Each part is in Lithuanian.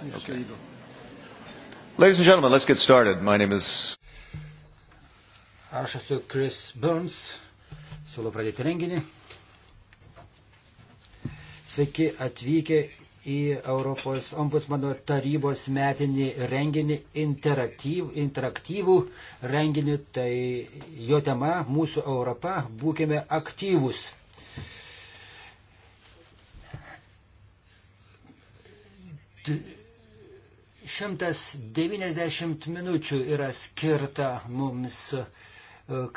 Okay. Ladies and gentlemen, let's get started. My name is. Aš esu Chris Burns. Siūlau pradėti renginį. Sveiki atvykę į Europos ombudsmano tarybos metinį renginį interaktyv, interaktyvų renginį. Tai jo tema - mūsų Europa. Būkime aktyvūs. D 190 minučių yra skirta mums e,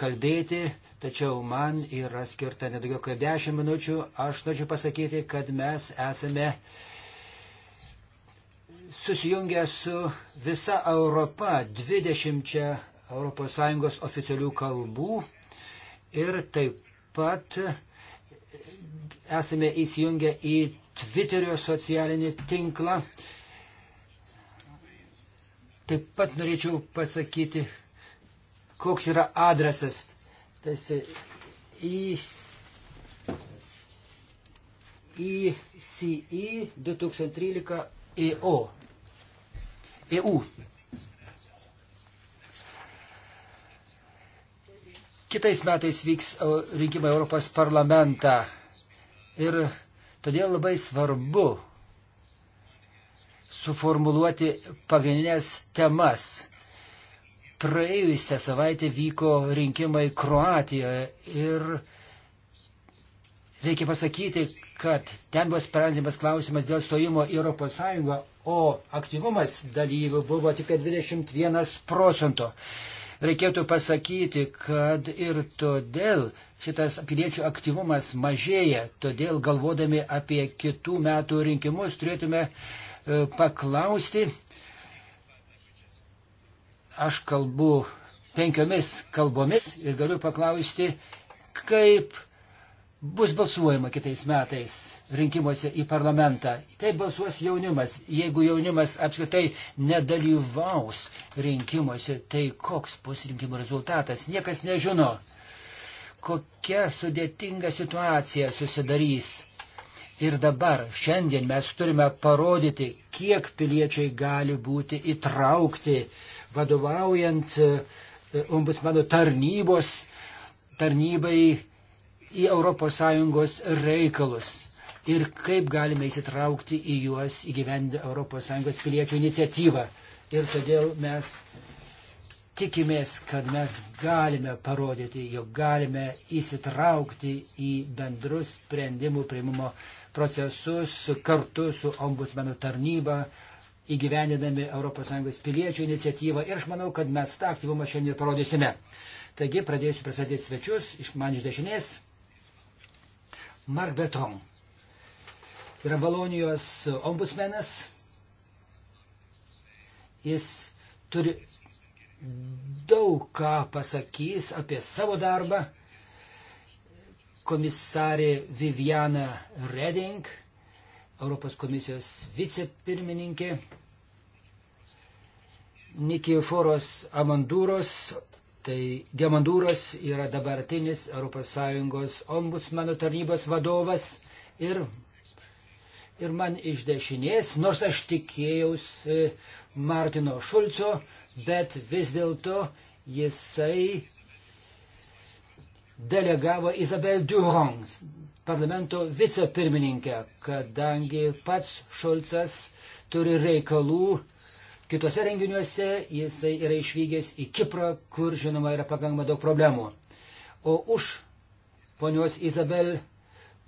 kalbėti, tačiau man yra skirta nedaugiau kaip 10 minučių. Aš noriu pasakyti, kad mes esame susijungę su visa Europa 20 ES oficialių kalbų ir taip pat esame įsijungę į Twitterio socialinį tinklą Taip pat norėčiau pasakyti, koks yra adresas. Tarsi į ICI 2013 EO. EU. Kitais metais vyks rinkimai Europos parlamentą ir todėl labai svarbu suformuluoti pagrindinės temas. Praėjusią savaitę vyko rinkimai Kroatijoje ir reikia pasakyti, kad ten buvo sprendžiamas klausimas dėl stojimo į ES, o aktyvumas dalyvių buvo tik 21 procento. Reikėtų pasakyti, kad ir todėl šitas piliečių aktyvumas mažėja, todėl galvodami apie kitų metų rinkimus turėtume uh, E, paklausti. Aš kalbu penkiomis kalbomis ir galiu paklausti, kaip bus balsuojama kitais metais rinkimuose į parlamentą. Kaip balsuos jaunimas? Jeigu jaunimas apskritai nedalyvaus rinkimuose, tai koks bus rinkimų rezultatas? Niekas nežino. Kokia sudėtinga situacija susidarys Ir dabar, šiandien mes turime parodyti, kiek piliečiai gali būti įtraukti, vadovaujant e, ombudsmano tarnybos, tarnybai į ES reikalus. Ir kaip galime įsitraukti į juos įgyvendinti ES piliečių iniciatyvą. Ir todėl mes tikimės, kad mes galime parodyti, jog galime įsitraukti į bendrus sprendimų prieimimo procesus kartu su ombudsmenų tarnyba, įgyvendinami ES piliečių iniciatyvą ir aš manau, kad mes tą aktyvumą šiandien parodysime. Taigi pradėsiu pristatyti svečius iš man iš dešinės. Mark Beton yra Valonijos ombudsmenas. Jis turi daug ką pasakys apie savo darbą komisarė Viviana Reding, Europos komisijos vicepirmininkė, Nikiforos Amandūros, tai Diamandūros yra dabartinis ES ombudsmano tarnybos vadovas ir, ir man iš dešinės, nors aš tikėjaus e, Martino Šulco, bet vis dėlto jisai delegavo Izabel Durons, parlamento vicepirmininkę, kadangi pats Šulcas turi reikalų kitose renginiuose, jisai yra išvykęs į Kiprą, kur žinoma yra pakankamai daug problemų. O už ponios Izabel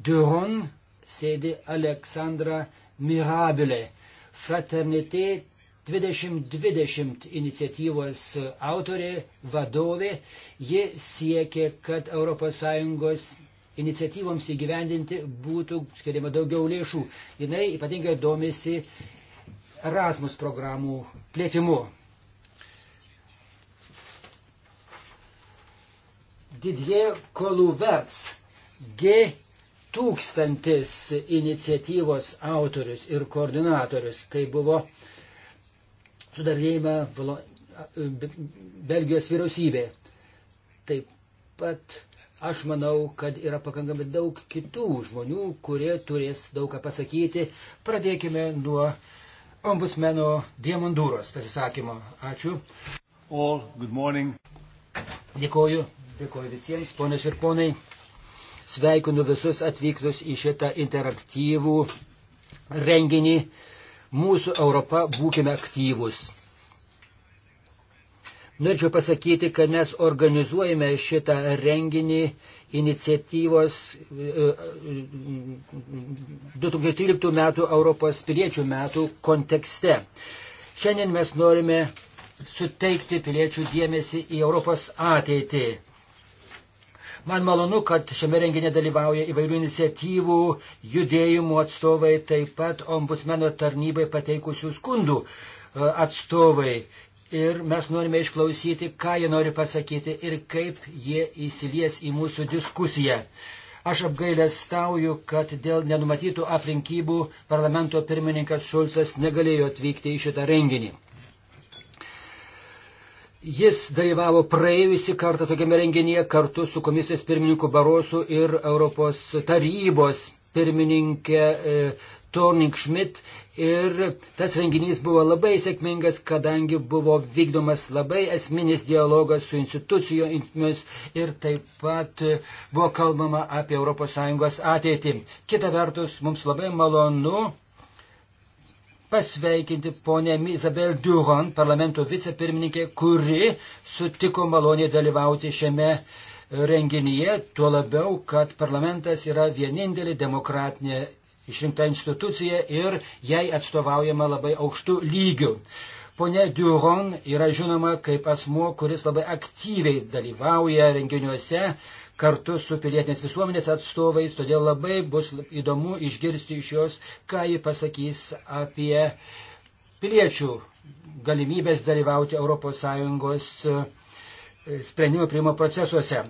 Duron sėdi Aleksandra Mirabilė, Fraternité 2020 iniciatyvos autorė, vadovė. Ji siekia, kad ES iniciatyvoms įgyvendinti būtų skiriama daugiau lėšų. Jis ypatingai domisi Erasmus programų plėtimu. Didie Koluvers G1000 iniciatyvos autorius ir koordinatorius, kai buvo uh, sudarėjimą e, Belgijos vyriausybė. Taip pat aš manau, kad yra pakankamai daug kitų žmonių, kurie turės daug ką pasakyti. Pradėkime nuo ombudsmeno Diemondūros pasisakymo. Ačiū. All, good morning. Dėkoju, dėkoju visiems, ponios ir ponai. Sveikinu visus atvykus į šitą interaktyvų renginį. Mūsų Europa būkime aktyvus. Norėčiau pasakyti, kad mes organizuojame šitą renginį iniciatyvos 2013 e, e, metų Europos piliečių metų kontekste. Šiandien mes norime suteikti piliečių dėmesį į Europos ateitį. Man malonu, kad šiame renginė dalyvauja įvairių iniciatyvų, judėjimų atstovai, taip pat ombudsmeno tarnybai pateikusių skundų e, atstovai. Ir mes norime išklausyti, ką jie nori pasakyti ir kaip jie įsilies į mūsų diskusiją. Aš apgailestauju, kad dėl nenumatytų aplinkybų parlamento pirmininkas Šulcas negalėjo atvykti į šitą renginį. Jis dalyvavo praėjusi kartą tokiame renginyje kartu su komisijos pirmininku Barosu ir Europos tarybos pirmininkė e, Torning Schmidt. Ir tas renginys buvo labai sėkmingas, kadangi buvo vykdomas labai esminis dialogas su institucijomis ir taip pat e, buvo kalbama apie ES ateitį. Kita vertus, mums labai malonu pasveikinti ponę Izabel Duron, parlamento vicepirmininkė, kuri sutiko maloniai dalyvauti šiame renginyje, tuo labiau, kad parlamentas yra vienintelė demokratinė išrinkta institucija ir jai atstovaujama labai aukštų lygių. Pone Duron yra žinoma kaip asmuo, kuris labai aktyviai dalyvauja renginiuose, kartu su pilietinės visuomenės atstovais, todėl labai bus įdomu išgirsti iš jos, ką ji pasakys apie piliečių galimybės dalyvauti ES e, sprendimų priimo procesuose.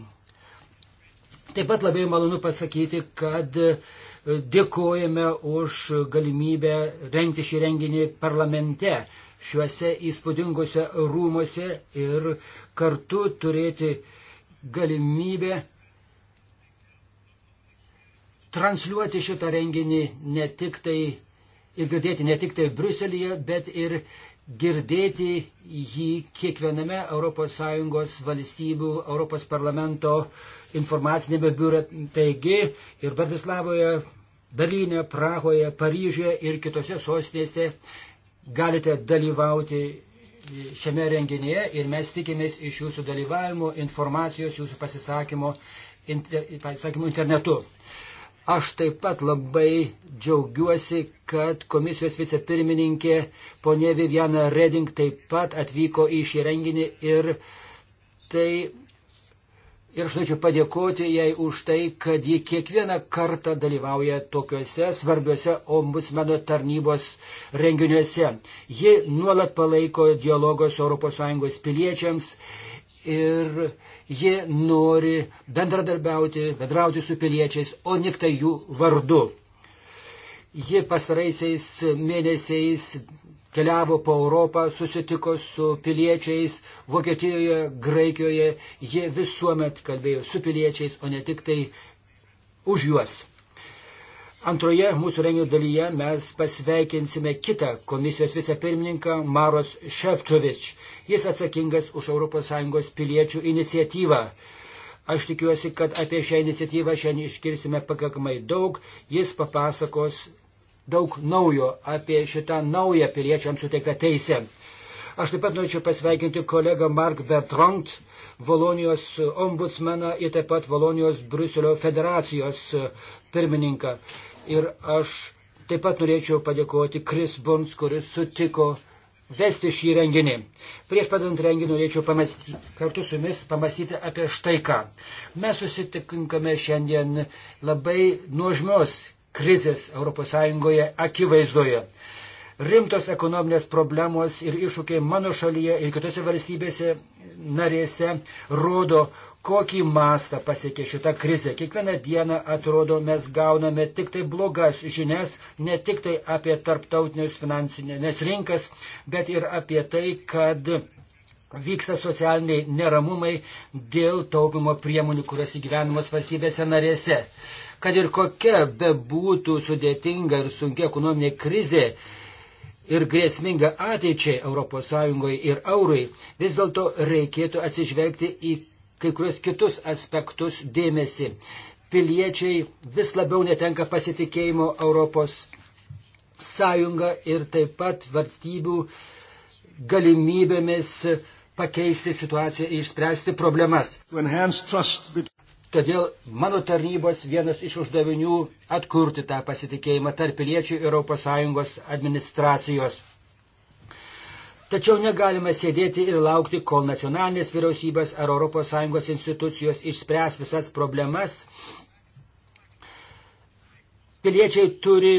Taip pat labai malonu pasakyti, kad e, dėkojame už galimybę rengti šį renginį parlamente šiuose įspūdinguose rūmose ir kartu turėti galimybę transliuoti šitą renginį ne tik tai ir girdėti ne tik tai Bruselėje, bet ir girdėti jį kiekviename ES valstybių, ES parlamento informacinėme biure. Taigi ir Bratislavoje, Berlyne, Prahoje, Paryžioje ir kitose sostinėse galite dalyvauti šiame renginyje ir mes tikimės iš jūsų dalyvavimo, informacijos, jūsų pasisakymo, inter, pasisakymo internetu. Aš taip pat labai džiaugiuosi, kad komisijos vicepirmininkė ponė Viviana Reding taip pat atvyko į šį renginį ir tai. Ir aš norėčiau padėkoti jai už tai, kad ji kiekvieną kartą dalyvauja tokiuose svarbiuose ombudsmeno tarnybos renginiuose. Ji nuolat palaiko dialogos ES piliečiams ir Ji nori bendradarbiauti, bendrauti su piliečiais, o ne tai jų vardu. Ji pastaraisiais mėnesiais keliavo po Europą, susitiko su piliečiais Vokietijoje, Graikijoje, jie visuomet kalbėjo su piliečiais, o ne tik tai už juos. Antroje mūsų renginio dalyje mes pasveikinsime kitą komisijos vicepirmininką Maros Ševčovič. Jis atsakingas už ES piliečių iniciatyvą. Aš tikiuosi, kad apie šią iniciatyvą šiandien iškirsime pakankamai daug. Jis papasakos daug naujo apie šitą naują piliečiams suteiktą teisę. Aš taip pat norėčiau pasveikinti kolegą Mark Bertrand, Volonijos ombudsmeną ir taip pat Volonijos Bruselio federacijos pirmininką. Ir aš taip pat norėčiau padėkoti Kris Buns, kuris sutiko vesti šį renginį. Prieš padant renginį norėčiau pamastyti, kartu su jumis pamastyti apie štai ką. Mes susitinkame šiandien labai nuožmios krizės ES akivaizdoje rimtos ekonominės problemos ir iššūkiai mano šalyje ir kitose valstybėse narėse rodo, kokį mastą pasiekė šita krizė. Kiekvieną dieną, atrodo, mes gauname tik tai blogas žinias, ne tik tai apie tarptautinius finansinės rinkas, bet ir apie tai, kad vyksta socialiniai neramumai dėl taupimo priemonių, kurios įgyvenamos valstybėse narėse. Kad ir kokia bebūtų sudėtinga ir sunkia ekonominė krizė, ir grėsminga ateičiai ES ir eurui, vis dėlto reikėtų atsižvelgti į kai kurios kitus aspektus dėmesį. Piliečiai vis labiau netenka pasitikėjimo Europos sąjunga ir taip pat valstybių galimybėmis pakeisti situaciją ir išspręsti problemas. Todėl mano tarnybos vienas iš uždavinių atkurti tą pasitikėjimą tarp piliečių ES administracijos. Tačiau negalime sėdėti ir laukti, kol nacionalinės vyriausybės ar ES institucijos išspręs visas problemas. Piliečiai turi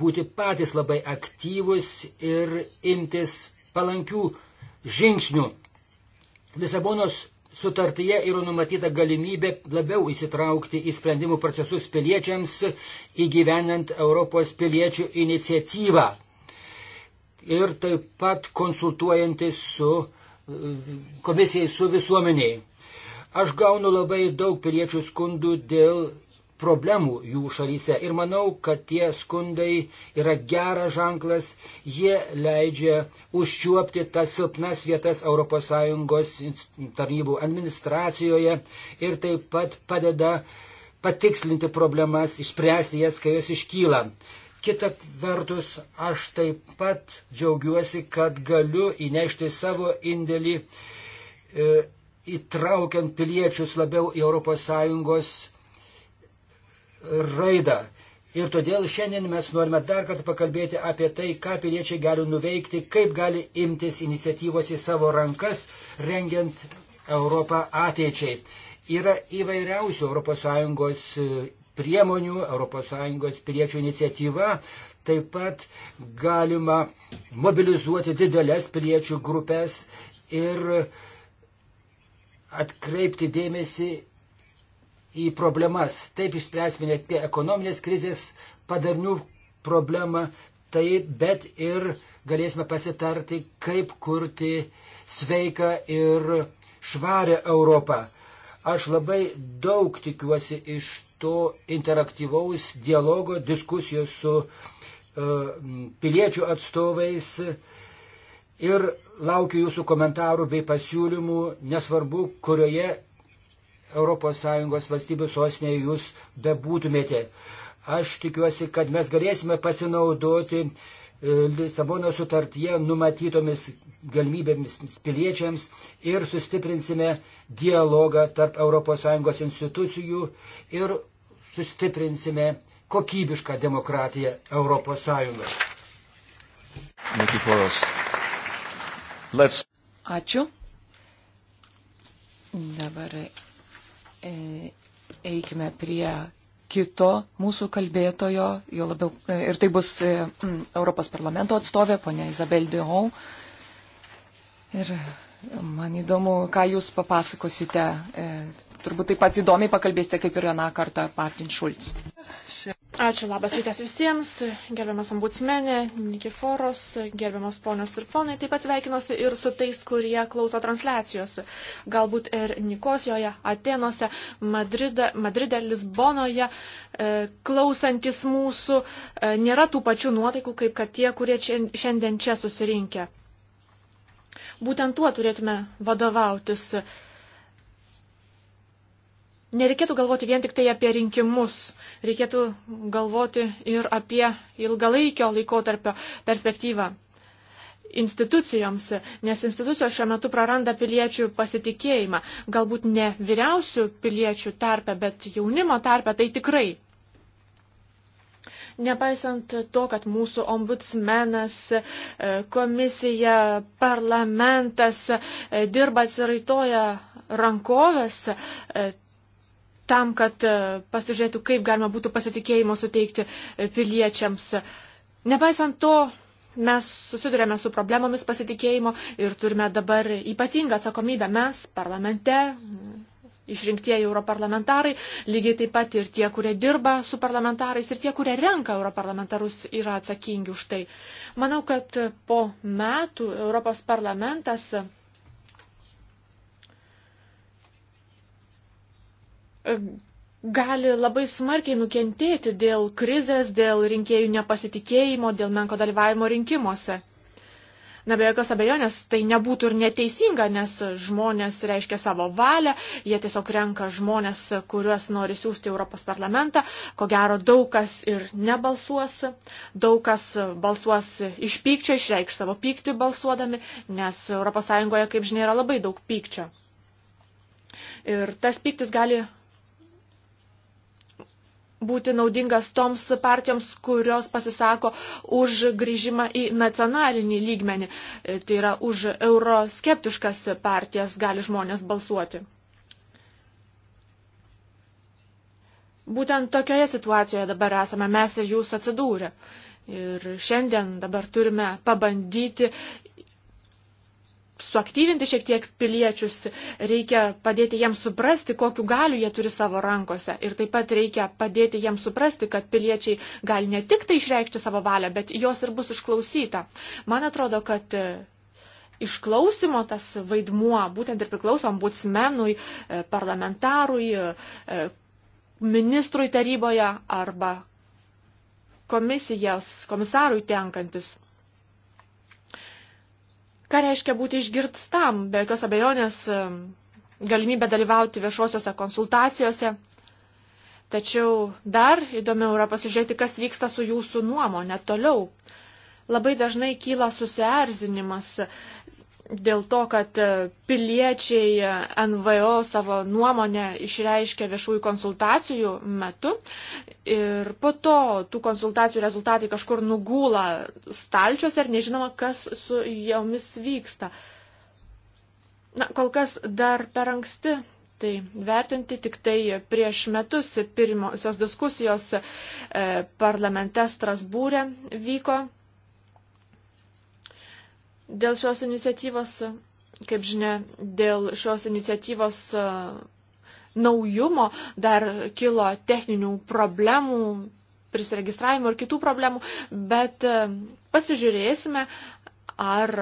būti patys labai aktyvus ir imtis palankių žingsnių. Lisabonos sutartyje yra numatyta galimybė labiau įsitraukti į sprendimų procesus piliečiams, įgyvenant Europos piliečių iniciatyvą ir taip pat konsultuojantis su komisijai, su visuomeniai. Aš gaunu labai daug piliečių skundų dėl problemų jų šalyse. Ir manau, kad tie skundai yra geras ženklas, jie leidžia užčiuopti tas silpnas vietas ES tarnybų administracijoje ir taip pat padeda patikslinti problemas, išspręsti jas, kai jos iškyla. Kita vertus, aš taip pat džiaugiuosi, kad galiu įnešti savo indėlį. E, įtraukiant piliečius labiau į ES raidą. Ir todėl šiandien mes norime dar kartą pakalbėti apie tai, ką piliečiai gali nuveikti, kaip gali imtis iniciatyvos į savo rankas, rengiant Europą ateičiai. Yra įvairiausių ES e, priemonių, ES piliečių iniciatyva, taip pat galima mobilizuoti didelės piliečių grupės ir atkreipti dėmesį į problemas. Taip išspręsime ne tik ekonominės krizės padarnių problemą, tai bet ir galėsime pasitarti, kaip kurti sveiką ir švarę Europą. Aš labai daug tikiuosi iš to interaktyvaus dialogo, diskusijos su uh, piliečių atstovais ir laukiu jūsų komentarų bei pasiūlymų, nesvarbu, kurioje ES valstybių sostinėje jūs bebūtumėte. Aš tikiuosi, kad mes galėsime pasinaudoti e, Lisabono sutartyje numatytomis galimybėmis piliečiams ir sustiprinsime dialogą tarp ES institucijų ir sustiprinsime kokybišką demokratiją ES. Ačiū. Dabar E, eikime prie kito mūsų kalbėtojo, jo labiau, e, ir tai bus e, Europos parlamento atstovė, ponia Izabel Dion. Ir man įdomu, ką jūs papasakosite. Turbūt taip pat įdomiai pakalbėsite, kaip ir vieną kartą Martin Schulz. Ačiū, labas rytas visiems, gerbiamas ambucmenė, Nikiforos, gerbiamas ponios ir ponai, taip pat sveikinuosi ir su tais, kurie klauso transliacijos. Galbūt ir Nikosijoje, Atenose, Madride, Madride Lisbonoje e, klausantis mūsų e, nėra tų pačių nuotaikų, kaip kad tie, kurie čia, šiandien čia susirinkę. Būtent tuo turėtume vadovautis. E, nereikėtų galvoti vien tik tai apie rinkimus, reikėtų galvoti ir apie ilgalaikio laikotarpio perspektyvą institucijoms, nes institucijos šiuo metu praranda piliečių pasitikėjimą. Galbūt ne vyriausių piliečių tarpe, bet jaunimo tarpe tai tikrai. Nepaisant to, kad mūsų ombudsmenas, e, komisija, parlamentas e, dirba atsiraitoja rankovės, e, tam, kad e, pasižiūrėtų, kaip galima būtų pasitikėjimo suteikti e, piliečiams. Nepaisant to, mes susidurėme su problemomis pasitikėjimo ir turime dabar ypatingą atsakomybę mes parlamente. Išrinktieji europarlamentarai, lygiai taip pat ir tie, kurie dirba su parlamentarais ir tie, kurie renka europarlamentarus, yra atsakingi už tai. Manau, kad po metų Europos parlamentas gali labai smarkiai nukentėti dėl krizės, dėl rinkėjų nepasitikėjimo, dėl menko dalyvavimo rinkimuose. Na be jokios abejonės tai nebūtų ir neteisinga, nes žmonės reiškia savo valią, jie tiesiog renka žmonės, kuriuos nori siūsti Europos parlamentą, ko gero daug kas ir nebalsuos, daug kas balsuos iš pykčio, išreikš savo pyktį balsuodami, nes ES, kaip žinia, yra labai daug pykčio. Ir tas pyktis gali būti naudingas toms partijoms, kurios pasisako už grįžimą į nacionalinį lygmenį. E, tai yra už euroskeptiškas partijas gali žmonės balsuoti. Būtent tokioje situacijoje dabar esame mes ir jūs atsidūrę. Ir šiandien dabar turime pabandyti suaktyvinti šiek tiek piliečius, reikia padėti jiems suprasti, kokiu galiu jie turi savo rankose. Ir taip pat reikia padėti jiems suprasti, kad piliečiai gali ne tik tai išreikšti savo valią, bet jos ir bus išklausyta. Man atrodo, kad e, išklausimo tas vaidmuo būtent ir priklauso ombudsmenui, e, parlamentarui, e, ministrui taryboje arba komisijas, komisarui tenkantis. Ką reiškia būti išgirstam? Be jokios abejonės galimybė dalyvauti viešuosiuose konsultacijose. Tačiau dar įdomiau yra pasižiūrėti, kas vyksta su jūsų nuomonė toliau. Labai dažnai kyla susierzinimas dėl to, kad e, piliečiai e, NVO savo nuomonę išreiškia viešųjų konsultacijų metu ir po to tų konsultacijų rezultatai kažkur nugūla stalčiuose ir nežinoma, kas su jomis vyksta. Na, kol kas dar per anksti. Tai vertinti tik tai prieš metus pirmosios diskusijos e, parlamente Strasbūrė vyko Dėl šios iniciatyvos, kaip žinia, dėl šios iniciatyvos naujumo dar kilo techninių problemų, prisiregistravimo ir kitų problemų, bet pasižiūrėsime, ar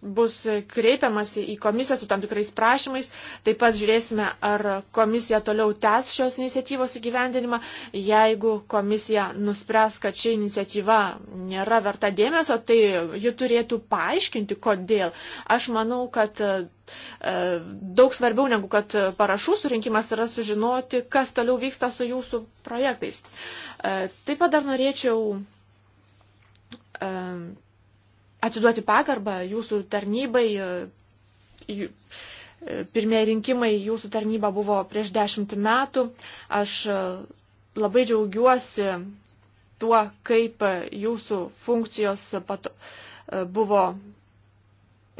bus kreipiamasi į komisiją su tam tikrais prašymais. Taip pat žiūrėsime, ar komisija toliau tęs šios iniciatyvos įgyvendinimą. Jeigu komisija nuspręs, kad ši iniciatyva nėra verta dėmesio, tai ji turėtų paaiškinti, kodėl. Aš manau, kad e, e, daug svarbiau negu kad parašų surinkimas yra sužinoti, kas toliau vyksta su jūsų projektais. E, taip pat dar norėčiau atiduoti pagarbą jūsų tarnybai. E, e, pirmieji rinkimai jūsų tarnyba buvo prieš dešimt metų. Aš e, labai džiaugiuosi tuo, kaip jūsų funkcijos pato, buvo.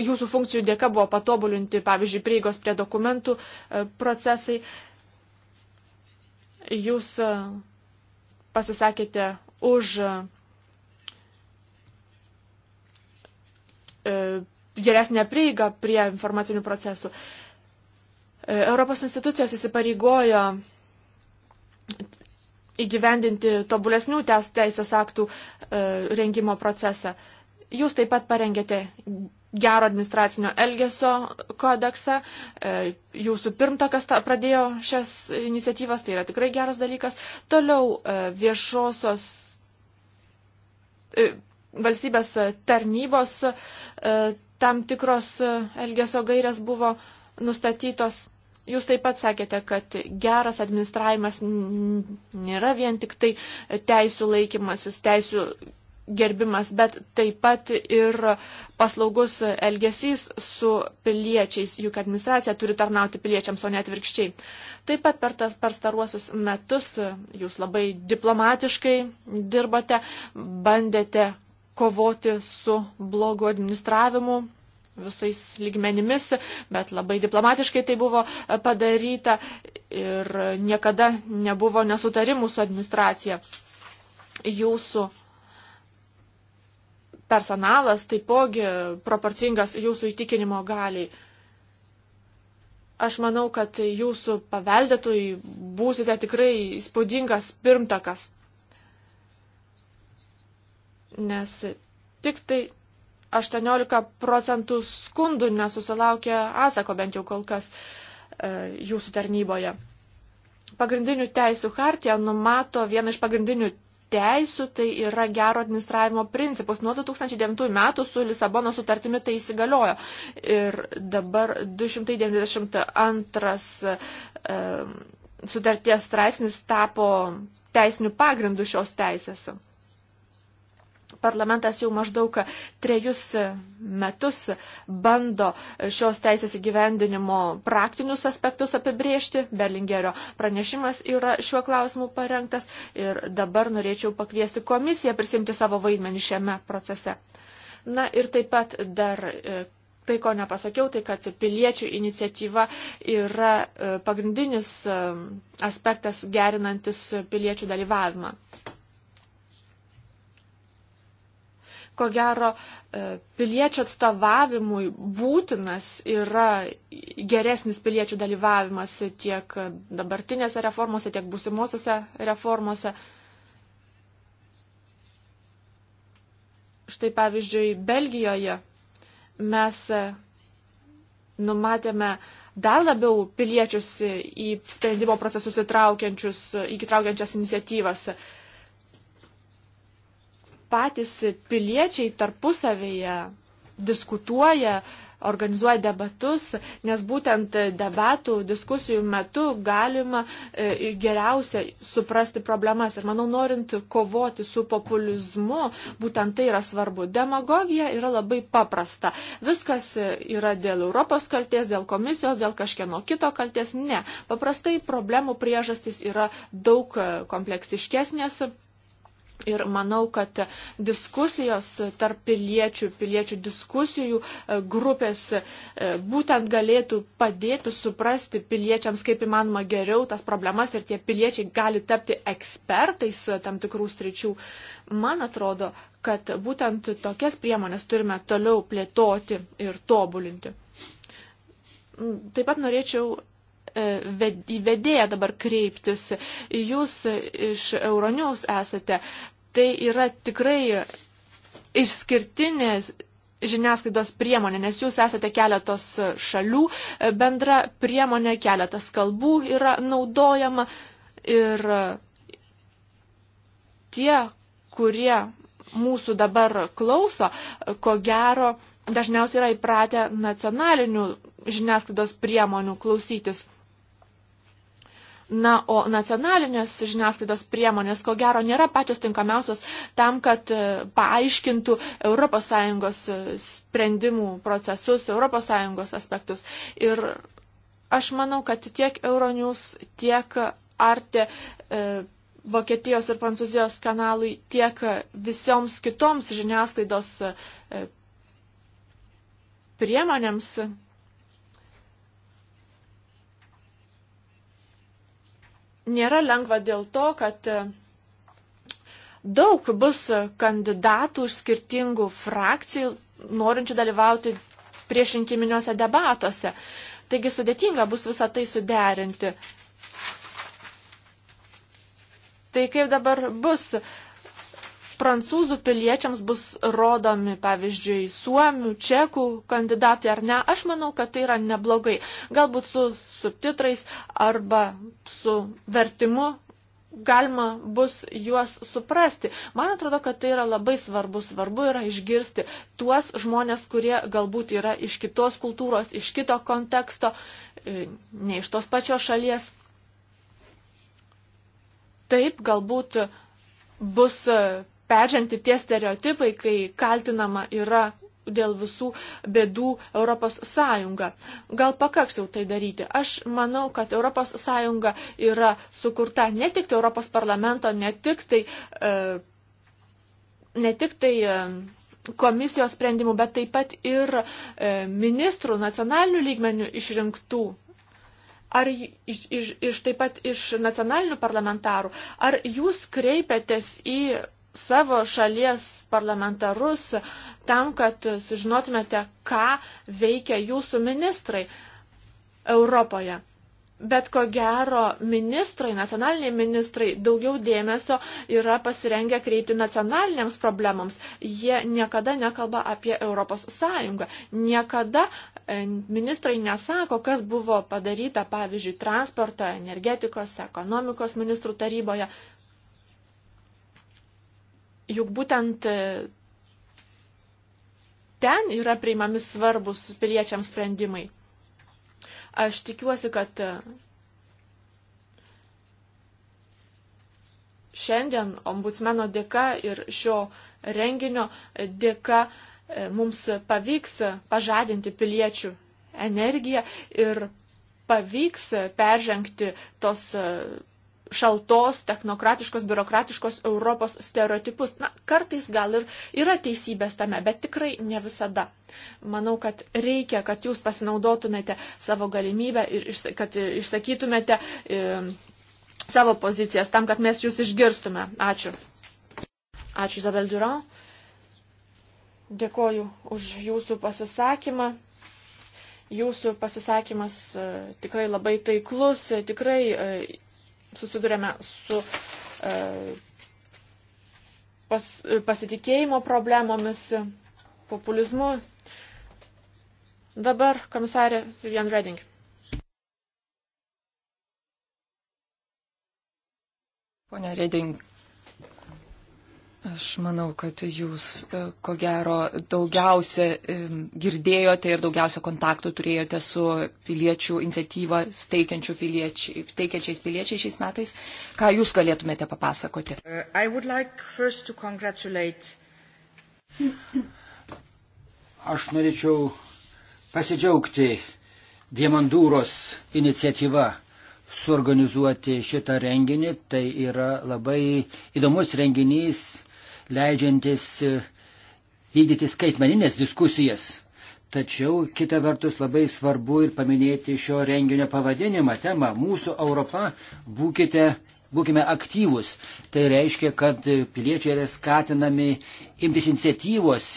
Jūsų funkcijų dėka buvo patobulinti, pavyzdžiui, prieigos prie dokumentų procesai. Jūs pasisakėte už E, geresnę prieigą prie informacinių procesų. E, Europos institucijos įsipareigojo įgyvendinti tobulesnių teisės aktų e, rengimo procesą. Jūs taip pat parengėte gero administracinio elgesio kodeksą, jūsų pirmtakas pradėjo šias iniciatyvas, tai yra tikrai geras dalykas. Toliau viešosios valstybės tarnybos e, tam tikros elgesio gairės buvo nustatytos. Jūs taip pat sakėte, kad geras administravimas nėra vien tik tai teisų laikymasis, teisų gerbimas, bet taip pat ir paslaugus elgesys su piliečiais, juk administracija turi tarnauti piliečiams, o ne atvirkščiai. Taip pat per tas perstaruosius metus jūs labai diplomatiškai dirbote, bandėte kovoti su blogu administravimu visais lygmenimis, bet labai diplomatiškai tai buvo padaryta ir niekada nebuvo nesutarimų su administracija. Jūsų personalas taipogi proporcingas jūsų įtikinimo galiai. Aš manau, kad jūsų paveldėtui būsite tikrai įspūdingas pirmtakas nes tik tai 18 procentų skundų nesusilaukė atsako bent jau kol kas e, jūsų tarnyboje. Pagrindinių teisų hartija numato vieną iš pagrindinių teisų, tai yra gero administravimo principus. Nuo 2009 metų su Lisabono sutartimi tai įsigaliojo. Ir dabar 292 e, sutarties straipsnis tapo teisiniu pagrindu šios teisės parlamentas jau maždaug trejus metus bando šios teisės įgyvendinimo praktinius aspektus apibriežti. Berlingerio pranešimas yra šiuo klausimu parengtas ir dabar norėčiau pakviesti komisiją prisimti savo vaidmenį šiame procese. Na ir taip pat dar e, tai, ko nepasakiau, tai kad piliečių iniciatyva yra e, pagrindinis e, aspektas gerinantis piliečių dalyvavimą. ko gero e, piliečių atstovavimui būtinas yra geresnis piliečių dalyvavimas tiek dabartinėse reformose, tiek būsimosiose reformose. Štai pavyzdžiui, Belgijoje mes e, numatėme dar labiau piliečius į sprendimo procesus įtraukiančias iniciatyvas patys piliečiai tarpusavėje diskutuoja, organizuoja debatus, nes būtent debatų, diskusijų metu galima e, geriausiai suprasti problemas. Ir manau, norint kovoti su populizmu, būtent tai yra svarbu. Demagogija yra labai paprasta. Viskas e, yra dėl Europos kalties, dėl komisijos, dėl kažkieno kito kalties. Ne. Paprastai problemų priežastis yra daug e, kompleksiškesnės Ir manau, kad diskusijos tarp piliečių, piliečių diskusijų e, grupės e, būtent galėtų padėti suprasti piliečiams, kaip įmanoma geriau tas problemas ir tie piliečiai gali tapti ekspertais e, tam tikrų sričių. Man atrodo, kad būtent tokias priemonės turime toliau plėtoti ir tobulinti. Taip pat norėčiau E, į vedėją dabar kreiptis. Jūs iš Euronius esate. Tai yra tikrai išskirtinės žiniasklaidos priemonė, nes jūs esate keletos šalių, e, bendra priemonė, keletas kalbų yra naudojama ir tie, kurie mūsų dabar klauso, ko gero dažniausiai yra įpratę nacionalinių žiniasklaidos priemonių klausytis. Na, o nacionalinės žiniasklaidos priemonės, ko gero, nėra pačios tinkamiausios tam, kad e, paaiškintų ES e, sprendimų procesus, ES aspektus. Ir aš manau, kad tiek Euronews, tiek Arte. E, Vokietijos ir Prancūzijos kanalui, tiek visoms kitoms žiniasklaidos e, priemonėms nėra lengva dėl to, kad e, daug bus kandidatų iš skirtingų frakcijų, norinčių dalyvauti priešrinkiminiuose debatuose. Taigi sudėtinga bus visą tai suderinti. Tai kaip dabar bus? prancūzų piliečiams bus rodomi, pavyzdžiui, suomių, čekų kandidatai ar ne, aš manau, kad tai yra neblogai. Galbūt su subtitrais arba su vertimu galima bus juos suprasti. Man atrodo, kad tai yra labai svarbu. Svarbu yra išgirsti tuos žmonės, kurie galbūt yra iš kitos kultūros, iš kito konteksto, e, ne iš tos pačios šalies. Taip, galbūt bus e, peržengti tie stereotipai, kai kaltinama yra dėl visų bėdų ES. Gal pakaks jau tai daryti. Aš manau, kad ES yra sukurta ne tik tai Europos parlamento, ne tik tai, e, ne tik tai e, komisijos sprendimų, bet taip pat ir e, ministrų nacionalinių lygmenių išrinktų ar iš, iš, iš taip pat iš nacionalinių parlamentarų, ar jūs kreipiatės į savo šalies parlamentarus tam, kad sužinotumėte, ką veikia jūsų ministrai Europoje. Bet ko gero, ministrai, nacionaliniai ministrai daugiau dėmesio yra pasirengę kreipti nacionalinėms problemams. Jie niekada nekalba apie Europos Sąjungą. Niekada e, ministrai nesako, kas buvo padaryta, pavyzdžiui, transporto, energetikos, ekonomikos ministrų taryboje. Juk būtent e, ten yra priimami svarbus piliečiams sprendimai. Aš tikiuosi, kad e, šiandien ombudsmeno dėka ir šio renginio dėka e, mums pavyks pažadinti piliečių energiją ir pavyks peržengti tos šaltos, technokratiškos, biurokratiškos Europos stereotipus. Na, kartais gal ir yra teisybės tame, bet tikrai ne visada. Manau, kad reikia, kad jūs pasinaudotumėte savo galimybę ir kad išsakytumėte e, savo pozicijas tam, kad mes jūs išgirstume. Ačiū. Ačiū Izabel Duran. Dėkoju už jūsų pasisakymą jūsų pasisakymas e, tikrai labai taiklus, e, tikrai e, susidurėme su e, pas, pasitikėjimo problemomis, populizmu. Dabar komisarė Vivian Reding. Pone Reding, Aš manau, kad jūs e, ko gero daugiausia e, girdėjote ir daugiausia kontaktų turėjote su piliečių iniciatyva steikiančių piliečiai, teikiančiais piliečiais šiais metais. Ką jūs galėtumėte papasakoti? Uh, like Aš norėčiau pasidžiaugti Diemandūros iniciatyva suorganizuoti šitą renginį. Tai yra labai įdomus renginys leidžiantis e, vykdyti skaitmeninės diskusijas. Tačiau kita vertus labai svarbu ir paminėti šio renginio pavadinimą, temą Mūsų Europa, būkite, būkime aktyvus. Tai reiškia, kad piliečiai yra skatinami imtis iniciatyvos,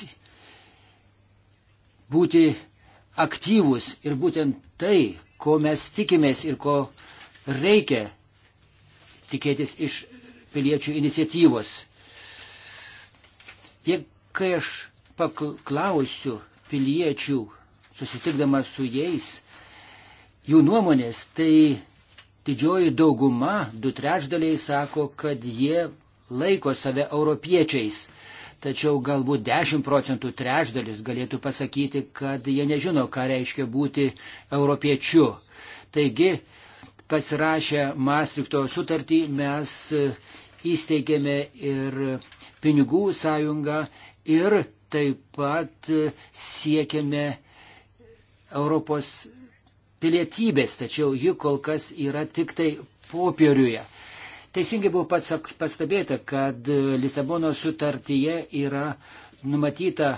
būti aktyvus ir būtent tai, ko mes tikimės ir ko reikia tikėtis iš piliečių iniciatyvos. Jei kai aš paklausiu piliečių, susitikdamas su jais, jų nuomonės, tai didžioji dauguma, du trečdaliai sako, kad jie laiko save europiečiais. Tačiau galbūt 10 procentų trečdalis galėtų pasakyti, kad jie nežino, ką reiškia būti europiečiu. Taigi, pasirašę Maastrichto sutartį, mes įsteigėme ir pinigų sąjungą ir taip pat siekėme Europos pilietybės, tačiau ji kol kas yra tik tai popieriuje. Teisingai buvo pats pastebėta, kad Lisabono sutartyje yra numatyta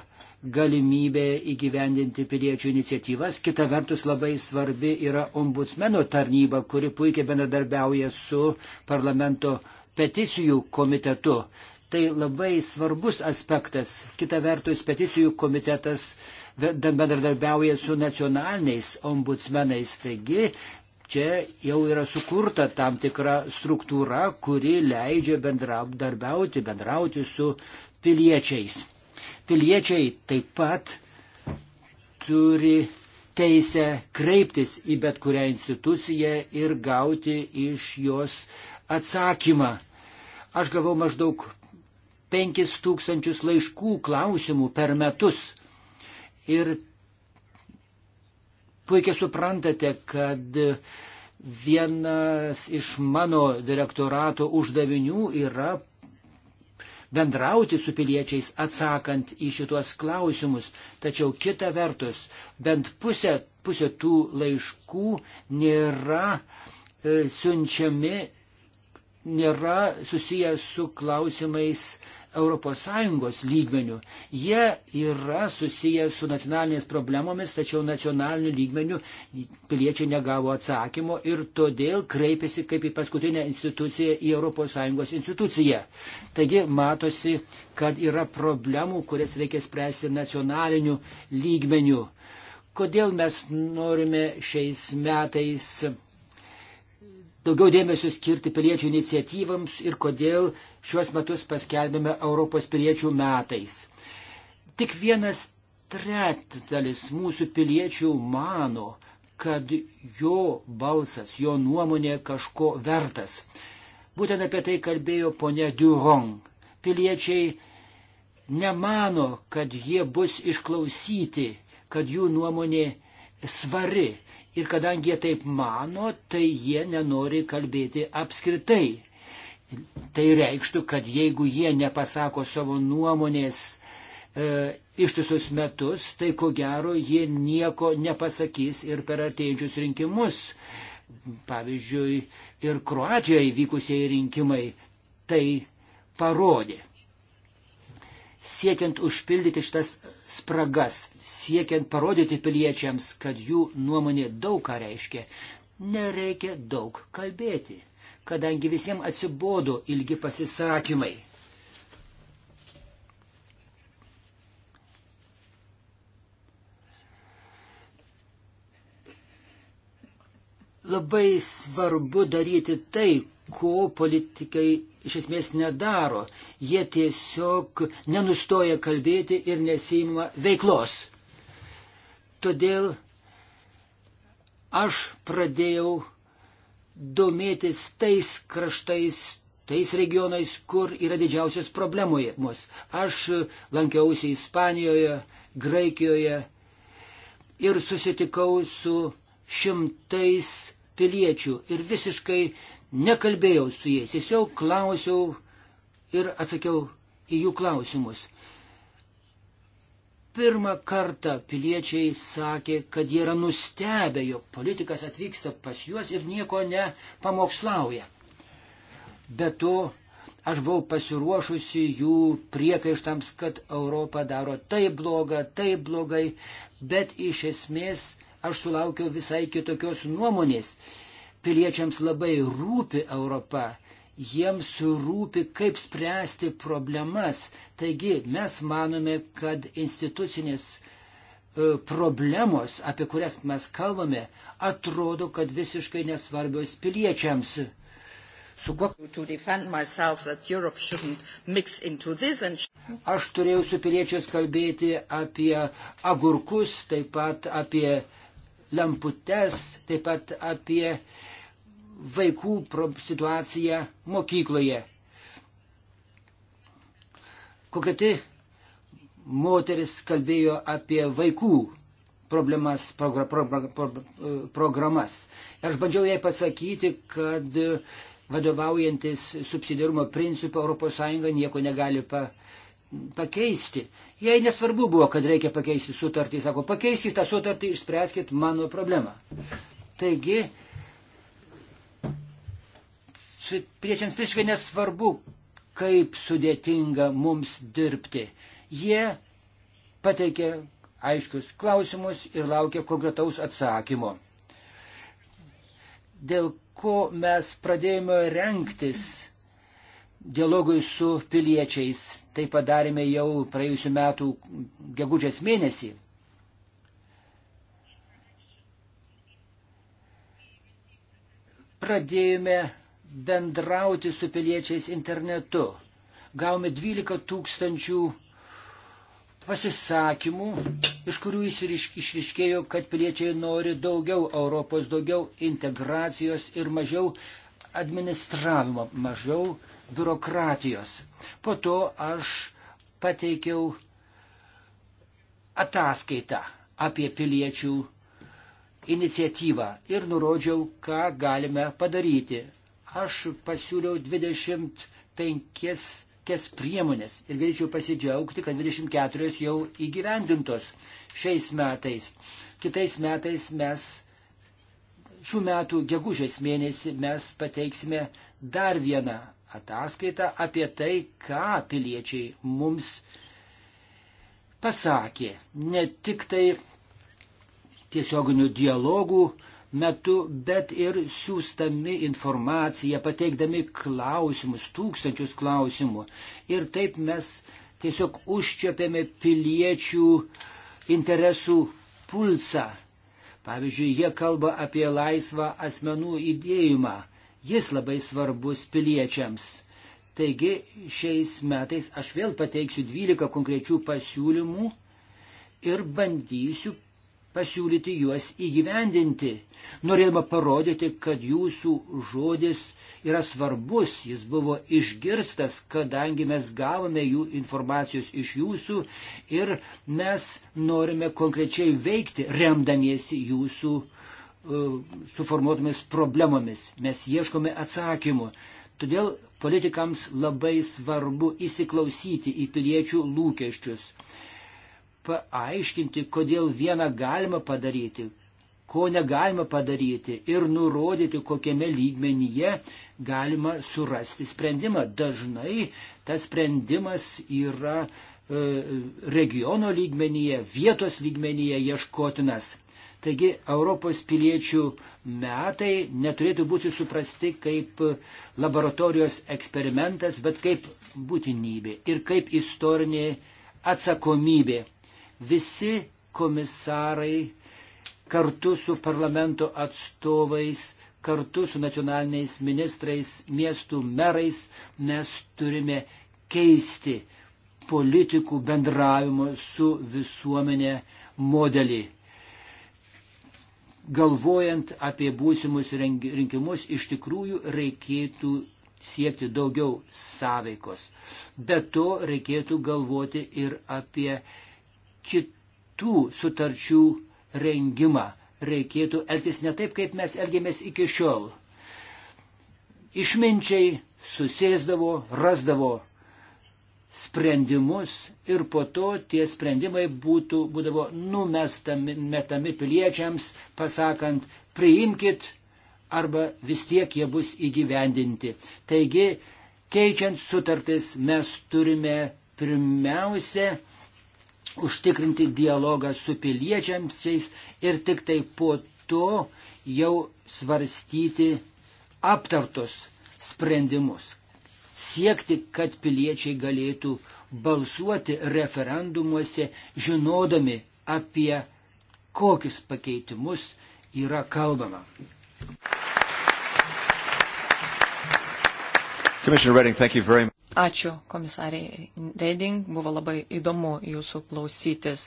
galimybė įgyvendinti piliečių iniciatyvas. Kita vertus labai svarbi yra ombudsmeno tarnyba, kuri puikiai bendradarbiauja su parlamento peticijų komitetu. Tai labai svarbus aspektas. Kita vertus, peticijų komitetas bendradarbiauja su nacionaliniais ombudsmenais. Taigi, čia jau yra sukurta tam tikra struktūra, kuri leidžia bendradarbiauti, bendrauti su piliečiais. Piliečiai taip pat turi teisę kreiptis į bet kurią instituciją ir gauti iš jos atsakymą. Aš gavau maždaug 5000 laiškų klausimų per metus. Ir puikiai suprantate, kad vienas iš mano direktorato uždavinių yra bendrauti su piliečiais atsakant į šitos klausimus. Tačiau kita vertus, bent pusė, pusė tų laiškų nėra e, siunčiami nėra susiję su klausimais ES lygmenių. Jie yra susiję su nacionalinės problemomis, tačiau nacionaliniu lygmeniu piliečiai negavo atsakymo ir todėl kreipėsi kaip į paskutinę instituciją į ES instituciją. Taigi matosi, kad yra problemų, kurias reikia spręsti nacionaliniu lygmeniu. Kodėl mes norime šiais metais daugiau dėmesio skirti piliečių iniciatyvams ir kodėl šiuos metus paskelbėme Europos piliečių metais. Tik vienas trečdalis mūsų piliečių mano, kad jo balsas, jo nuomonė kažko vertas. Būtent apie tai kalbėjo ponia Durong. Piliečiai nemano, kad jie bus išklausyti, kad jų nuomonė svari. Ir kadangi jie taip mano, tai jie nenori kalbėti apskritai. Tai reikštų, kad jeigu jie nepasako savo nuomonės e, ištisus metus, tai ko gero jie nieko nepasakys ir per artėjančius rinkimus. Pavyzdžiui, ir Kroatijoje vykusieji rinkimai tai parodė siekiant užpildyti šitas spragas, siekiant parodyti piliečiams, kad jų nuomonė daug ką reiškia, nereikia daug kalbėti, kadangi visiems atsibodo ilgi pasisakymai. Labai svarbu daryti tai, ko politikai iš esmės nedaro. Jie tiesiog nenustoja kalbėti ir nesima veiklos. Todėl aš pradėjau domėtis tais kraštais, tais regionais, kur yra didžiausios problemos. Aš lankiausi Ispanijoje, Graikijoje ir susitikau su šimtais piliečių ir visiškai nekalbėjau su jais, tiesiog klausiau ir atsakiau į jų klausimus pirmą kartą piliečiai sakė, kad jie yra nustebę, jog politikas atvyksta pas juos ir nieko nepamokslauja. Be to, aš buvau pasiruošusi jų priekaištams, kad Europa daro taip blogą, taip blogai, bet iš esmės aš sulaukiau visai kitokios nuomonės. Piliečiams labai rūpi Europa, jiems rūpi, kaip spręsti problemas. Taigi mes manome, kad institucinės e, problemos, apie kurias mes kalbame, atrodo, kad visiškai nesvarbios piliečiams. Aš turėjau su piliečiais kalbėti apie agurkus, taip pat apie lemputes, taip pat apie uh, vaikų situaciją mokykloje. Koketi moteris kalbėjo apie vaikų problemas, progr progr progr programas. Ir aš bandžiau jai pasakyti, kad vadovaujantis subsidiarumo principu ES nieko negali pa, pakeisti. Jei nesvarbu buvo, kad reikia pakeisti sutartį, sako, pakeiskit tą sutartį, išspręskit mano problemą. Taigi, Piliečiams visiškai nesvarbu, kaip sudėtinga mums dirbti. Jie pateikė aiškius klausimus ir laukia konkretaus atsakymo. Dėl ko mes pradėjome renktis dialogui su piliečiais, tai padarėme jau praėjusiu metu gegužės mėnesį. Pradėjome bendrauti su piliečiais internetu. Gavome 12 tūkstančių pasisakymų, iš kurių išriškėjo, kad piliečiai nori daugiau Europos, daugiau integracijos ir mažiau administravimo, mažiau biurokratijos. Po to aš pateikiau ataskaitą apie piliečių iniciatyvą ir nurodžiau, ką galime padaryti. Aš pasiūliau 25 priemonės ir galėčiau pasidžiaugti, kad 24 jau įgyvendintos šiais metais. Kitais metais mes, šių metų gegužės mėnesį mes pateiksime dar vieną ataskaitą apie tai, ką piliečiai mums pasakė. Ne tik tai tiesioginių dialogų metu, bet ir siūstami informaciją, pateikdami klausimus, tūkstančius klausimų. Ir taip mes tiesiog užčiopėme piliečių interesų pulsą. Pavyzdžiui, jie kalba apie laisvą asmenų įdėjimą. Jis labai svarbus piliečiams. Taigi šiais metais aš vėl pateiksiu 12 konkrečių pasiūlymų ir bandysiu pasiūlyti juos įgyvendinti, norėdama parodyti, kad jūsų žodis yra svarbus, jis buvo išgirstas, kadangi mes gavome jų informacijos iš jūsų ir mes norime konkrečiai veikti, remdamiesi jūsų uh, suformuotomis problemomis. Mes ieškome atsakymų. Todėl politikams labai svarbu įsiklausyti į piliečių lūkesčius paaiškinti, kodėl vieną galima padaryti, ko negalima padaryti ir nurodyti, kokiame lygmenyje galima surasti sprendimą. Dažnai tas sprendimas yra e, regiono lygmenyje, vietos lygmenyje ieškotinas. Taigi Europos piliečių metai neturėtų būti suprasti kaip laboratorijos eksperimentas, bet kaip būtinybė ir kaip istorinė atsakomybė. Visi komisarai kartu su parlamento atstovais, kartu su nacionaliniais ministrais, miestų merais mes turime keisti politikų bendravimo su visuomenė modelį. Galvojant apie būsimus rinkimus, iš tikrųjų reikėtų siekti daugiau sąveikos. Be to reikėtų galvoti ir apie kitų sutarčių rengimą. Reikėtų elgtis ne taip, kaip mes elgėmės iki šiol. Išminčiai susėsdavo, rasdavo sprendimus ir po to tie sprendimai būtų, būdavo numestami metami piliečiams, pasakant, priimkit arba vis tiek jie bus įgyvendinti. Taigi, keičiant sutartis, mes turime pirmiausia užtikrinti dialogą su piliečiamsiais ir tik tai po to jau svarstyti aptartus sprendimus. Siekti, kad piliečiai galėtų balsuoti referendumuose, žinodami apie kokius pakeitimus yra kalbama. Commissioner Redding, thank you very much. Ačiū komisariai Reding, buvo labai įdomu jūsų klausytis.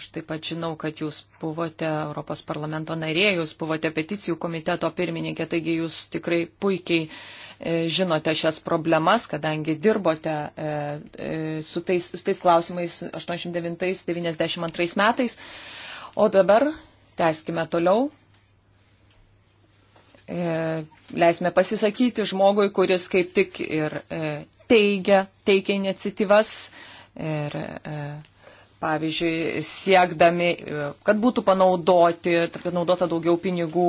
Aš taip pat žinau, kad jūs buvote Europos parlamento narė, jūs buvote peticijų komiteto pirmininkė, taigi jūs tikrai puikiai e, žinote šias problemas, kadangi dirbote e, e, su tais, su tais klausimais 89-92 metais. O dabar tęskime toliau leisime pasisakyti žmogui, kuris kaip tik ir e, teigia, teikia iniciatyvas. Ir, e, pavyzdžiui, siekdami, e, kad būtų panaudoti, panaudota daugiau pinigų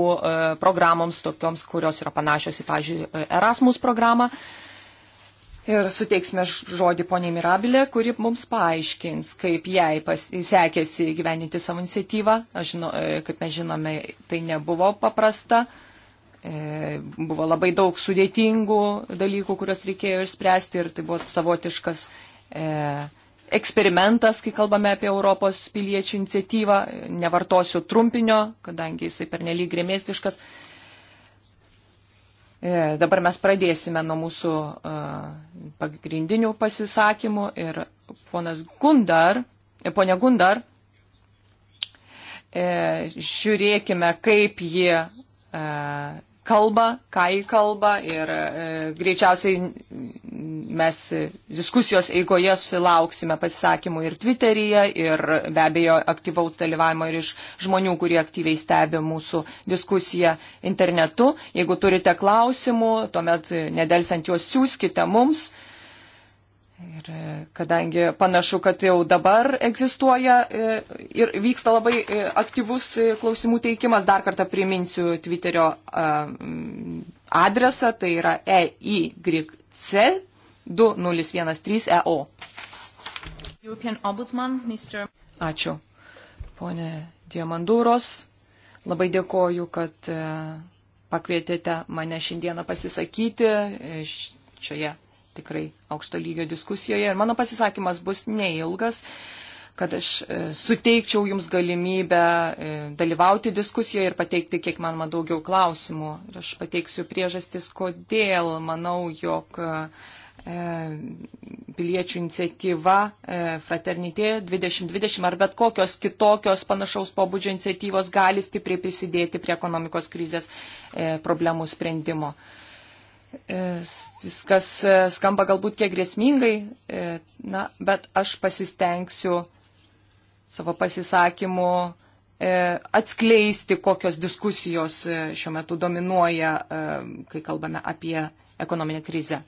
programoms, tokioms, kurios yra panašios į, pavyzdžiui, Erasmus programą. Ir suteiksime žodį poniai Mirabilė, kuri mums paaiškins, kaip jai pas, sekėsi gyveninti savo iniciatyvą. Aš žinau, kaip mes žinome, tai nebuvo paprasta. Uh, E, buvo labai daug sudėtingų dalykų, kuriuos reikėjo išspręsti ir tai buvo savotiškas e, eksperimentas, kai kalbame apie Europos piliečių iniciatyvą. Nevartosiu trumpinio, kadangi jisai pernelyg grėmėstiškas. E, dabar mes pradėsime nuo mūsų pagrindinių pasisakymų ir ponas Gundar, ponia Gundar, žiūrėkime, kaip jie kalba, ką jį kalba ir e, greičiausiai mes diskusijos eigoje susilauksime pasisakymų ir Twitteryje ir be abejo aktyvaus dalyvavimo ir iš žmonių, kurie aktyviai stebi mūsų diskusiją internetu. Jeigu turite klausimų, tuomet nedelsant juos siūskite mums. E, Ir e, kadangi panašu, kad jau dabar egzistuoja e, ir vyksta labai e, aktyvus klausimų teikimas, dar kartą priminsiu Twitterio adresą, tai yra EYC2013EO. Ačiū, ponė Diamandūros. Labai dėkoju, kad pakvietėte mane šiandieną pasisakyti šioje tikrai aukšto lygio diskusijoje. Ir mano pasisakymas bus neilgas, kad aš e, suteikčiau jums galimybę e, dalyvauti diskusijoje ir pateikti kiek manoma daugiau klausimų. Ir aš pateiksiu priežastis, kodėl manau, jog e, piliečių iniciatyva Fraternitė 2020 ar bet kokios kitokios panašaus pobūdžio iniciatyvos gali stipriai prisidėti prie ekonomikos krizės problemų sprendimo viskas e, e, skamba galbūt kiek grėsmingai, e, na, bet aš pasistengsiu savo pasisakymu atskleisti, kokios diskusijos šiuo metu dominuoja, kai kalbame apie ekonominę krizę.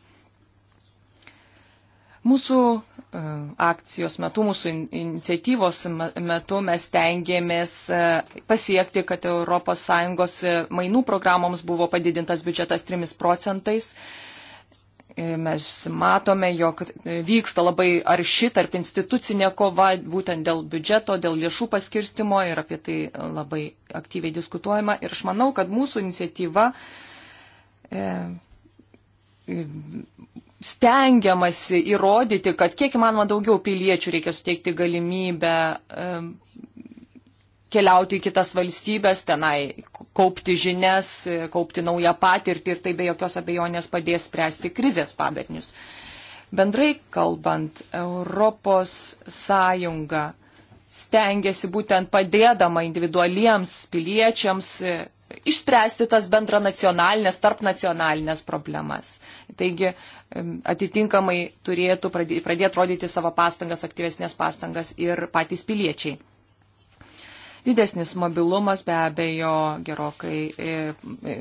Mūsų e, akcijos metu, mūsų iniciatyvos metu mes tengiamės e, pasiekti, kad ES e, mainų programoms buvo padidintas biudžetas 3 procentais. Mes matome, jog vyksta labai arši tarp institucinė kova būtent dėl biudžeto, dėl lėšų paskirstimo ir apie tai labai aktyviai diskutuojama. Ir aš manau, kad mūsų iniciatyva stengiamasi įrodyti, kad kiek įmanoma daugiau piliečių reikia suteikti galimybę keliauti į kitas valstybės, tenai kaupti žinias, kaupti naują patirtį ir tai be jokios abejonės padės spręsti krizės padarinius. Bendrai kalbant, Europos Sąjunga stengiasi būtent padėdama individualiems piliečiams e, išspręsti tas bendra nacionalinės, tarp nacionalinės problemas. Taigi atitinkamai turėtų pradėti rodyti savo pastangas, aktyvesnės pastangas ir patys piliečiai. Didesnis mobilumas be abejo gerokai e, e,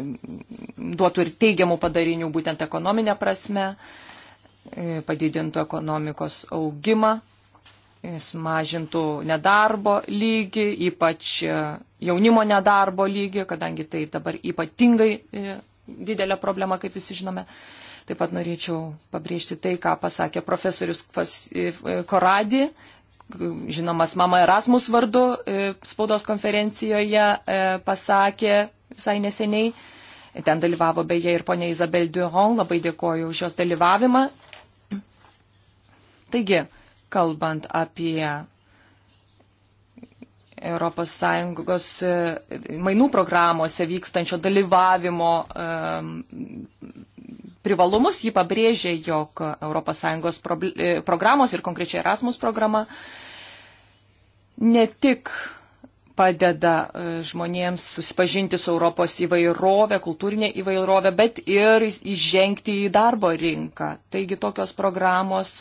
duotų ir teigiamų padarinių būtent ekonominė prasme, e, padidintų ekonomikos augimą, mažintų nedarbo lygį, ypač jaunimo nedarbo lygį, kadangi tai dabar ypatingai didelė problema, kaip visi žinome. Taip pat norėčiau pabrėžti tai, ką pasakė profesorius e, Koradi, žinomas mama Erasmus vardu, e, spaudos konferencijoje e, pasakė visai neseniai. Ten dalyvavo beje ir ponia Izabel Duron, labai dėkoju už jos dalyvavimą. Taigi, kalbant apie ES mainų programuose vykstančio dalyvavimo privalumus, ji pabrėžė, jog ES e, programos ir konkrečiai Erasmus programa ne tik padeda e, žmonėms susipažinti su Europos įvairovė, kultūrinė įvairovė, bet ir įžengti į darbo rinką. Taigi tokios programos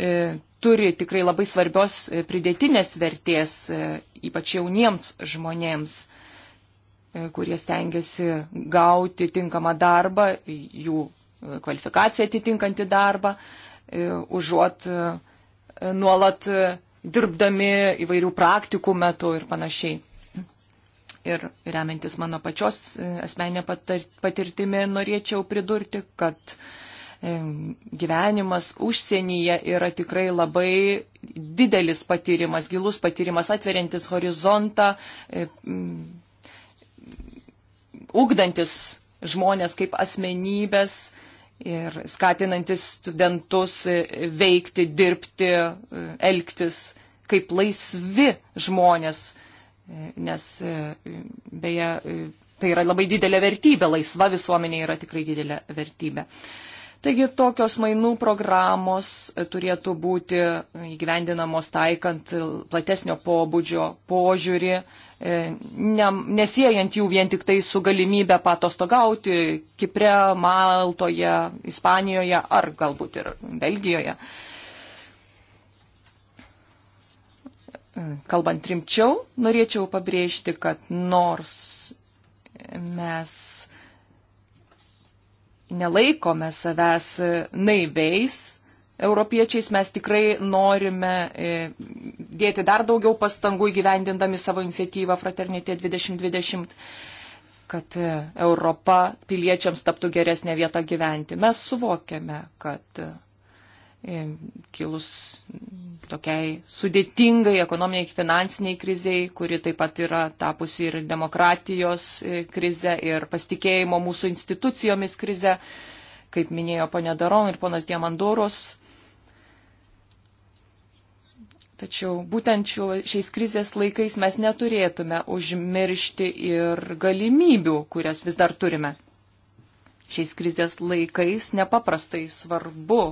e, turi tikrai labai svarbios e, pridėtinės vertės, e, ypač jauniems žmonėms, e, kurie stengiasi gauti tinkamą darbą, jų kvalifikaciją atitinkantį darbą, e, užuot e, nuolat e, dirbdami įvairių praktikų metu ir panašiai. Ir remiantis mano pačios asmeninė patirtimi, norėčiau pridurti, kad gyvenimas užsienyje yra tikrai labai didelis patyrimas, gilus patyrimas, atveriantis horizontą, ugdantis žmonės kaip asmenybės ir skatinantis studentus veikti, dirbti, elgtis kaip laisvi žmonės, nes beje, tai yra labai didelė vertybė, laisva visuomenė yra tikrai didelė vertybė. Uh, Taigi tokios mainų programos e, turėtų būti įgyvendinamos taikant platesnio pobūdžio požiūrį, e, ne, nesiejant jų vien tik tai su galimybė patostogauti Kipre, Maltoje, Ispanijoje ar galbūt ir Belgijoje. E, kalbant rimčiau, norėčiau pabrėžti, kad nors mes nelaikome savęs naiviais europiečiais, mes tikrai norime e, dėti dar daugiau pastangų įgyvendindami savo iniciatyvą Fraternitė 2020 kad e, Europa piliečiams taptų geresnė vieta gyventi. Mes suvokiame, kad E, kilus tokiai sudėtingai ekonominiai, finansiniai kriziai, kuri taip pat yra tapusi ir demokratijos e, krize, ir pasitikėjimo mūsų institucijomis krize, kaip minėjo ponė Daron ir ponas Diamandoros. Tačiau būtent šiais krizės laikais mes neturėtume užmiršti ir galimybių, kurias vis dar turime. Šiais krizės laikais nepaprastai svarbu,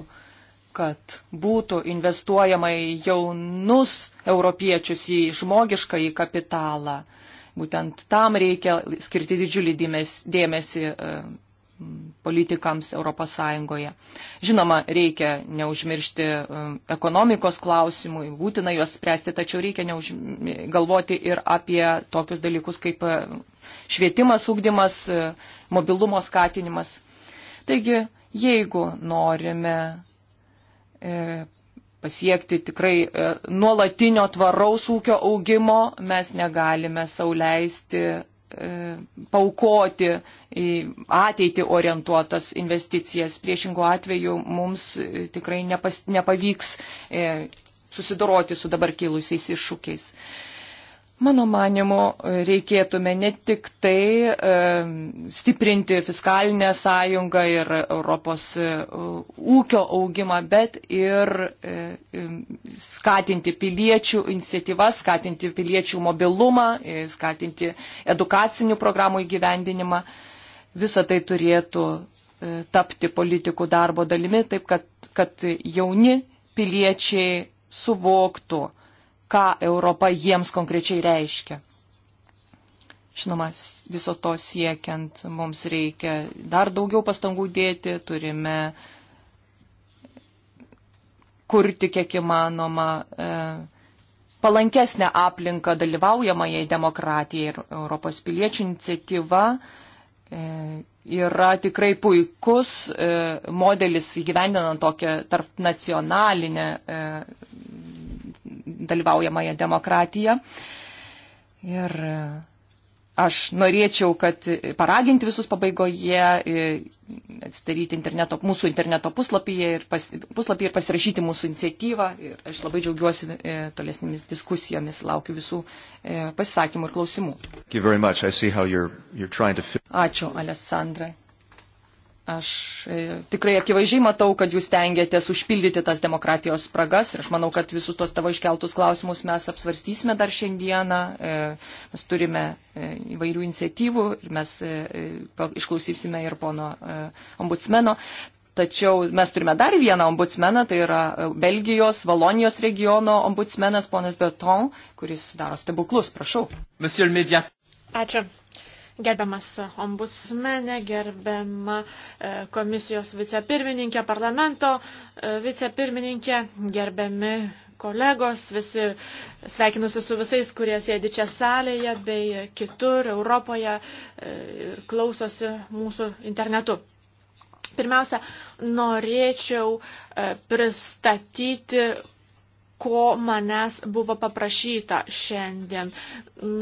kad būtų investuojama į jaunus europiečius, į žmogiškąjį kapitalą. Būtent tam reikia skirti didžiulį dėmesį e, politikams ES. Žinoma, reikia neužmiršti e, ekonomikos klausimų, būtina juos spręsti, tačiau reikia neuž... galvoti ir apie tokius dalykus kaip e, švietimas, ugdymas, mobilumo skatinimas. Taigi, jeigu norime E, pasiekti tikrai e, nuolatinio tvaraus ūkio augimo, mes negalime sauliaisti e, paukoti į ateitį orientuotas investicijas. Priešingų atveju mums tikrai nepas, nepavyks susidoroti su dabar kilusiais iššūkiais. E, Mano manimu, e, reikėtume ne tik tai e, stiprinti fiskalinę sąjungą ir Europos e, ūkio augimą, bet ir skatinti piliečių iniciatyvas, skatinti piliečių mobilumą, skatinti edukacinių programų įgyvendinimą. Visa tai turėtų tapti politikų darbo dalimi, taip kad, kad jauni piliečiai suvoktų, ką Europa jiems konkrečiai reiškia. Žinoma, viso to siekiant mums reikia dar daugiau pastangų dėti, turime kurti kiek įmanoma e, palankesnę aplinką dalyvaujamąjai demokratijai ir Europos piliečių iniciatyva e, yra tikrai puikus e, modelis įgyvendinant tokią tarp nacionalinę. E, dalyvaujamąją demokratiją. Ir aš norėčiau, kad paraginti visus pabaigoje e, atsidaryti interneto, mūsų interneto puslapyje ir, pas, puslapyje ir pasirašyti mūsų iniciatyvą. Ir aš labai džiaugiuosi e, tolesnėmis diskusijomis, laukiu visų e, pasisakymų ir klausimų. You're, you're to... Ačiū, Alessandra. Aš e, tikrai akivaizdžiai matau, kad jūs tengiatės užpildyti tas demokratijos spragas ir aš manau, kad visus tuos tavo iškeltus klausimus mes apsvarstysime dar šiandieną. E, mes turime e, įvairių iniciatyvų ir mes išklausysime ir pono ombudsmeno. Tačiau mes turime dar vieną ombudsmeną, tai yra Belgijos, Valonijos regiono ombudsmenas ponas Berton, kuris daro stebuklus, prašau. Ačiū. Gerbiamas ombudsmenė, gerbiama e, komisijos vicepirmininkė, parlamento e, vicepirmininkė, gerbiami kolegos, visi sveikinusi su visais, kurie sėdi čia salėje bei kitur Europoje e, ir klausosi mūsų internetu. Pirmiausia, norėčiau pristatyti ko manęs buvo paprašyta šiandien.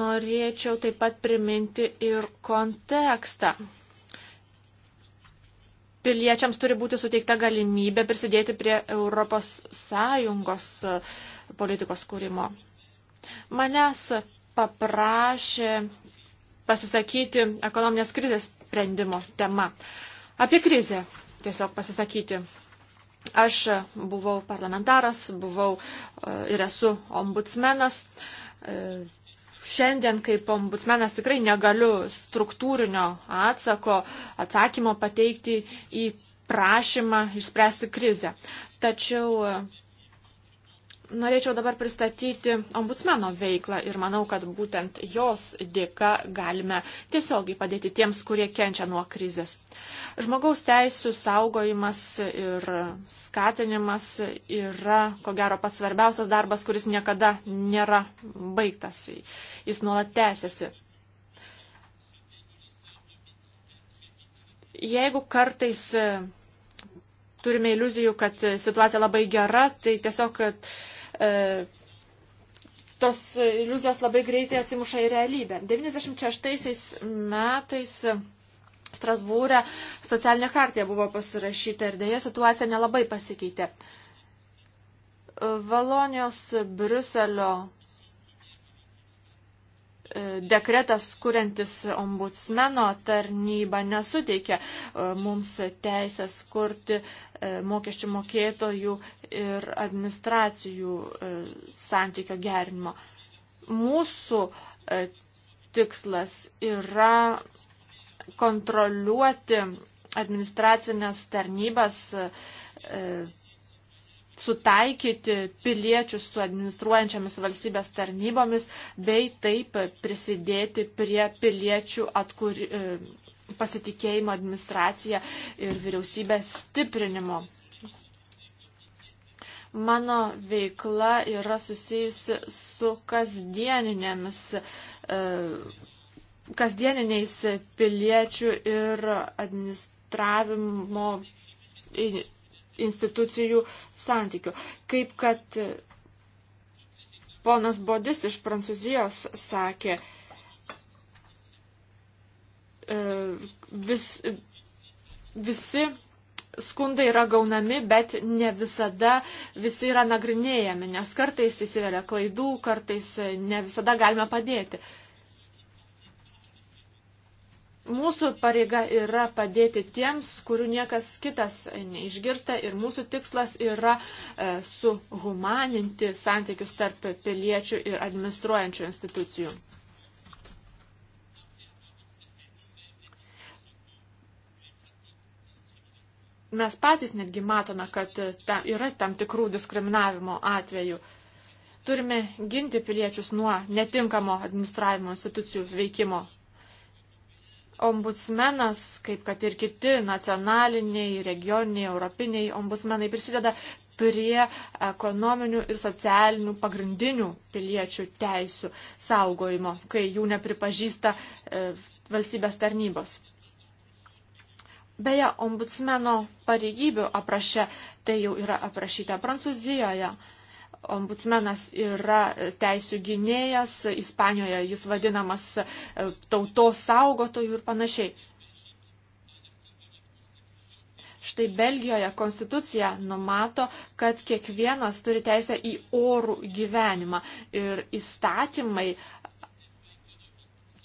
Norėčiau taip pat priminti ir kontekstą. Piliečiams turi būti suteikta galimybė prisidėti prie ES e, politikos kūrimo. Manęs paprašė pasisakyti ekonominės krizės sprendimo tema. Apie krizę tiesiog pasisakyti. Aš buvau parlamentaras, buvau e, ir esu ombudsmenas. E, šiandien kaip ombudsmenas tikrai negaliu struktūrinio atsako, atsakymo pateikti į prašymą išspręsti krizę. Tačiau e, Norėčiau dabar pristatyti ombudsmeno veiklą ir manau, kad būtent jos dėka galime tiesiogiai padėti tiems, kurie kenčia nuo krizės. Žmogaus teisų saugojimas ir skatinimas yra, ko gero, pats svarbiausias darbas, kuris niekada nėra baigtas. Jis nuolat tęsiasi. Jeigu kartais turime iliuzijų, kad situacija labai gera, tai tiesiog E, tos iliuzijos labai greitai atsimuša į realybę. 96 metais Strasbūrė socialinė kartija buvo pasirašyta ir dėja situacija nelabai pasikeitė. Valonijos Briuselio dekretas, kuriantis ombudsmeno tarnybą, nesuteikia e, mums teisės kurti e, mokesčių mokėtojų ir administracijų e, santykio gerinimo. Mūsų tikslas yra kontroliuoti administracinės tarnybas sutaikyti piliečius su administruojančiamis valstybės tarnybomis bei taip prisidėti prie piliečių atkuri, e, pasitikėjimo administracija ir vyriausybės stiprinimo. Mano veikla yra susijusi su kasdieninėmis, e, kasdieniniais piliečių ir administravimo institucijų santykių. Kaip kad ponas Bodis iš Prancūzijos sakė, e, vis, visi skundai yra gaunami, bet ne visada visi yra nagrinėjami, nes kartais įsivelia klaidų, kartais ne visada galime padėti. Uh, Mūsų pareiga yra padėti tiems, kurių niekas kitas neišgirsta ir mūsų tikslas yra e, suhumaninti santykius tarp piliečių ir administruojančių institucijų. Mes patys netgi matome, kad ta, yra tam tikrų diskriminavimo atvejų. Turime ginti piliečius nuo netinkamo administravimo institucijų veikimo ombudsmenas, kaip kad ir kiti nacionaliniai, regioniniai, europiniai ombudsmenai prisideda prie ekonominių ir socialinių pagrindinių piliečių teisų saugojimo, kai jų nepripažįsta e, valstybės tarnybos. Beje, ombudsmeno pareigybių apraše tai jau yra aprašyta Prancūzijoje, Ombudsmenas yra teisų gynėjas, Ispanijoje jis vadinamas e, tautos saugotojų ir panašiai. Štai Belgijoje konstitucija numato, kad kiekvienas turi teisę į orų gyvenimą ir įstatymai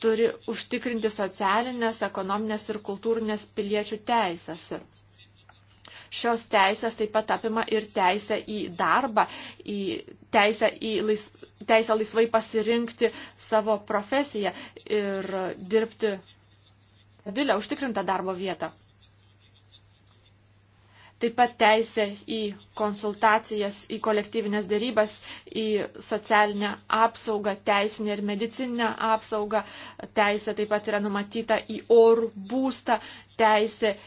turi užtikrinti socialinės, ekonominės ir kultūrinės piliečių teisės. Ir šios teisės taip pat apima ir teisę į darbą, į teisę, į lais, teisę laisvai pasirinkti savo profesiją ir dirbti stabilę, užtikrintą darbo vietą. Taip pat teisė į konsultacijas, į kolektyvinės dėrybas, į socialinę apsaugą, teisinę ir medicinę apsaugą. Teisė taip pat yra numatyta į orų būstą, teisė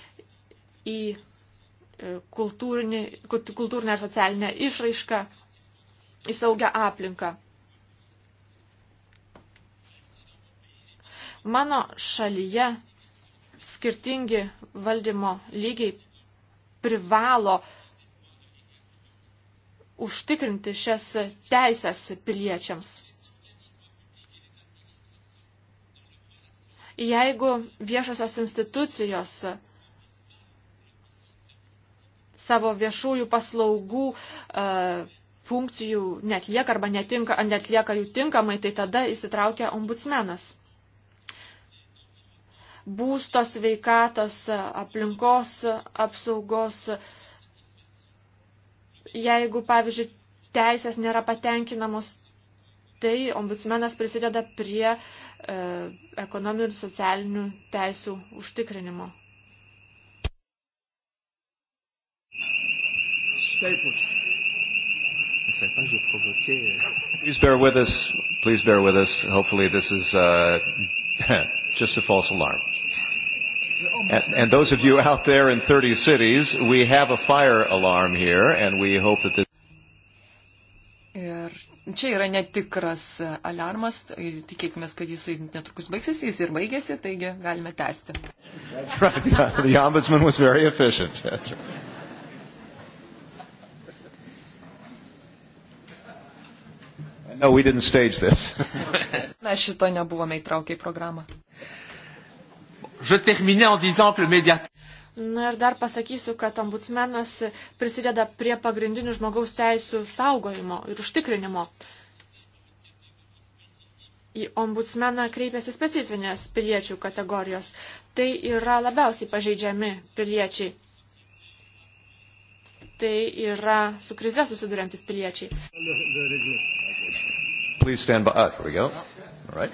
į kultūrinį, kultūrinę ir socialinę išraišką, į saugią aplinką. Mano šalyje skirtingi valdymo lygiai privalo užtikrinti šias teisės piliečiams. Jeigu viešosios institucijos savo viešųjų paslaugų uh, funkcijų netlieka arba netinka, netlieka jų tinkamai, tai tada įsitraukia ombudsmenas. Būstos veikatos e, aplinkos apsaugos, jeigu, pavyzdžiui, teisės nėra patenkinamos, tai ombudsmenas prisideda prie e, ekonominių ir socialinių teisų užtikrinimo. Staples. Ne savais pas que je provoquais. Please bear with us. Please bear with us. Hopefully, this is uh, just a false alarm. And, and those of you out there in 30 cities, we have a fire alarm here, and we hope that this. Ir čia yra netikras alarmas, tikėkime, kad jisai netrukus baigsis, jis ir baigėsi, taigi galime tęsti. Right, the, the ombudsman was very efficient. That's right. No, we didn't stage this. Mes šito nebuvome įtraukę į programą. Na ir dar pasakysiu, kad ombudsmenas prisideda prie pagrindinių žmogaus teisų saugojimo ir užtikrinimo. Į ombudsmeną kreipiasi specifinės piliečių kategorijos. Tai yra labiausiai pažeidžiami piliečiai tai yra su krize susiduriantis piliečiai. Please stand by. Ah, here we go. All right.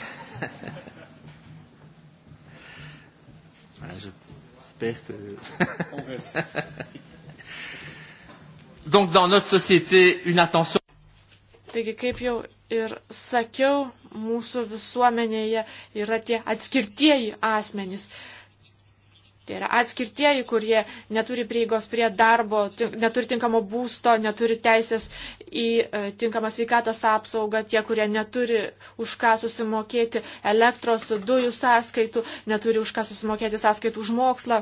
J'espère que. Donc, dans notre société, une attention. Taigi, kaip jau ir sakiau, mūsų visuomenėje yra tie atskirtieji asmenys. Uh, Tai yra atskirtieji, kurie neturi prieigos prie darbo, neturi tinkamo būsto, neturi teisės į e, tinkamą sveikatos apsaugą, tie, kurie neturi už ką susimokėti elektros, dujų sąskaitų, neturi už ką susimokėti sąskaitų už mokslą.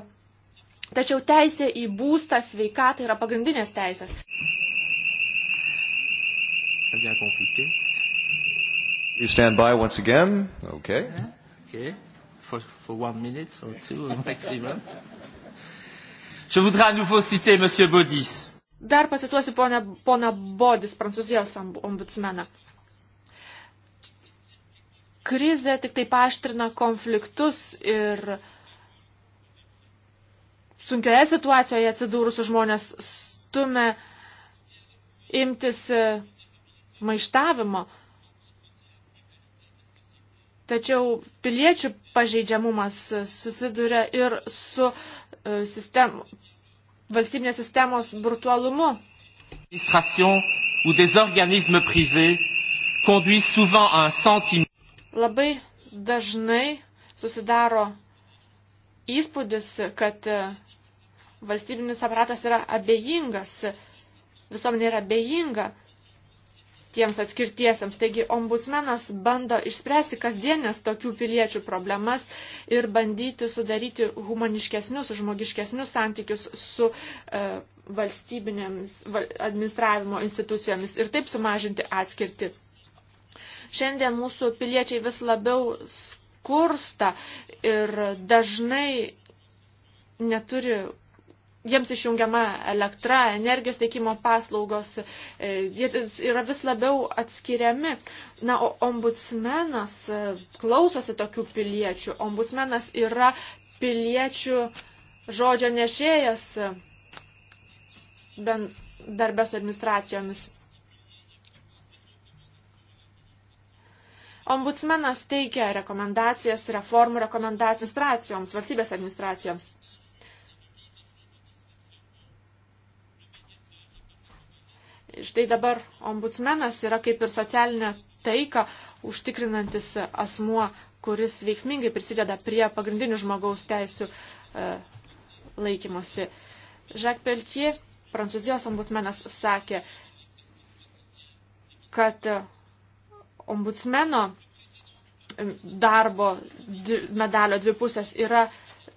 Tačiau teisė į būstą, sveikatą yra pagrindinės teisės. You stand by once again. Okay. Okay for one minute or two maximum. Je voudrais à nouveau citer Monsieur Bodis. Dar pacituosiu poną, poną Bodis, prancūzijos ombudsmeną. Krizė tik tai paaštrina konfliktus ir sunkioje situacijoje atsidūrusius žmonės stumia imtis maištavimo. Tačiau piliečių pažeidžiamumas susiduria ir su e, sistem, valstybinės sistemos brutualumu. Labai dažnai susidaro įspūdis, kad e, valstybinis aparatas yra abejingas, visuomenė yra abejinga tiems atskirtiesiems. Taigi ombudsmenas bando išspręsti kasdienės tokių piliečių problemas ir bandyti sudaryti humaniškesnius, žmogiškesnius santykius su e, valstybinėmis val, administravimo institucijomis ir taip sumažinti atskirti. Šiandien mūsų piliečiai vis labiau skursta ir dažnai neturi jiems išjungiama elektra, energijos teikimo paslaugos, e, jie yra vis labiau atskiriami. Na, o ombudsmenas e, klausosi tokių piliečių. Ombudsmenas yra piliečių žodžio nešėjas e, darbę su administracijomis. Ombudsmenas teikia rekomendacijas, reformų rekomendacijas administracijoms, valstybės administracijoms. štai dabar ombudsmenas yra kaip ir socialinė taika užtikrinantis asmuo, kuris veiksmingai prisideda prie pagrindinių žmogaus teisų e, laikymosi. Jacques Peltier, prancūzijos ombudsmenas, sakė, kad ombudsmeno darbo medalio dvi pusės yra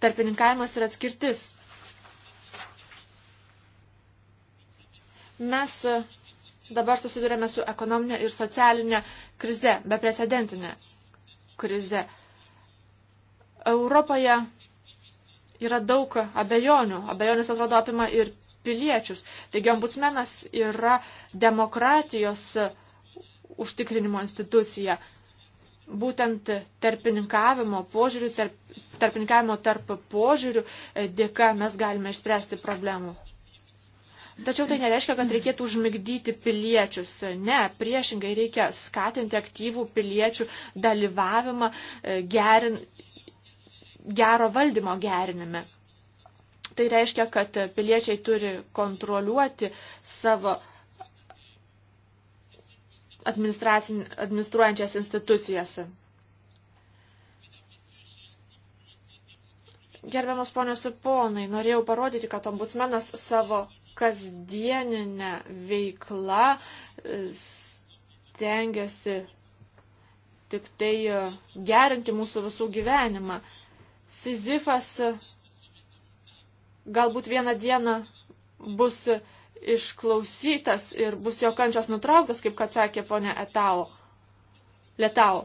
tarpininkavimas ir atskirtis. Mes e, dabar susidurėme su ekonominė ir socialinė krize, beprecedentinė krize. Europoje yra daug abejonių. Abejonės atrodo apima ir piliečius. Taigi ombudsmenas yra demokratijos užtikrinimo institucija. Būtent tarpininkavimo požiūrių, tarp, tarpininkavimo tarp požiūrių e, dėka mes galime išspręsti problemų. Tačiau tai nereiškia, kad reikėtų užmigdyti piliečius. Ne, priešingai reikia skatinti aktyvų piliečių dalyvavimą e, gerin, gero valdymo gerinime. Tai reiškia, kad piliečiai turi kontroliuoti savo administruojančias institucijas. Gerbiamos ponios ir ponai, norėjau parodyti, kad ombudsmenas savo kasdieninė veikla e, stengiasi tik tai e, gerinti mūsų visų gyvenimą. Sizifas e, galbūt vieną dieną bus išklausytas ir bus jo kančios nutrauktas, kaip kad sakė ponė Etao. Letao.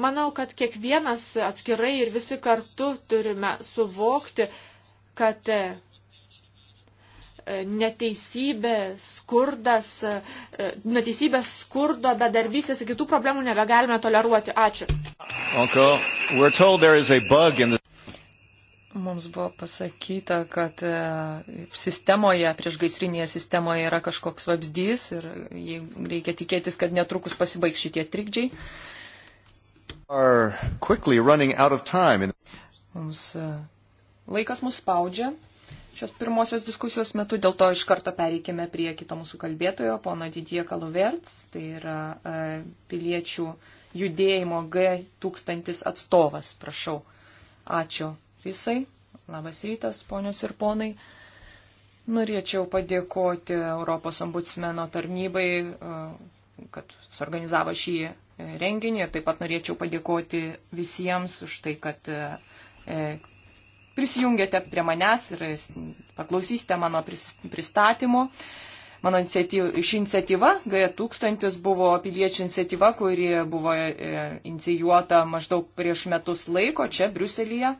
Manau, kad kiekvienas atskirai ir visi kartu turime suvokti, kad neteisybė, skurdas, e, neteisybė, skurdo, bedarbystės ir kitų problemų nebegalime toleruoti. Ačiū. Mums buvo pasakyta, kad e, sistemoje, priešgaisrinėje sistemoje yra kažkoks vabzdys ir reikia tikėtis, kad netrukus pasibaigs šitie trikdžiai. Mums e, laikas mus spaudžia šios pirmosios diskusijos metu, dėl to iš karto pereikime prie kito mūsų kalbėtojo, pono Didie Kaluverts, tai yra e, piliečių judėjimo G1000 atstovas, prašau. Ačiū visai. Labas rytas, ponios ir ponai. Norėčiau padėkoti Europos ombudsmeno tarnybai, e, kad suorganizavo šį renginį ir taip pat norėčiau padėkoti visiems už tai, kad e, prisijungiate prie manęs ir paklausysite mano pristatymo. Mano iniciatyva, ši iniciatyva, G1000 buvo piliečių iniciatyva, kuri buvo e, inicijuota maždaug prieš metus laiko čia, Briuselyje.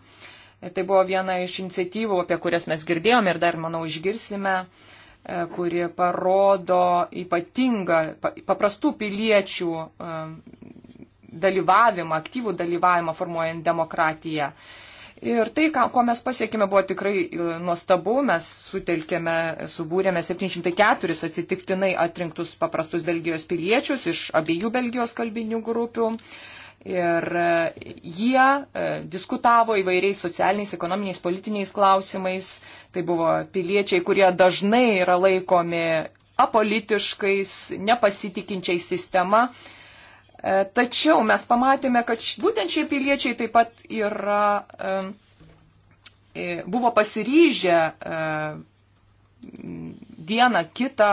E, tai buvo viena iš iniciatyvų, apie kurias mes girdėjome ir dar, manau, išgirsime e, kuri parodo ypatingą paprastų piliečių dalyvavimą, aktyvų dalyvavimą formuojant demokratiją. Ir tai, ką, ko mes pasiekėme, buvo tikrai e, nuostabu. Mes sutelkėme, subūrėme 704 atsitiktinai atrinktus paprastus Belgijos piliečius iš abiejų Belgijos kalbinių grupių. Ir e, jie e, diskutavo įvairiais socialiniais, ekonominiais, politiniais klausimais. Tai buvo piliečiai, kurie dažnai yra laikomi apolitiškais, nepasitikinčiais sistema. E, tačiau mes pamatėme, kad būtent šie piliečiai taip pat yra, e, e, buvo pasiryžę dieną kitą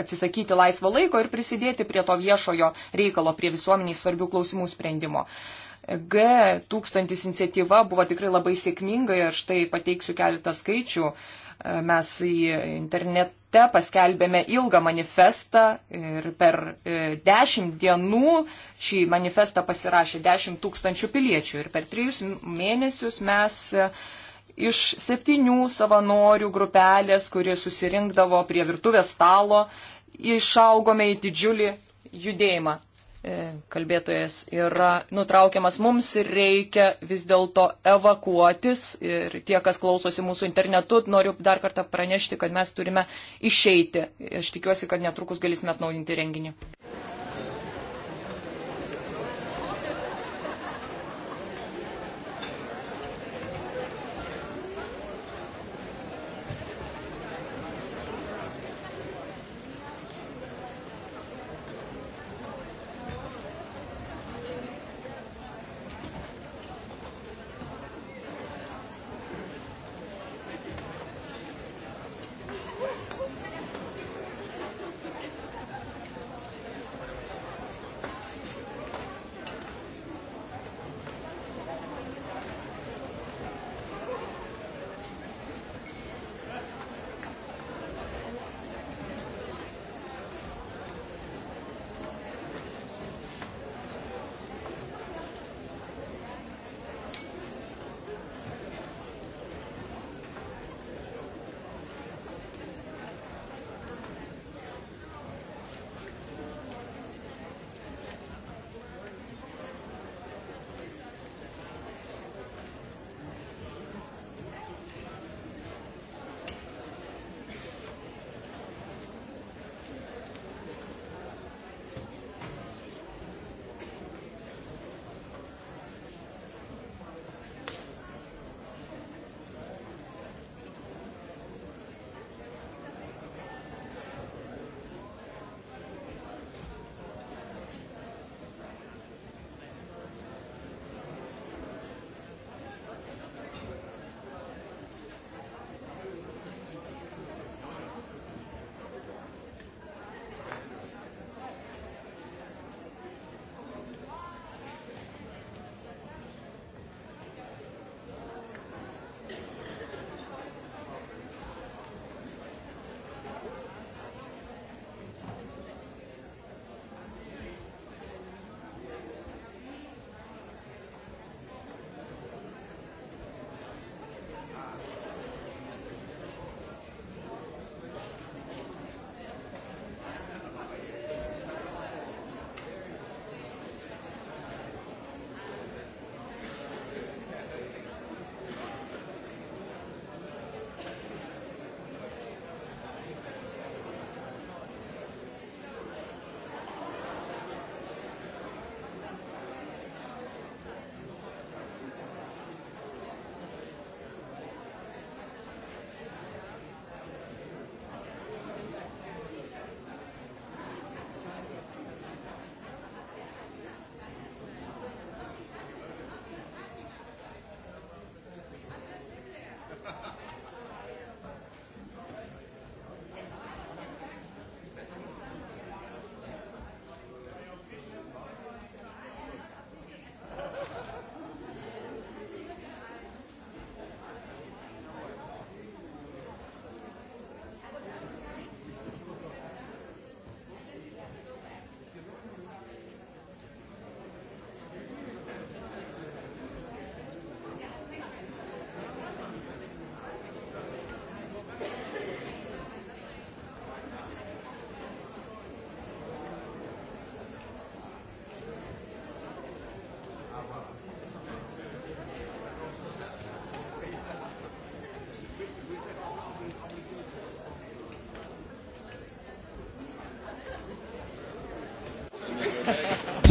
atsisakyti laisvo laiko ir prisidėti prie to viešojo reikalo, prie visuomeniai svarbių klausimų sprendimo. G1000 iniciatyva buvo tikrai labai sėkminga ir štai pateiksiu keletą skaičių. E, Mes į internete paskelbėme ilgą manifestą ir per e, dešimt dienų šį manifestą pasirašė dešimt tūkstančių piliečių ir per trijus mėnesius mes e, iš septynių savanorių grupelės, kurie susirinkdavo prie virtuvės stalo, išaugome į didžiulį judėjimą. E, kalbėtojas yra nutraukiamas. Mums reikia vis dėlto evakuotis ir tie, kas klausosi mūsų internetu, noriu dar kartą pranešti, kad mes turime išeiti. Aš tikiuosi, kad netrukus galėsime atnaujinti renginį.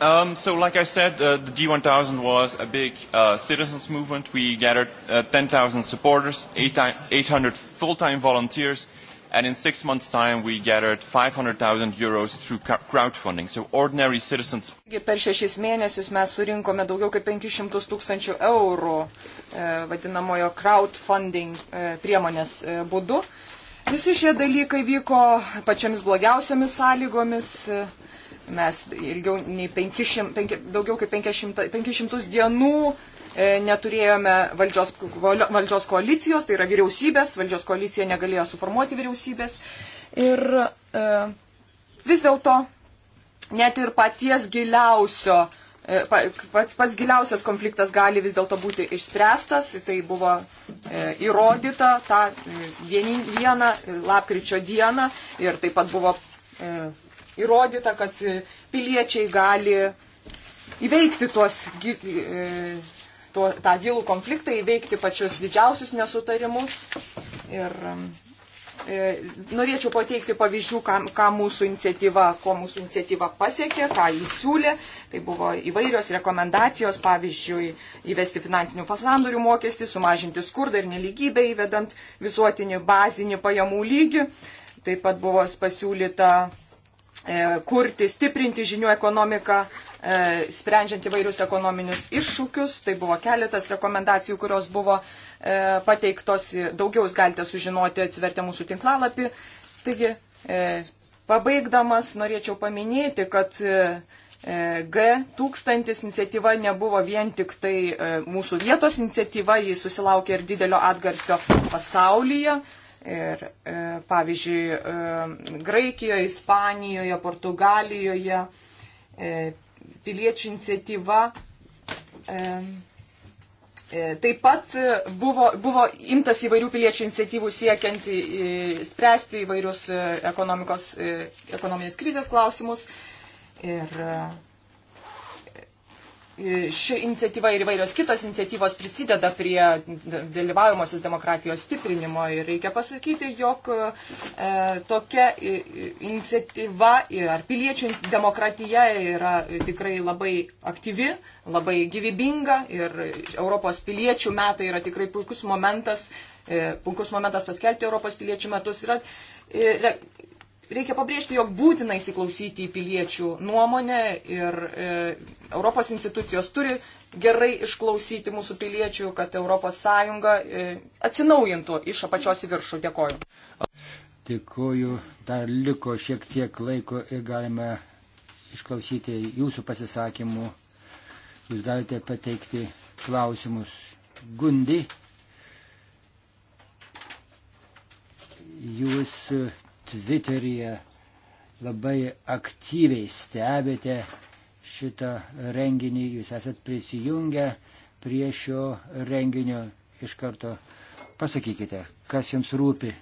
Um, so, like I said, uh, the G1000 was a big uh, citizens movement. We gathered uh, 10,000 supporters, 800 full-time volunteers, and in six months' time, we gathered 500,000 euros through crowdfunding. So, ordinary citizens. Per šešis mėnesius mes surinkome daugiau kaip 500 tūkstančių eurų e, vadinamojo crowdfunding e, priemonės e, būdu. Visi šie dalykai vyko pačiamis blogiausiamis sąlygomis. E, Mes ilgiau nei 500, 5, daugiau kaip 500, 500 dienų e, neturėjome valdžios, valdžios koalicijos, tai yra vyriausybės, valdžios koalicija negalėjo suformuoti vyriausybės. Ir e, vis dėlto net ir paties giliausio, e, pats, pats giliausias konfliktas gali vis dėlto būti išspręstas, tai buvo e, įrodyta tą e, vieną lapkričio dieną ir taip pat buvo. E, įrodyta, kad piliečiai gali įveikti tuos, e, tuo, tą gilų konfliktą, įveikti pačius didžiausius nesutarimus. Ir e, norėčiau pateikti pavyzdžių, ką, ką mūsų iniciatyva, ko mūsų iniciatyva pasiekė, ką jis siūlė. Tai buvo įvairios rekomendacijos, pavyzdžiui, įvesti finansinių pasandorių mokestį, sumažinti skurdą ir neligybę įvedant visuotinį bazinį pajamų lygį. Taip pat buvo pasiūlyta E, kurti, stiprinti žinių ekonomiką, e, sprendžiant įvairius ekonominius iššūkius. Tai buvo keletas rekomendacijų, kurios buvo e, pateiktos. Daugiau jūs galite sužinoti atsivertę mūsų tinklalapį. Taigi, pabaigdamas norėčiau paminėti, kad G1000 iniciatyva nebuvo vien tik tai mūsų vietos iniciatyva, jis susilaukė ir didelio atgarsio pasaulyje. Ir e, pavyzdžiui, e, Graikijoje, Ispanijoje, Portugalijoje e, piliečių iniciatyva Taip pat buvo, buvo imtas įvairių piliečių iniciatyvų siekiant spręsti įvairius ekonomikos, ekonominės krizės klausimus. Ir E, ši iniciatyva ir įvairios kitos iniciatyvos prisideda prie dalyvaujamosios demokratijos stiprinimo ir reikia pasakyti, jog e, tokia iniciatyva ar piliečių demokratija yra tikrai labai aktyvi, labai gyvybinga ir Europos piliečių metai yra tikrai puikus momentas, e, puikus momentas paskelbti Europos piliečių metus. Yra, e, Reikia pabrėžti, jog būtina įsiklausyti į piliečių nuomonę ir e, Europos institucijos turi gerai išklausyti mūsų piliečių, kad ES e, atsinaujintų iš apačios į viršų. Dėkoju. Dėkoju, dar liko šiek tiek laiko ir galime išklausyti jūsų pasisakymų. Jūs galite pateikti klausimus. Gundi, jūs Twitteryje labai aktyviai stebite šitą renginį, jūs esat prisijungę prie šio renginio iš karto. Pasakykite, kas jums rūpi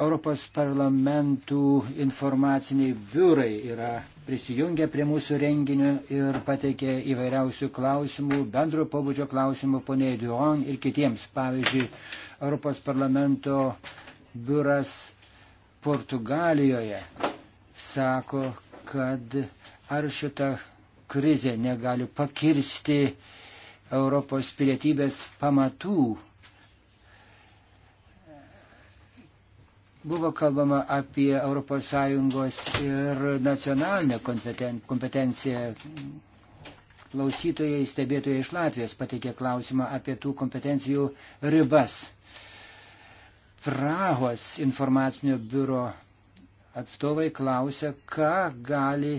Europos parlamentų informaciniai biurai yra prisijungę prie mūsų renginio ir pateikė įvairiausių klausimų, bendro pobūdžio klausimų ponė Duon ir kitiems. Pavyzdžiui, Europos parlamento biuras Portugalijoje sako, kad ar šita krizė negali pakirsti Europos pilietybės pamatų Buvo kalbama apie ES ir nacionalinę kompetenciją. Klausytojai, stebėtojai iš Latvijos pateikė klausimą apie tų kompetencijų ribas. Prahos informacinio biuro atstovai klausia, ką gali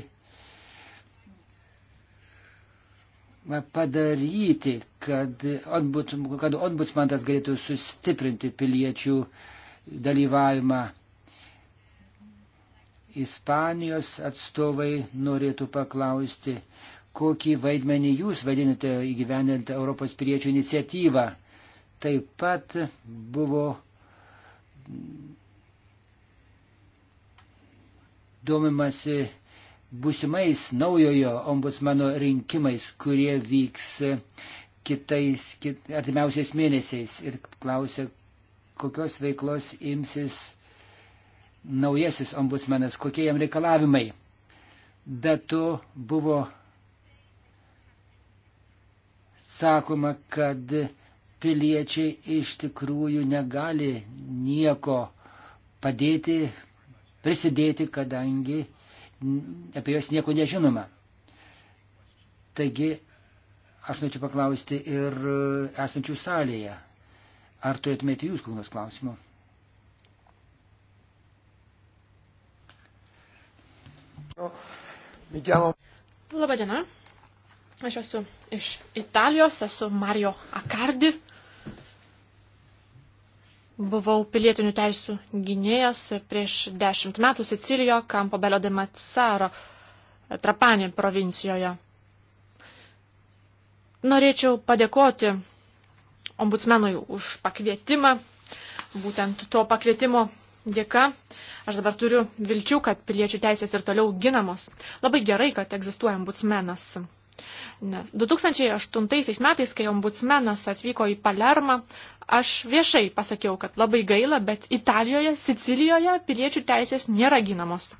padaryti, kad, odbut, kad odbutsmantas galėtų sustiprinti piliečių uh, dalyvavimą. Ispanijos atstovai norėtų paklausti, kokį vaidmenį jūs vadinate įgyvendinti Europos piliečių iniciatyvą. Taip pat buvo domimasi būsimais naujojo ombudsmano rinkimais, kurie vyks kitais, kit, artimiausiais mėnesiais ir klausia, kokios veiklos imsis naujasis ombudsmenas, kokie jam reikalavimai. Bet tu buvo sakoma, kad piliečiai iš tikrųjų negali nieko padėti, prisidėti, kadangi apie juos nieko nežinoma. Taigi, aš norėčiau paklausti ir e, esančių salėje Ar turėtumėte jūs kokios klausimų? Nu, Labą dieną. Aš esu iš Italijos, esu Mario Akardi. Buvau pilietinių teisų gynėjas prieš dešimt metų Sicilijoje, Kampobelio de Mazzaro, Trapanė provincijoje. Norėčiau padėkoti ombudsmenui už pakvietimą. Būtent to pakvietimo dėka aš dabar turiu vilčių, kad piliečių teisės ir toliau ginamos. Labai gerai, kad egzistuoja ombudsmenas. Nes 2008 metais, kai ombudsmenas atvyko į Palermą, aš viešai pasakiau, kad labai gaila, bet Italijoje, Sicilijoje piliečių teisės nėra ginamos.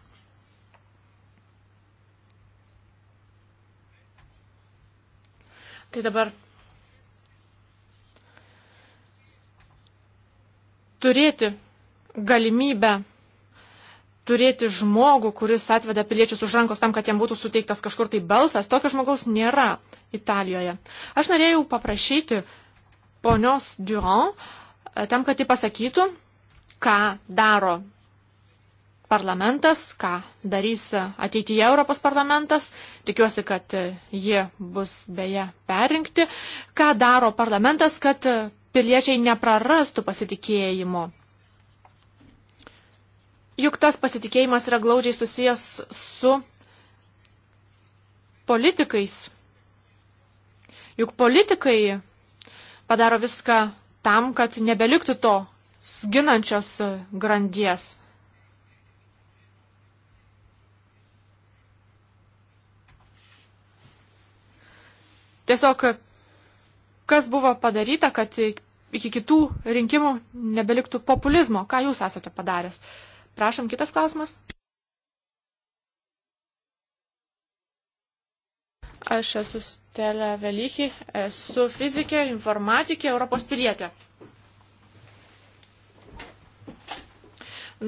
Tai dabar turėti galimybę turėti žmogų, kuris atveda piliečius už rankos tam, kad jam būtų suteiktas kažkur tai balsas, tokio žmogaus nėra Italijoje. Aš norėjau paprašyti ponios Durand, e, tam, kad ji pasakytų, ką daro parlamentas, ką darys ateityje Europos parlamentas. Tikiuosi, kad jie bus beje perinkti. Ką daro parlamentas, kad piliečiai neprarastų pasitikėjimo. Juk tas pasitikėjimas yra glaudžiai susijęs su politikais. Juk politikai padaro viską tam, kad nebeliktų to sginančios grandies. Tiesiog kas buvo padaryta, kad iki kitų rinkimų nebeliktų populizmo, ką jūs esate padaręs. Prašom, kitas klausimas. Aš esu Stelė Velyki, esu fizikė, informatikė, Europos pilietė.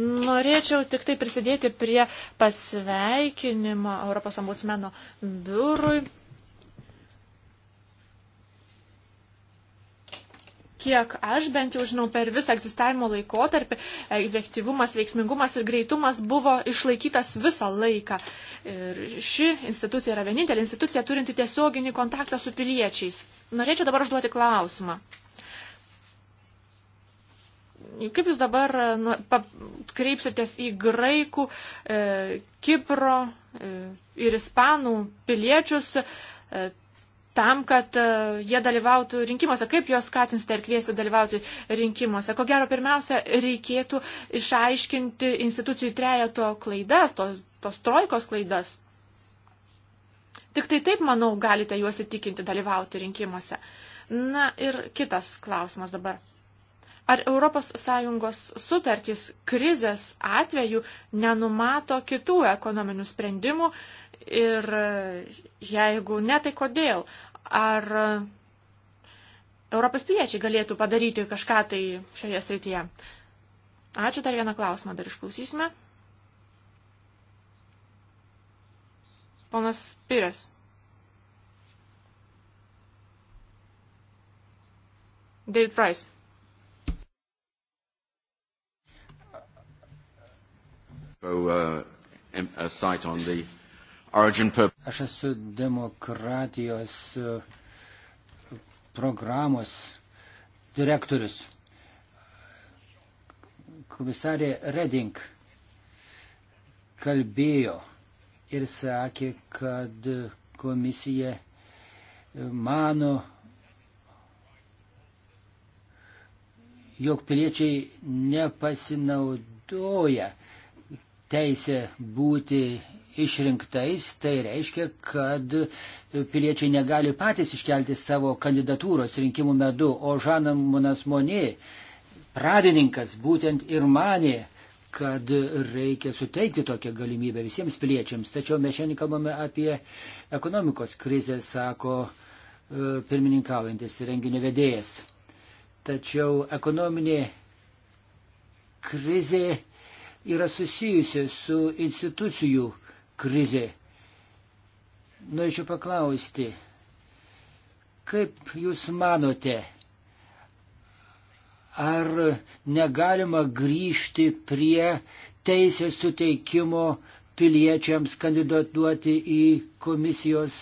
Norėčiau tik tai prisidėti prie pasveikinimo Europos ambucmeno biurui kiek aš bent jau žinau, per visą egzistavimo laikotarpį e, efektyvumas, veiksmingumas ir greitumas buvo išlaikytas visą laiką. Ir ši institucija yra vienintelė institucija turinti tiesioginį kontaktą su piliečiais. Norėčiau dabar užduoti klausimą kaip jūs dabar nu, pa, kreipsitės į graikų, e, Kipro e, ir ispanų piliečius, e, tam, kad e, jie dalyvautų rinkimuose. Kaip juos skatinsite tai ir kviesite dalyvauti rinkimuose? Ko gero, pirmiausia, reikėtų išaiškinti institucijų trejato klaidas, tos, tos trojkos klaidas. Tik tai taip, manau, galite juos įtikinti dalyvauti rinkimuose. Na ir kitas klausimas dabar. Ar ES sutartys krizės atveju nenumato kitų ekonominių sprendimų, uh, Ir jeigu ne, tai kodėl? Ar Europos piliečiai galėtų padaryti kažką tai šioje srityje? Ačiū, dar vieną klausimą dar išklausysime. Ponas Pires. David Price. So, uh, a site on the Aš esu demokratijos e, programos direktorius. Komisarė Reding kalbėjo ir sakė, kad komisija mano, jog piliečiai nepasinaudoja teisę būti išrinktais, tai reiškia, kad piliečiai negali patys iškelti savo kandidatūros rinkimų medu, o Žanamonas Monė, pradininkas, būtent ir manė, kad reikia suteikti tokią galimybę visiems piliečiams. Tačiau mes šiandien kalbame apie ekonomikos krizę, sako e, pirmininkaujantis renginio vedėjas. Tačiau ekonominė krizė yra susijusi su institucijų krizė. Norėčiau paklausti, kaip Jūs manote, ar negalima grįžti prie teisės suteikimo piliečiams kandidatuoti į komisijos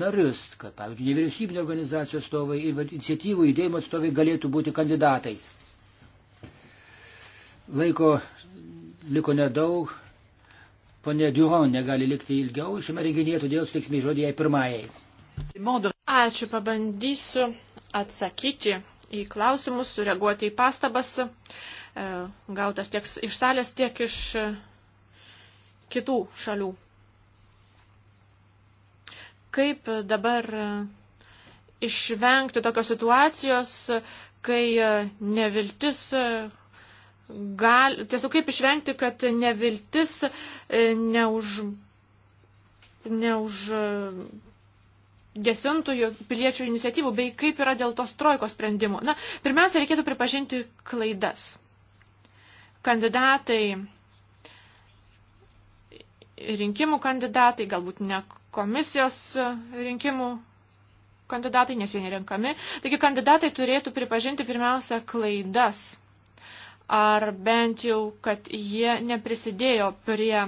narius, kad, pavyzdžiui, nevyriausybinio organizacijos atstovai ir iniciatyvų judėjimo atstovai galėtų būti kandidatais. Laiko liko nedaug. Pone Duron negali likti ilgiau šiame renginyje, todėl suteiksime žodį jai pirmajai. Ačiū, pabandysiu atsakyti į klausimus, sureaguoti į pastabas, e, gautas tiek iš salės, tiek iš e, kitų šalių. Kaip dabar e, išvengti tokios situacijos, kai neviltis gal, tiesiog kaip išvengti, kad neviltis e, neuž, neuž e, gesintų piliečių iniciatyvų, bei kaip yra dėl tos trojkos sprendimų. Na, pirmiausia, reikėtų pripažinti klaidas. Kandidatai, rinkimų kandidatai, galbūt ne komisijos rinkimų kandidatai, nes jie nerenkami. Taigi kandidatai turėtų pripažinti pirmiausia klaidas ar bent jau, kad jie neprisidėjo prie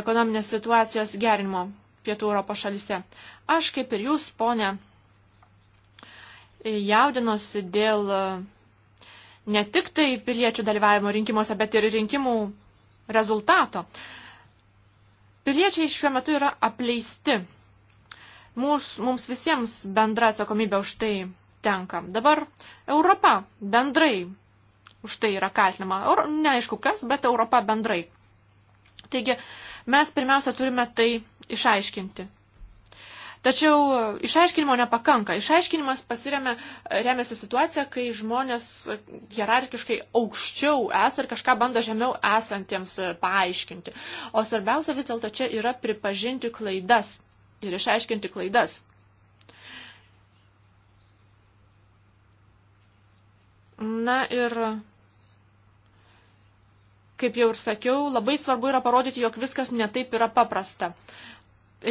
ekonominės situacijos gerinimo Pietų Europos šalise. Aš kaip ir jūs, ponė, jaudinosi dėl e, ne tik tai piliečių dalyvavimo rinkimuose, bet ir rinkimų rezultato. Piliečiai šiuo metu yra apleisti. Mūs, mums visiems bendra atsakomybė už tai tenka. Dabar Europa bendrai už tai yra kaltinama. Neaišku kas, bet Europa bendrai. Taigi mes pirmiausia turime tai išaiškinti. Tačiau išaiškinimo nepakanka. Išaiškinimas pasiremia, remiasi situacija, kai žmonės hierarkiškai aukščiau es ir kažką bando žemiau esantiems paaiškinti. O svarbiausia vis dėlto čia yra pripažinti klaidas ir išaiškinti klaidas. Na ir kaip jau ir sakiau, labai svarbu yra parodyti, jog viskas netaip yra paprasta.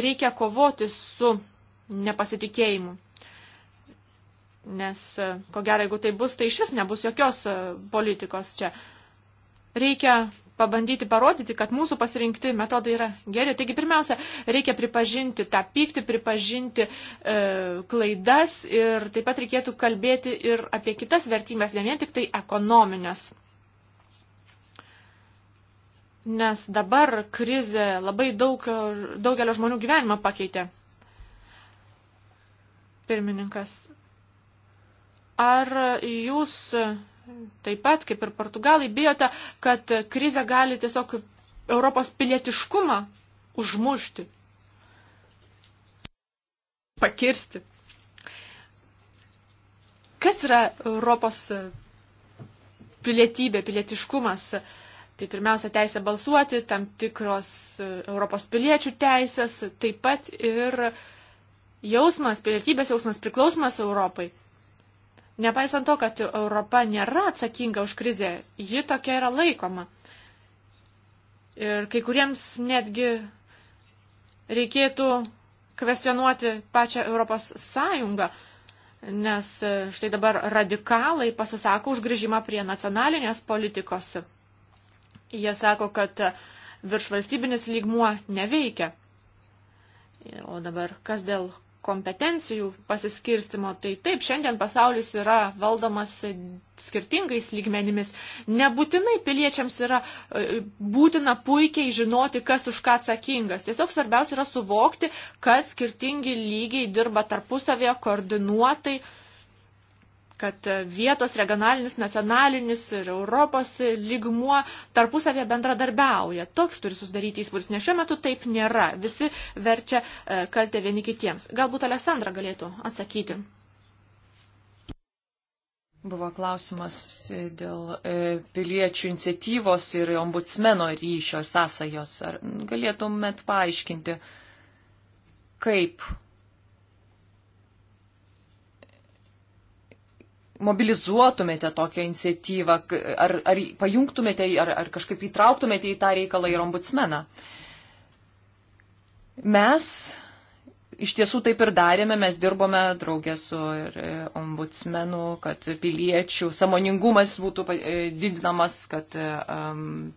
Reikia kovoti su nepasitikėjimu. Nes, e, ko gero, jeigu tai bus, tai iš vis nebus jokios e, politikos čia. Reikia pabandyti parodyti, kad mūsų pasirinkti metodai yra geri. Taigi, pirmiausia, reikia pripažinti tą pyktį, pripažinti e, klaidas ir taip pat reikėtų kalbėti ir apie kitas vertybės, ne vien tik tai ekonominės nes dabar krizė labai daug, daugelio žmonių gyvenimą pakeitė. Pirmininkas, ar jūs taip pat, kaip ir portugalai, bijote, kad krizė gali tiesiog Europos pilietiškumą užmušti, pakirsti? Kas yra Europos pilietybė, pilietiškumas? Uh, Tai pirmiausia teisė balsuoti, tam tikros e, Europos piliečių teisės, taip pat ir jausmas, pilietybės jausmas priklausomas Europai. Nepaisant to, kad Europa nėra atsakinga už krizę, ji tokia yra laikoma. Ir kai kuriems netgi reikėtų kvestionuoti pačią Europos Sąjungą, nes e, štai dabar radikalai pasisako už grįžimą prie nacionalinės politikos. Jie sako, kad viršvalstybinis lygmuo neveikia. O dabar kas dėl kompetencijų pasiskirstimo, tai taip, šiandien pasaulis yra valdomas skirtingais lygmenimis. Nebūtinai piliečiams yra e, būtina puikiai žinoti, kas už ką atsakingas. Tiesiog svarbiausia yra suvokti, kad skirtingi lygiai dirba tarpusavėje koordinuotai, uh, kad vietos, regionalinis, nacionalinis ir Europos lygmuo tarpusavė bendradarbiauja. Toks turi susidaryti įspūdis, nes šiuo metu taip nėra. Visi verčia e, kaltę vieni kitiems. Galbūt Alessandra galėtų atsakyti. Buvo klausimas e, dėl e, piliečių iniciatyvos ir ombudsmeno ryšio sąsajos. Ar galėtumėt paaiškinti, kaip mobilizuotumėte tokią iniciatyvą, ar, ar pajungtumėte, ar, ar kažkaip įtrauktumėte į tą reikalą ir ombudsmeną. Mes iš tiesų taip ir darėme, mes dirbome draugė su e, ombudsmenu, kad piliečių samoningumas būtų e, didinamas, kad um,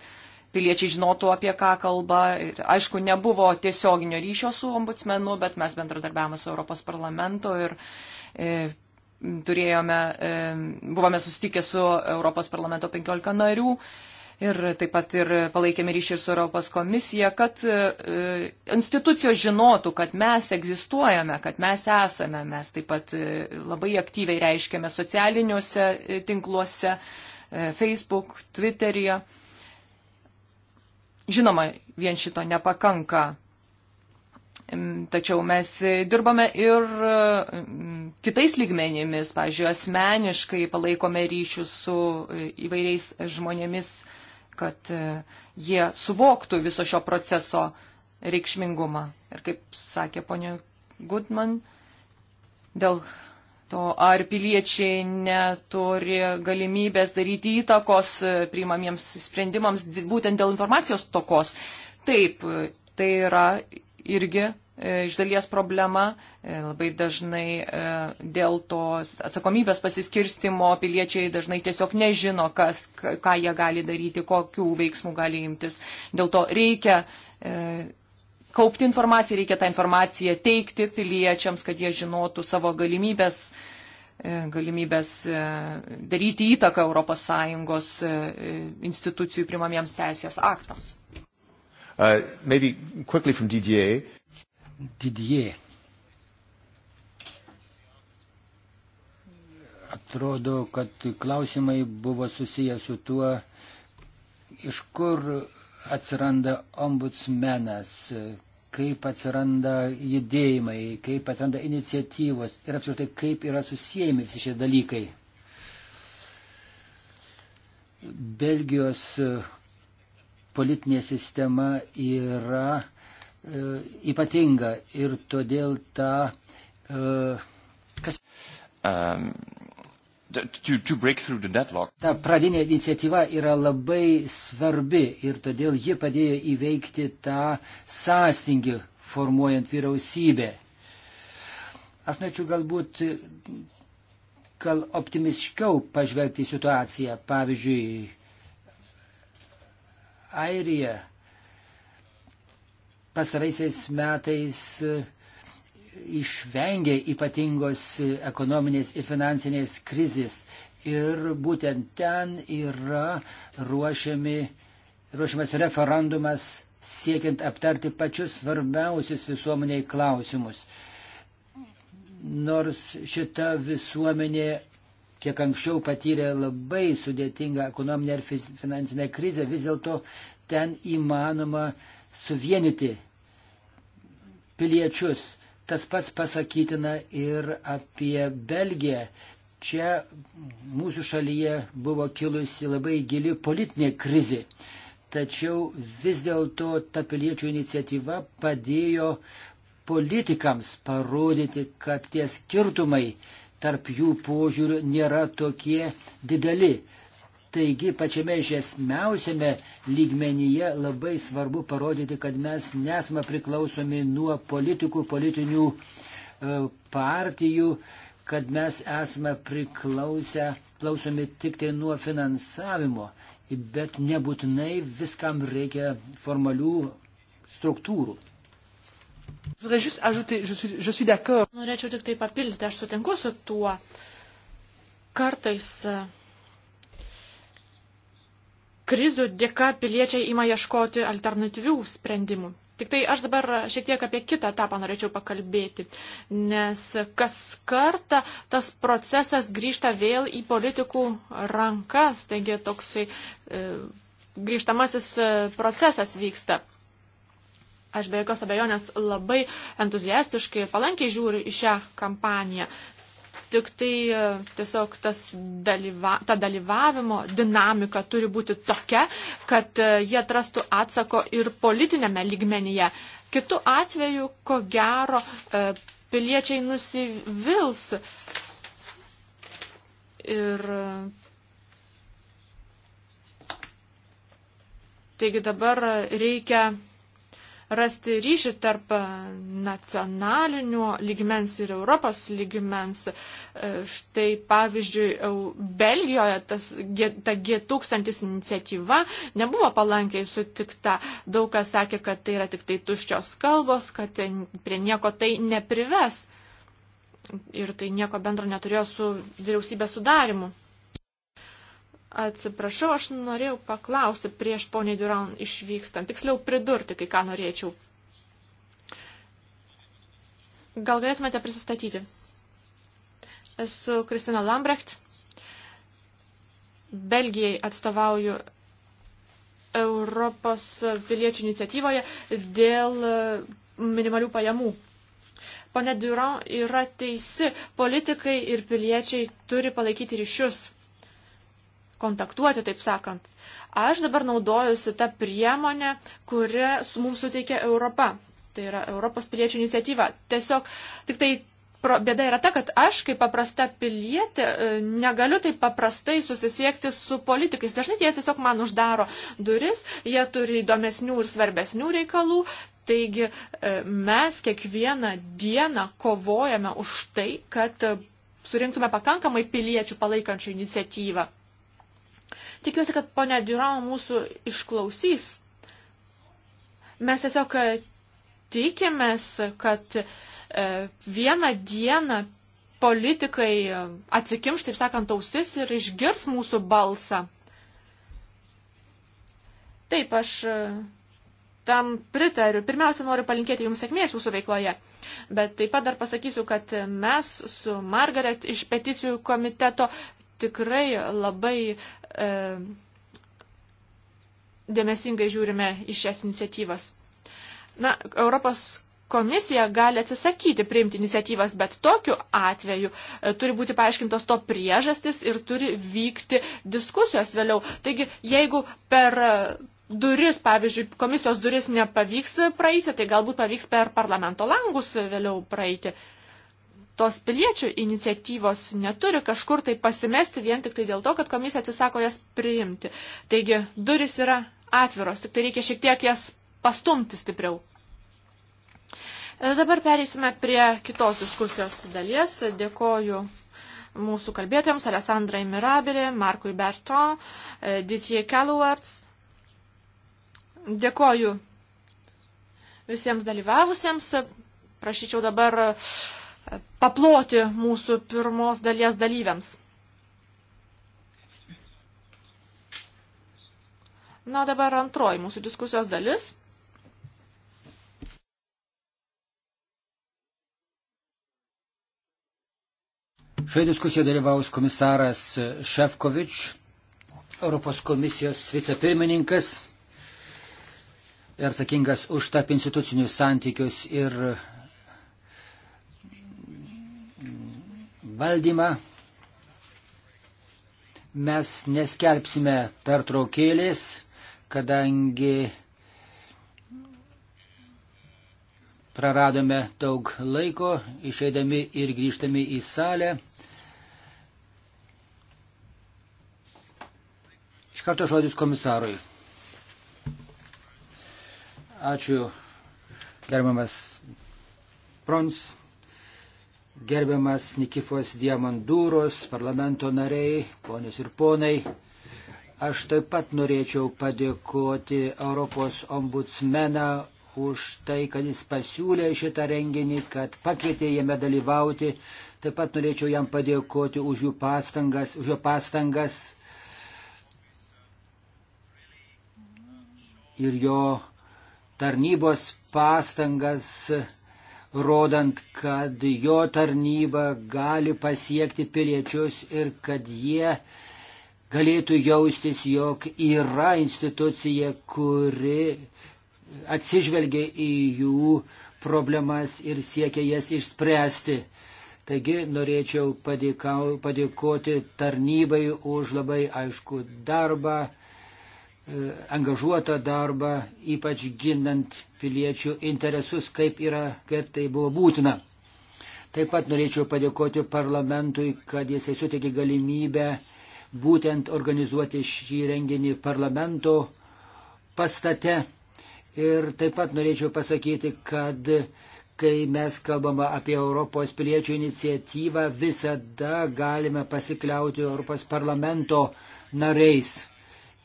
piliečiai žinotų, apie ką kalba. Ir, aišku, nebuvo tiesioginio ryšio su ombudsmenu, bet mes bendradarbiavome su Europos parlamentu ir e, turėjome, e, buvome susitikę su Europos parlamento 15 narių ir taip pat ir palaikėme ryšį su Europos komisija, kad e, institucijos žinotų, kad mes egzistuojame, kad mes esame, mes taip pat e, labai aktyviai reiškiame socialiniuose tinkluose, Facebook, Twitter'yje. Žinoma, vien šito nepakanka Mm, tačiau mes dirbame ir mm, kitais lygmenimis, pažiūrėjau, asmeniškai palaikome ryšius su e, įvairiais žmonėmis, kad e, jie suvoktų viso šio proceso reikšmingumą. Ir kaip sakė ponia Goodman, dėl to ar piliečiai neturi galimybės daryti įtakos e, priimamiems sprendimams būtent dėl informacijos tokos. Taip, tai yra irgi E, iš dalies problema. E, labai dažnai e, dėl tos atsakomybės pasiskirstimo piliečiai dažnai tiesiog nežino, kas, ką jie gali daryti, kokių veiksmų gali imtis. Dėl to reikia kaupti informaciją, reikia tą informaciją teikti piliečiams, kad jie žinotų savo galimybės galimybės daryti įtaką ES institucijų primamiems teisės aktams. Uh, maybe quickly from DGA. Didie. Atrodo, kad klausimai buvo susiję su tuo, iš kur atsiranda ombudsmenas, kaip atsiranda judėjimai, kaip atsiranda iniciatyvos ir apskritai kaip yra susijęmi visi šie dalykai. Belgijos politinė sistema yra E, ypatinga ir todėl ta. E, kas, um, to, to break through the deadlock. Ta pradinė iniciatyva yra labai svarbi ir todėl ji padėjo įveikti tą sąstingį formuojant vyriausybę. Aš norėčiau galbūt gal optimiškiau pažvelgti situaciją. Pavyzdžiui, Airija pasaraisiais metais e, išvengė ypatingos ekonominės ir finansinės krizės. Ir būtent ten yra ruošiami, ruošiamas referendumas siekiant aptarti pačius svarbiausius visuomeniai klausimus. Nors šita visuomenė kiek anksčiau patyrė labai sudėtingą ekonominę ir finansinę krizę, vis dėlto ten įmanoma uh, suvienyti piliečius. Tas pats pasakytina ir apie Belgiją. Čia mūsų šalyje buvo kilusi labai gili politinė krizė. Tačiau vis dėlto ta piliečių iniciatyva padėjo politikams parodyti, kad tie skirtumai tarp jų požiūrių nėra tokie dideli. Taigi pačiame iš esmiausiame lygmenyje labai svarbu parodyti, kad mes nesame priklausomi nuo politikų, politinių e, partijų, kad mes esame priklausomi tik tai nuo finansavimo, bet nebūtinai viskam reikia formalių struktūrų. Norėčiau tik tai papildyti, aš sutinku su tuo. Kartais e, krizių dėka piliečiai ima ieškoti alternatyvių sprendimų. Tik tai aš dabar šiek tiek apie kitą etapą norėčiau pakalbėti, nes kas kartą tas procesas grįžta vėl į politikų rankas, taigi toksai e, grįžtamasis e, procesas vyksta. Aš be jokios abejonės labai entuziastiškai ir palankiai žiūriu į šią kampaniją, tik tai e, tiesiog tas dalyva, ta dalyvavimo dinamika turi būti tokia, kad e, jie atrastų atsako ir politinėme lygmenyje. Kitu atveju, ko gero, e, piliečiai nusivils. Ir taigi dabar reikia rasti ryšį tarp e, nacionalinio lygmens ir Europos lygmens. E, štai pavyzdžiui, Belgijoje tas, ta G1000 iniciatyva nebuvo palankiai sutikta. Daug kas sakė, kad tai yra tik tai tuščios kalbos, kad prie nieko tai neprives. Ir tai nieko bendro neturėjo su vyriausybės sudarimu. Atsiprašau, aš norėjau paklausti prieš ponį Duran išvykstant, tiksliau pridurti, kai ką norėčiau. Gal galėtumėte prisistatyti? Esu Kristina Lambrecht. Belgijai atstovauju Europos piliečių iniciatyvoje dėl minimalių pajamų. Pane Duran yra teisi, politikai ir piliečiai turi palaikyti ryšius kontaktuoti, taip sakant. Aš dabar naudojusi tą priemonę, kuri mums suteikia Europa. Tai yra Europos piliečių iniciatyva. Tiesiog tik tai bėda yra ta, kad aš kaip paprasta pilietė e, negaliu taip paprastai susisiekti su politikais. Dažnai jie tiesiog man uždaro duris, jie turi įdomesnių ir svarbesnių reikalų. Taigi e, mes kiekvieną dieną kovojame už tai, kad e, surinktume pakankamai piliečių palaikančių iniciatyvą. Tikiuosi, kad ponia Diuramo mūsų išklausys. Mes tiesiog e, tikimės, kad e, vieną dieną politikai e, atsikimš, taip sakant, ausis ir išgirs mūsų balsą. Taip, aš tam pritariu. Pirmiausia, noriu palinkėti Jums sėkmės Jūsų veikloje. Bet taip pat dar pasakysiu, kad mes su Margaret iš peticijų komiteto tikrai labai E, dėmesingai žiūrime į šias iniciatyvas. Na, Europos komisija gali atsisakyti priimti iniciatyvas, bet tokiu atveju e, turi būti paaiškintos to priežastis ir turi vykti diskusijos vėliau. Taigi, jeigu per duris, pavyzdžiui, komisijos duris nepavyks praeiti, tai galbūt pavyks per parlamento langus vėliau praeiti tos piliečių iniciatyvos neturi kažkur tai pasimesti vien tik tai dėl to, kad komisija atsisako jas priimti. Taigi, duris yra atviros, tik tai reikia šiek tiek jas pastumti stipriau. E, dabar pereisime prie kitos diskusijos dalies. Dėkoju mūsų kalbėtojams Alessandrai Mirabilė, Markui Berton, e, Didier Kaluarts. Dėkoju visiems dalyvavusiems. Prašyčiau dabar uh, paploti mūsų pirmos dalies dalyviams. Na, dabar antroji mūsų diskusijos dalis. Šioje diskusijoje dalyvaus komisaras Šefkovič, Europos komisijos vicepirmininkas ir atsakingas už tarp institucinius santykius ir valdymą. Mes neskelbsime pertraukėlės, kadangi praradome daug laiko, išeidami ir grįžtami į salę. Iš karto žodis komisarui. Ačiū, gerbiamas Prons gerbiamas Nikifos Diamandūros, parlamento nariai, ponius ir ponai. Aš taip pat norėčiau padėkoti Europos ombudsmeną už tai, kad jis pasiūlė šitą renginį, kad pakvietė jame dalyvauti. Taip pat norėčiau jam padėkoti už, pastangas, už jo pastangas ir jo tarnybos pastangas rodant, kad jo tarnyba gali pasiekti piliečius ir kad jie galėtų jaustis, jog yra institucija, kuri atsižvelgia į jų problemas ir siekia jas išspręsti. Taigi norėčiau padėkau, padėkoti tarnybai už labai aišku darbą E, angažuotą darbą, ypač ginant piliečių interesus, kaip yra, kad tai buvo būtina. Taip pat norėčiau padėkoti parlamentui, kad jisai suteikė galimybę būtent organizuoti šį renginį parlamento pastate. Ir taip pat norėčiau pasakyti, kad kai mes kalbame apie Europos piliečių iniciatyvą, visada galime pasikliauti Europos parlamento nariais.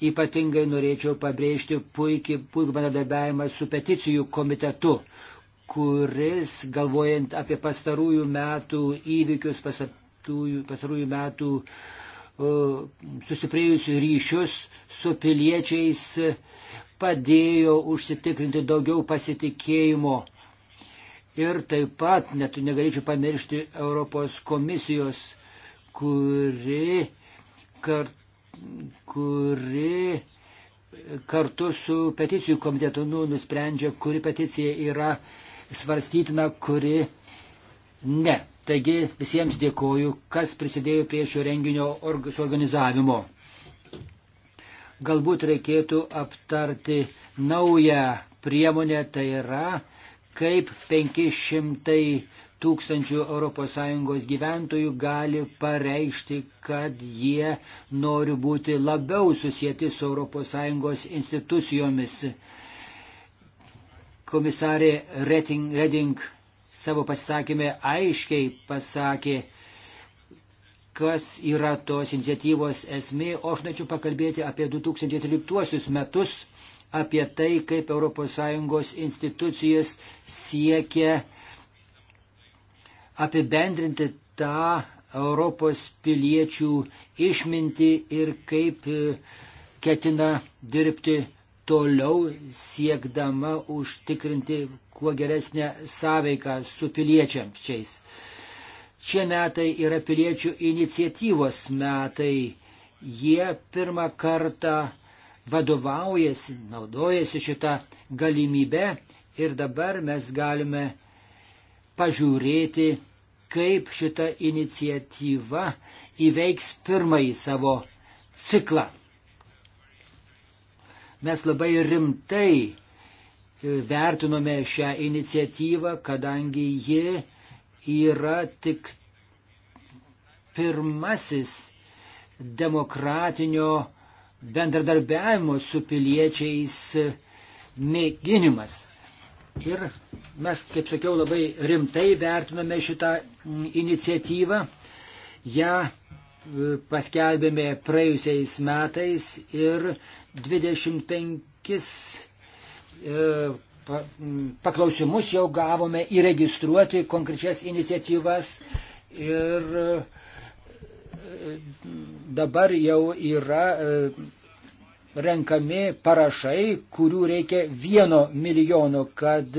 Ypatingai norėčiau pabrėžti puikį, puikų bendradarbiavimą su peticijų komitetu, kuris, galvojant apie pastarųjų metų įvykius, pastarųjų metų uh, sustiprėjusių ryšius su piliečiais, padėjo užsitikrinti daugiau pasitikėjimo. Ir taip pat, net negalėčiau pamiršti Europos komisijos, kuri kart kuri kartu su peticijų komitetu nu, nusprendžia, kuri peticija yra svarstytina, kuri ne. Taigi visiems dėkoju, kas prisidėjo prie šio renginio suorganizavimo. Galbūt reikėtų aptarti naują priemonę, tai yra kaip 500 tūkstančių ES gyventojų gali pareikšti, kad jie nori būti labiau susijęti su ES institucijomis. Komisarė Reding, Reding savo pasisakymę aiškiai pasakė, kas yra tos iniciatyvos esmė, o aš norėčiau pakalbėti apie 2013 metus, apie tai, kaip ES institucijas siekia apibendrinti tą Europos piliečių išmintį ir kaip e, ketina dirbti toliau siekdama užtikrinti kuo geresnę sąveiką su piliečiamčiais. Šie metai yra piliečių iniciatyvos metai. Jie pirmą kartą vadovaujasi, naudojasi šitą galimybę ir dabar mes galime pažiūrėti, kaip šita iniciatyva įveiks pirmąjį savo ciklą. Mes labai rimtai e, vertinome šią iniciatyvą, kadangi ji yra tik pirmasis demokratinio bendradarbiavimo su piliečiais mėginimas. Ir mes, kaip sakiau, labai rimtai vertiname šitą mm, iniciatyvą. Ja e, paskelbėme praėjusiais metais ir 25 e, mm, paklausimus jau gavome įregistruoti konkrečias iniciatyvas ir e, dabar jau yra renkami parašai, kurių reikia vieno milijono, kad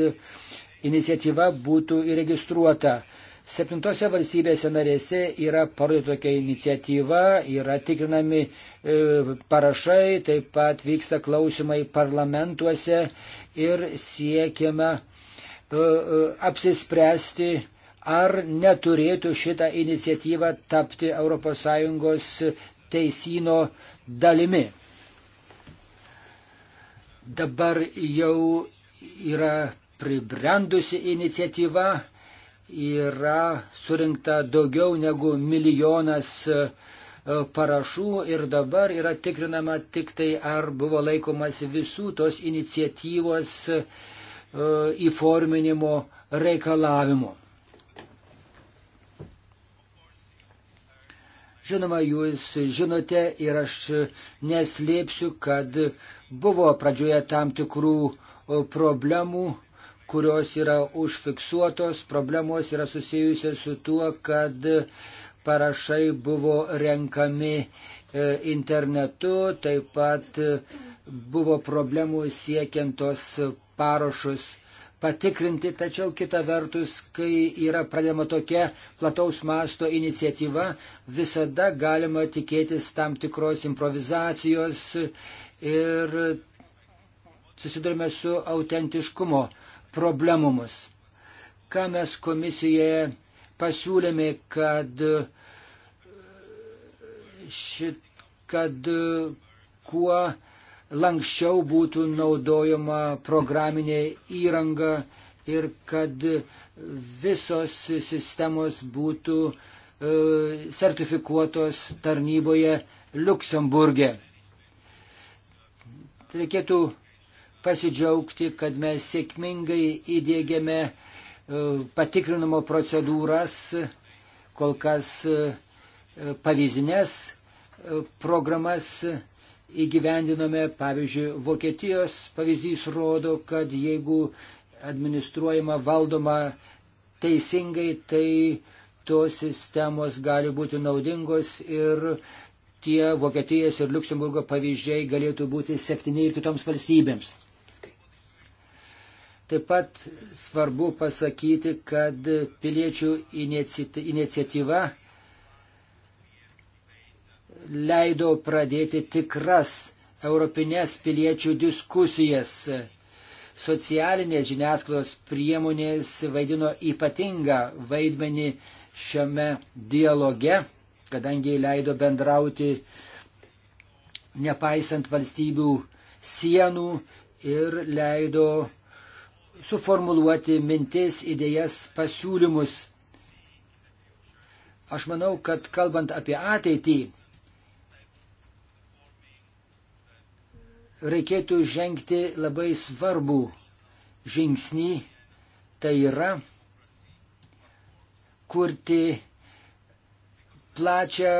iniciatyva būtų įregistruota. Septintose valstybėse narėse yra parodyta tokia iniciatyva, yra tikrinami e, parašai, taip pat vyksta klausimai parlamentuose ir siekiama e, e, apsispręsti, ar neturėtų šitą iniciatyvą tapti ES teisino dalimi dabar jau yra pribrendusi iniciatyva, yra surinkta daugiau negu milijonas e, parašų ir dabar yra tikrinama tik tai, ar buvo laikomas visų tos iniciatyvos e, įforminimo reikalavimų. Žinoma, jūs žinote ir aš neslėpsiu, kad buvo pradžioje tam tikrų problemų, kurios yra užfiksuotos. Problemos yra susijusios su tuo, kad parašai buvo renkami e, internetu, taip pat e, buvo problemų siekiant tos parašus patikrinti, tačiau kita vertus, kai yra pradėma tokia plataus masto iniciatyva, visada galima tikėtis tam tikros improvizacijos ir susidurime su autentiškumo problemumus. Ką mes komisijoje pasiūlėme, kad, šit, kad kuo lankščiau būtų naudojama programinė įranga ir kad visos sistemos būtų e, sertifikuotos tarnyboje Luksemburgė. Reikėtų pasidžiaugti, kad mes sėkmingai įdėgėme e, patikrinimo procedūras, kol kas e, pavyzdinės programas įgyvendinome, pavyzdžiui, Vokietijos pavyzdys rodo, kad jeigu administruojama, valdoma teisingai, tai tos sistemos gali būti naudingos ir tie Vokietijos ir Luksemburgo pavyzdžiai galėtų būti sektiniai ir kitoms valstybėms. Taip pat svarbu pasakyti, kad piliečių iniciatyva leido pradėti tikras europinės piliečių diskusijas. Socialinės žiniasklaidos priemonės vaidino ypatingą vaidmenį šiame dialoge, kadangi leido bendrauti nepaisant valstybių sienų ir leido suformuluoti mintis, idėjas, pasiūlymus. Aš manau, kad kalbant apie ateitį, reikėtų žengti labai svarbų žingsnį, tai yra kurti plačią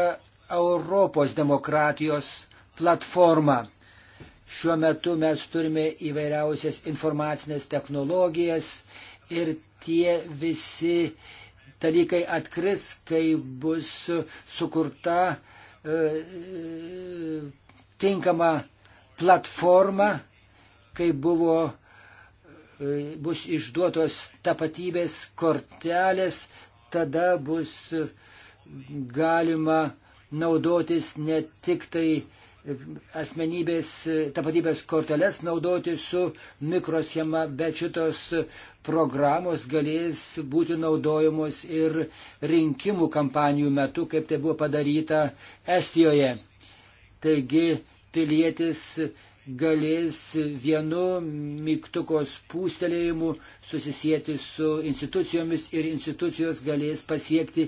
Europos demokratijos platformą. Šiuo metu mes turime įvairiausias informacinės technologijas ir tie visi dalykai atkris, kai bus sukurta e, e tinkama platformą, kai buvo, e, bus išduotos tapatybės kortelės, tada bus galima naudotis ne tik tai asmenybės e, tapatybės korteles naudoti su mikroschema, bet šitos programos galės būti naudojamos ir rinkimų kampanijų metu, kaip tai buvo padaryta Estijoje. Taigi pilietis galės vienu mygtukos pūstelėjimu susisieti su institucijomis ir institucijos galės pasiekti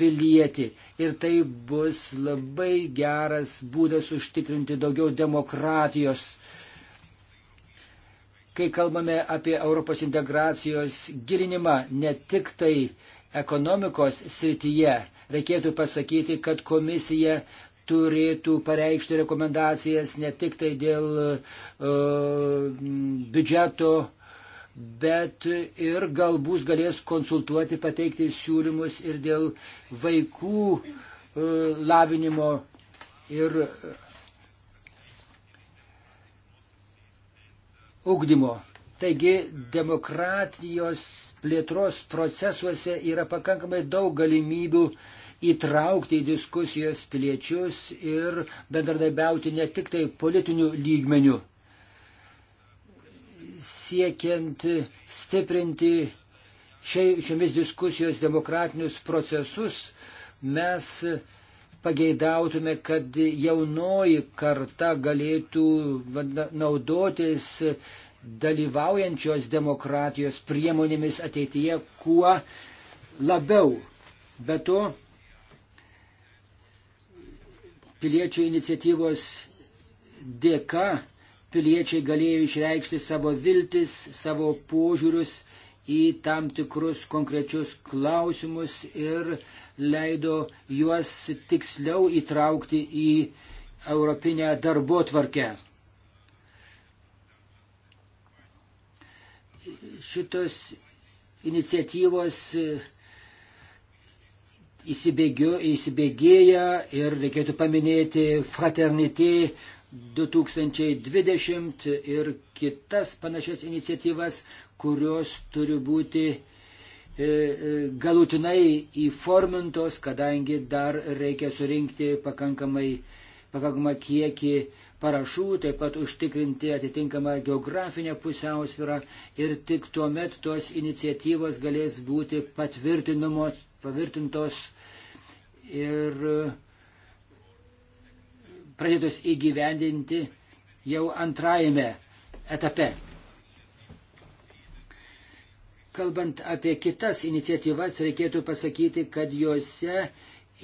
pilietį. Ir tai bus labai geras būdas užtikrinti daugiau demokratijos. Kai kalbame apie Europos integracijos gilinimą, ne tik tai ekonomikos srityje, reikėtų pasakyti, kad komisija turėtų pareikšti rekomendacijas ne tik tai dėl uh, biudžeto, bet ir galbūt galės konsultuoti, pateikti siūlymus ir dėl vaikų uh, lavinimo ir ugdymo. Taigi demokratijos plėtros procesuose yra pakankamai daug galimybių uh, įtraukti į diskusijas piliečius ir bendradarbiauti ne tik tai politiniu lygmeniu, siekiant stiprinti šiomis diskusijos demokratinius procesus, mes pageidautume, kad jaunoji karta galėtų naudotis dalyvaujančios demokratijos priemonėmis ateityje kuo labiau. Be to, piliečių iniciatyvos dėka piliečiai galėjo išreikšti savo viltis, savo požiūrius į tam tikrus konkrečius klausimus ir leido juos tiksliau įtraukti į europinę darbo tvarkę. Šitos iniciatyvos įsibėgėja ir reikėtų paminėti Fraternité 2020 ir kitas panašias iniciatyvas, kurios turi būti e, e, galutinai įformintos, kadangi dar reikia surinkti pakankamai, pakankamą kiekį parašų, taip pat užtikrinti atitinkamą geografinę pusiausvyrą ir tik tuomet tos iniciatyvos galės būti patvirtinamos, pavirtintos ir e, pradėtos įgyvendinti jau antrajame etape. Kalbant apie kitas iniciatyvas, reikėtų pasakyti, kad juose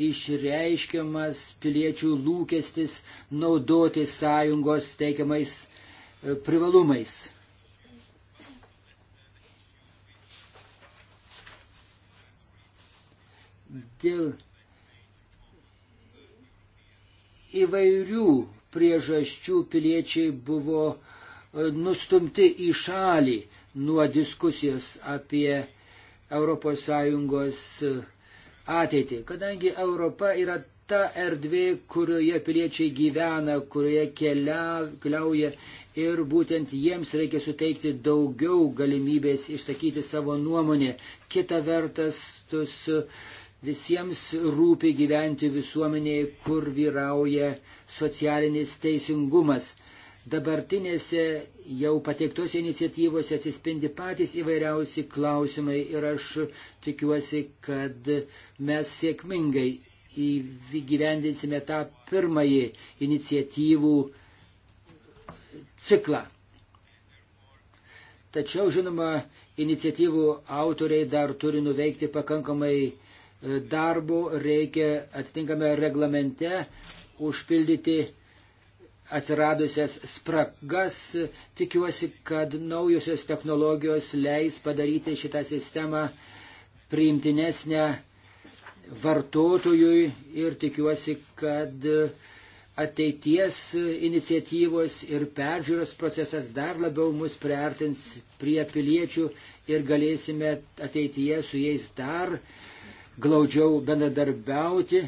išreiškiamas piliečių lūkestis naudoti sąjungos teikiamais e, privalumais. Dėl įvairių priežasčių piliečiai buvo e, nustumti į šalį nuo diskusijos apie ES e, ateitį, kadangi Europa yra ta erdvė, kurioje piliečiai gyvena, kurioje keliauja ir būtent jiems reikia suteikti daugiau galimybės išsakyti savo nuomonę. Kita vertas, tus Visiems rūpi gyventi visuomenėje, kur vyrauja socialinis teisingumas. Dabartinėse jau pateiktose iniciatyvose atsispindi patys įvairiausi klausimai ir aš tikiuosi, kad mes sėkmingai įgyvendinsime tą pirmąjį iniciatyvų ciklą. Tačiau, žinoma, iniciatyvų autoriai dar turi nuveikti pakankamai darbu reikia atitinkame reglamente užpildyti atsiradusias spragas. Tikiuosi, kad naujosios technologijos leis padaryti šitą sistemą priimtinesnę vartotojui ir tikiuosi, kad ateities iniciatyvos ir peržiūros procesas dar labiau mus priartins prie piliečių ir galėsime ateityje su jais dar uh, glaudžiau bendradarbiauti,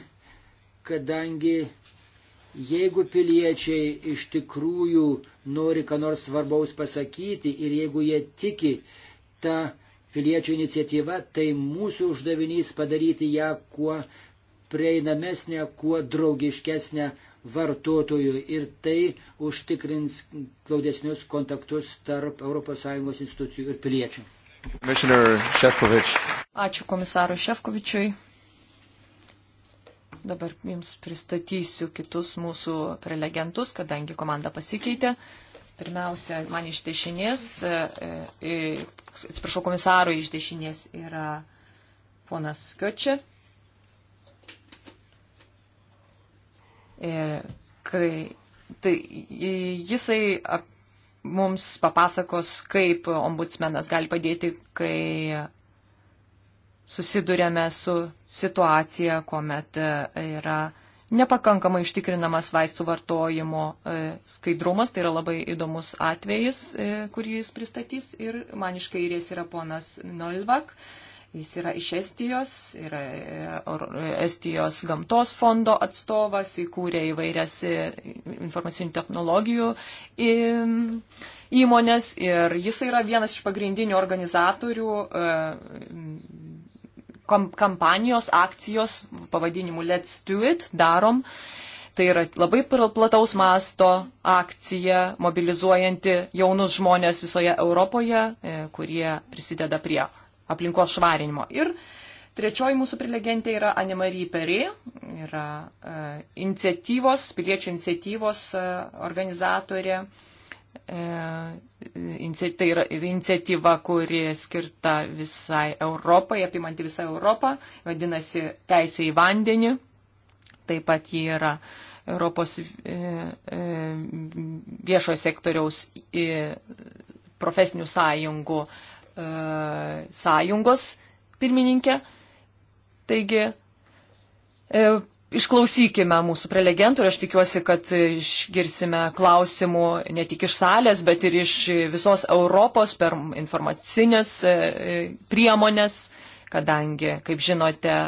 kadangi jeigu piliečiai iš tikrųjų nori ką nors svarbaus pasakyti ir jeigu jie tiki tą piliečių iniciatyvą, tai mūsų uždavinys padaryti ją kuo prieinamesnę, kuo draugiškesnę vartotojui ir tai užtikrins glaudesnius kontaktus tarp ES institucijų ir piliečių. Ačiū komisarui Šefkovičiui. Dabar jums pristatysiu kitus mūsų prelegentus, kadangi komanda pasikeitė. Pirmiausia, man iš dešinės, e, e, atsiprašau, komisarui iš dešinės yra ponas Kiočia. Ir e, kai, tai jisai mums papasakos, kaip ombudsmenas gali padėti, kai susidurėme su situacija, kuomet e, yra nepakankamai ištikrinamas vaistų vartojimo e, skaidrumas. Tai yra labai įdomus atvejis, e, kurį jis pristatys. Ir man iš kairės yra ponas Nolvak. Jis yra iš Estijos, yra Estijos gamtos fondo atstovas, įkūrė įvairias informacinių technologijų įmonės ir jis yra vienas iš pagrindinių organizatorių kom, kampanijos, akcijos, pavadinimu Let's Do It, darom. Tai yra labai plataus masto akcija, mobilizuojanti jaunus žmonės visoje Europoje, e, kurie prisideda prie aplinkos švarinimo. Ir trečioji mūsų prilegentė yra Anemarija Perė, yra e, iniciatyvos, piliečių iniciatyvos e, organizatorė E, tai yra iniciatyva, kuri skirta visai Europai, apimanti visą Europą, vadinasi Teisė į vandenį. Taip pat ji yra Europos e, e, viešojo sektoriaus profesinių sąjungų sąjungos pirmininkė. Taigi Išklausykime mūsų prelegentų ir aš tikiuosi, kad išgirsime klausimų ne tik iš salės, bet ir iš visos Europos per informacinės e, priemonės, kadangi, kaip žinote, e,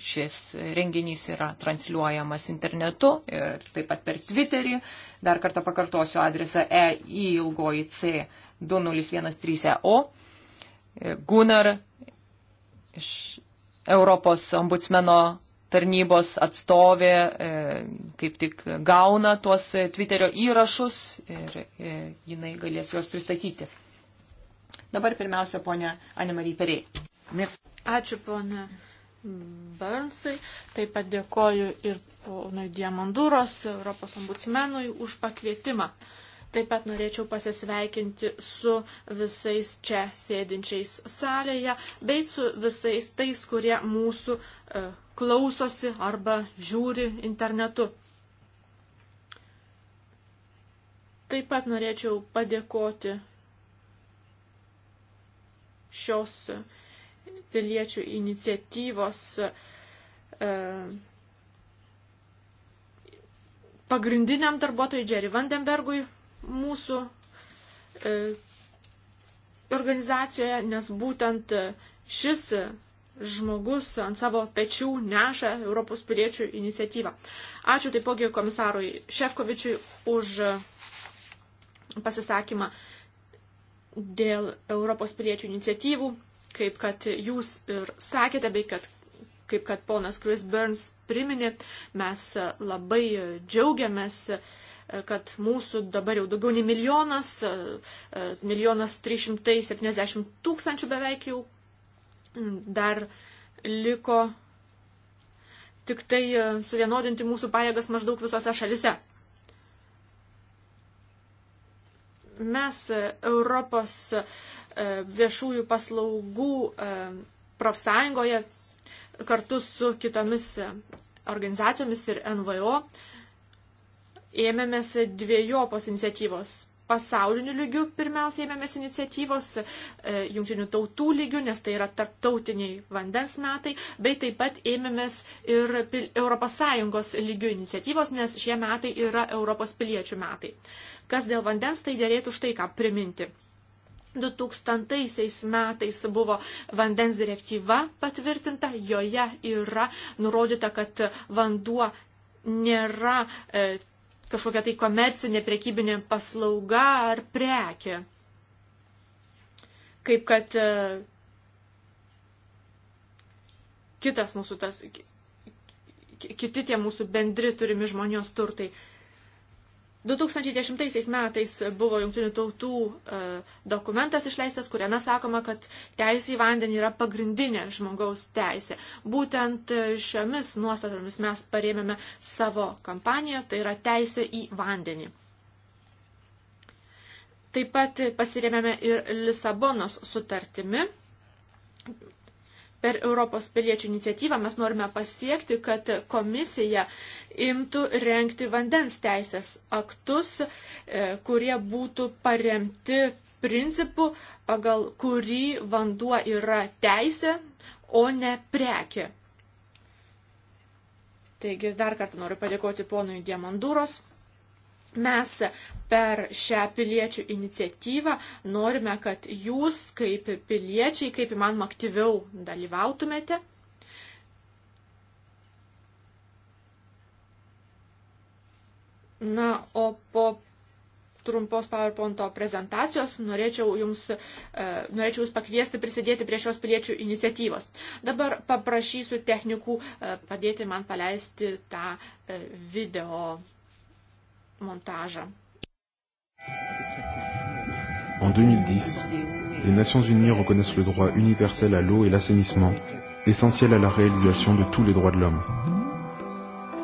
šis renginys yra transliuojamas internetu ir taip pat per Twitterį. Dar kartą pakartosiu adresą EILGOIC2013EO. E Gunnar iš Europos ombudsmeno tarnybos atstovė e, kaip tik gauna tuos e, Twitterio įrašus ir e, jinai galės juos pristatyti. Dabar pirmiausia, ponė Anemarija Perei. Ačiū, ponė Barnsai. Taip pat dėkoju ir ponui Diamanduros, Europos ombudsmenui, už pakvietimą. Uh, Taip pat norėčiau pasisveikinti su visais čia sėdinčiais salėje, bei su visais tais, kurie mūsų e, klausosi arba žiūri internetu. Taip pat norėčiau padėkoti šios piliečių iniciatyvos e, pagrindiniam darbuotojui Jerry Vandenbergui, mūsų e, organizacijoje, nes būtent šis žmogus ant savo pečių neša Europos piliečių iniciatyvą. Ačiū taipogi komisarui Šefkovičiui už pasisakymą dėl Europos piliečių iniciatyvų, kaip kad jūs ir sakėte, bei kad, kaip kad ponas Chris Burns priminė, mes labai džiaugiamės kad mūsų dabar jau daugiau nei milijonas, e, milijonas 370 tūkstančių beveik jau dar liko tik tai e, suvienodinti mūsų pajėgas maždaug visose šalise. Mes e, Europos viešųjų paslaugų profsąjungoje kartu su kitomis organizacijomis ir NVO ėmėmės dviejopos iniciatyvos. Pasauliniu lygiu pirmiausia ėmėmės iniciatyvos, e, jungtinių tautų lygių, nes tai yra tarptautiniai vandens metai, bei taip pat ėmėmės ir ES lygių iniciatyvos, nes šie metai yra Europos piliečių metai. Kas dėl vandens, tai dėlėtų štai ką priminti. 2000 metais buvo vandens direktyva patvirtinta, joje yra nurodyta, kad vanduo nėra e, kažkokia tai komercinė prekybinė paslauga ar prekė. Kaip kad e, kitas mūsų tas, kiti tie mūsų bendri turimi žmonijos turtai. 2010 metais buvo jungtinių tautų e, dokumentas išleistas, kuriame sakoma, kad teisė į vandenį yra pagrindinė žmogaus teisė. Būtent e, šiomis nuostatomis mes parėmėme savo kampaniją, tai yra teisė į vandenį. Taip pat pasirėmėme ir Lisabonos sutartimi Per Europos piliečių iniciatyvą mes norime pasiekti, kad komisija imtų renkti vandens teisės aktus, e, kurie būtų paremti principu, pagal kurį vanduo yra teisė, o ne prekė. Taigi dar kartą noriu padėkoti ponui Diamanduros Mes per šią piliečių iniciatyvą norime, kad jūs kaip piliečiai, kaip įmanoma aktyviau dalyvautumėte. Na, o po trumpos PowerPoint'o prezentacijos norėčiau jums, e, norėčiau jūs pakviesti prisidėti prie šios piliečių iniciatyvos. Dabar paprašysiu technikų e, padėti man paleisti tą e, video montažą. En 2010, les Nations Unies reconnaissent le droit universel à l'eau et l'assainissement, essentiel à la réalisation de tous les droits de l'homme.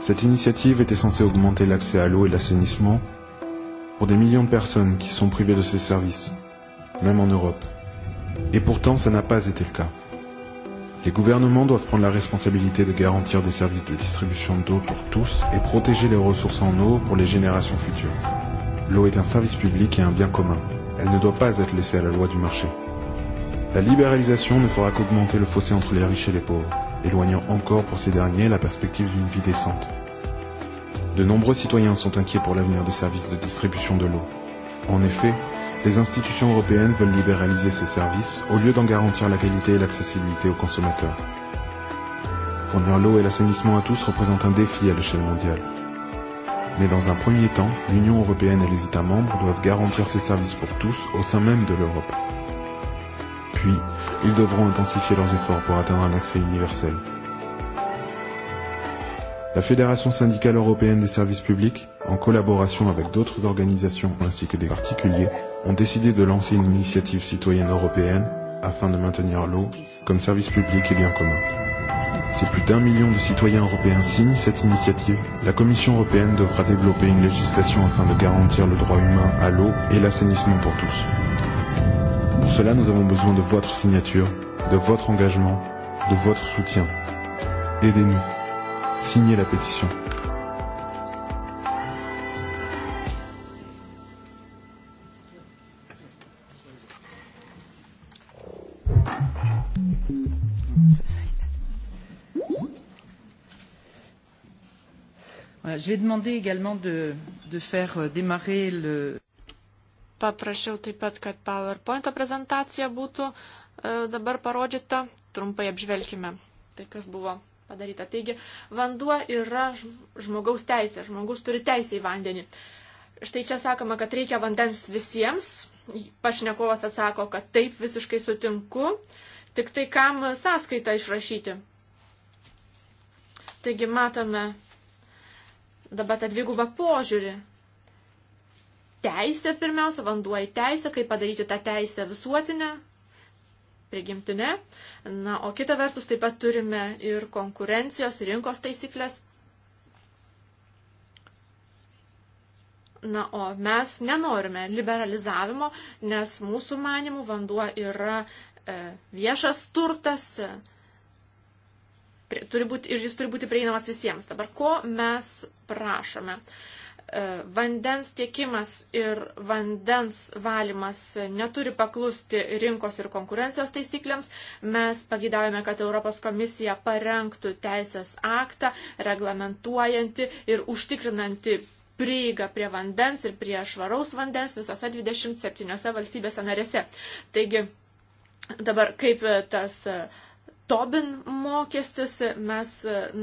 Cette initiative était censée augmenter l'accès à l'eau et l'assainissement pour des millions de personnes qui sont privées de ces services, même en Europe. Et pourtant, ça n'a pas été le cas. Les gouvernements doivent prendre la responsabilité de garantir des services de distribution d'eau pour tous et protéger les ressources en eau pour les générations futures. L'eau est un service public et un bien commun. Elle ne doit pas être laissée à la loi du marché. La libéralisation ne fera qu'augmenter le fossé entre les riches et les pauvres, éloignant encore pour ces derniers la perspective d'une vie décente. De nombreux citoyens sont inquiets pour l'avenir des services de distribution de l'eau. En effet, les institutions européennes veulent libéraliser ces services au lieu d'en garantir la qualité et l'accessibilité aux consommateurs. Fournir l'eau et l'assainissement à tous représente un défi à l'échelle mondiale. Mais dans un premier temps, l'Union européenne et les États membres doivent garantir ces services pour tous au sein même de l'Europe. Puis, ils devront intensifier leurs efforts pour atteindre un accès universel. La Fédération syndicale européenne des services publics, en collaboration avec d'autres organisations ainsi que des particuliers, ont décidé de lancer une initiative citoyenne européenne afin de maintenir l'eau comme service public et bien commun. Si plus d'un million de citoyens européens signent cette initiative, la Commission européenne devra développer une législation afin de garantir le droit humain à l'eau et l'assainissement pour tous. Pour cela, nous avons besoin de votre signature, de votre engagement, de votre soutien. Aidez-nous. Signez la pétition. Voilà, je vais demander également de, de faire euh, démarrer le. Paprašiau taip pat, kad PowerPoint prezentacija būtų e, dabar parodyta. Trumpai apžvelkime tai, kas buvo padaryta. Taigi, vanduo yra žmogaus teisė, žmogus turi teisę į vandenį. Štai čia sakoma, kad reikia vandens visiems. Pašnekovas atsako, kad taip visiškai sutinku. E, Tik tai kam sąskaitą išrašyti. Taigi matome dabar tą dvigubą požiūrį. Teisė pirmiausia, vanduo į teisę, kaip padaryti tą teisę visuotinę, prigimtinę. Na, o kita vertus taip pat turime ir konkurencijos, rinkos taisyklės. Na, o mes nenorime liberalizavimo, nes mūsų manimų vanduo yra E, viešas turtas, e, turi būti, ir jis turi būti prieinamas visiems. Dabar ko mes prašome? E, vandens tiekimas ir vandens valymas neturi paklusti rinkos ir konkurencijos taisyklėms. Mes pagidavome, kad Europos komisija parengtų teisės aktą, reglamentuojantį ir užtikrinantį prieiga prie vandens ir prie švaraus vandens visose 27 valstybėse narėse. Taigi, Dabar kaip e, tas e, Tobin mokestis, e, mes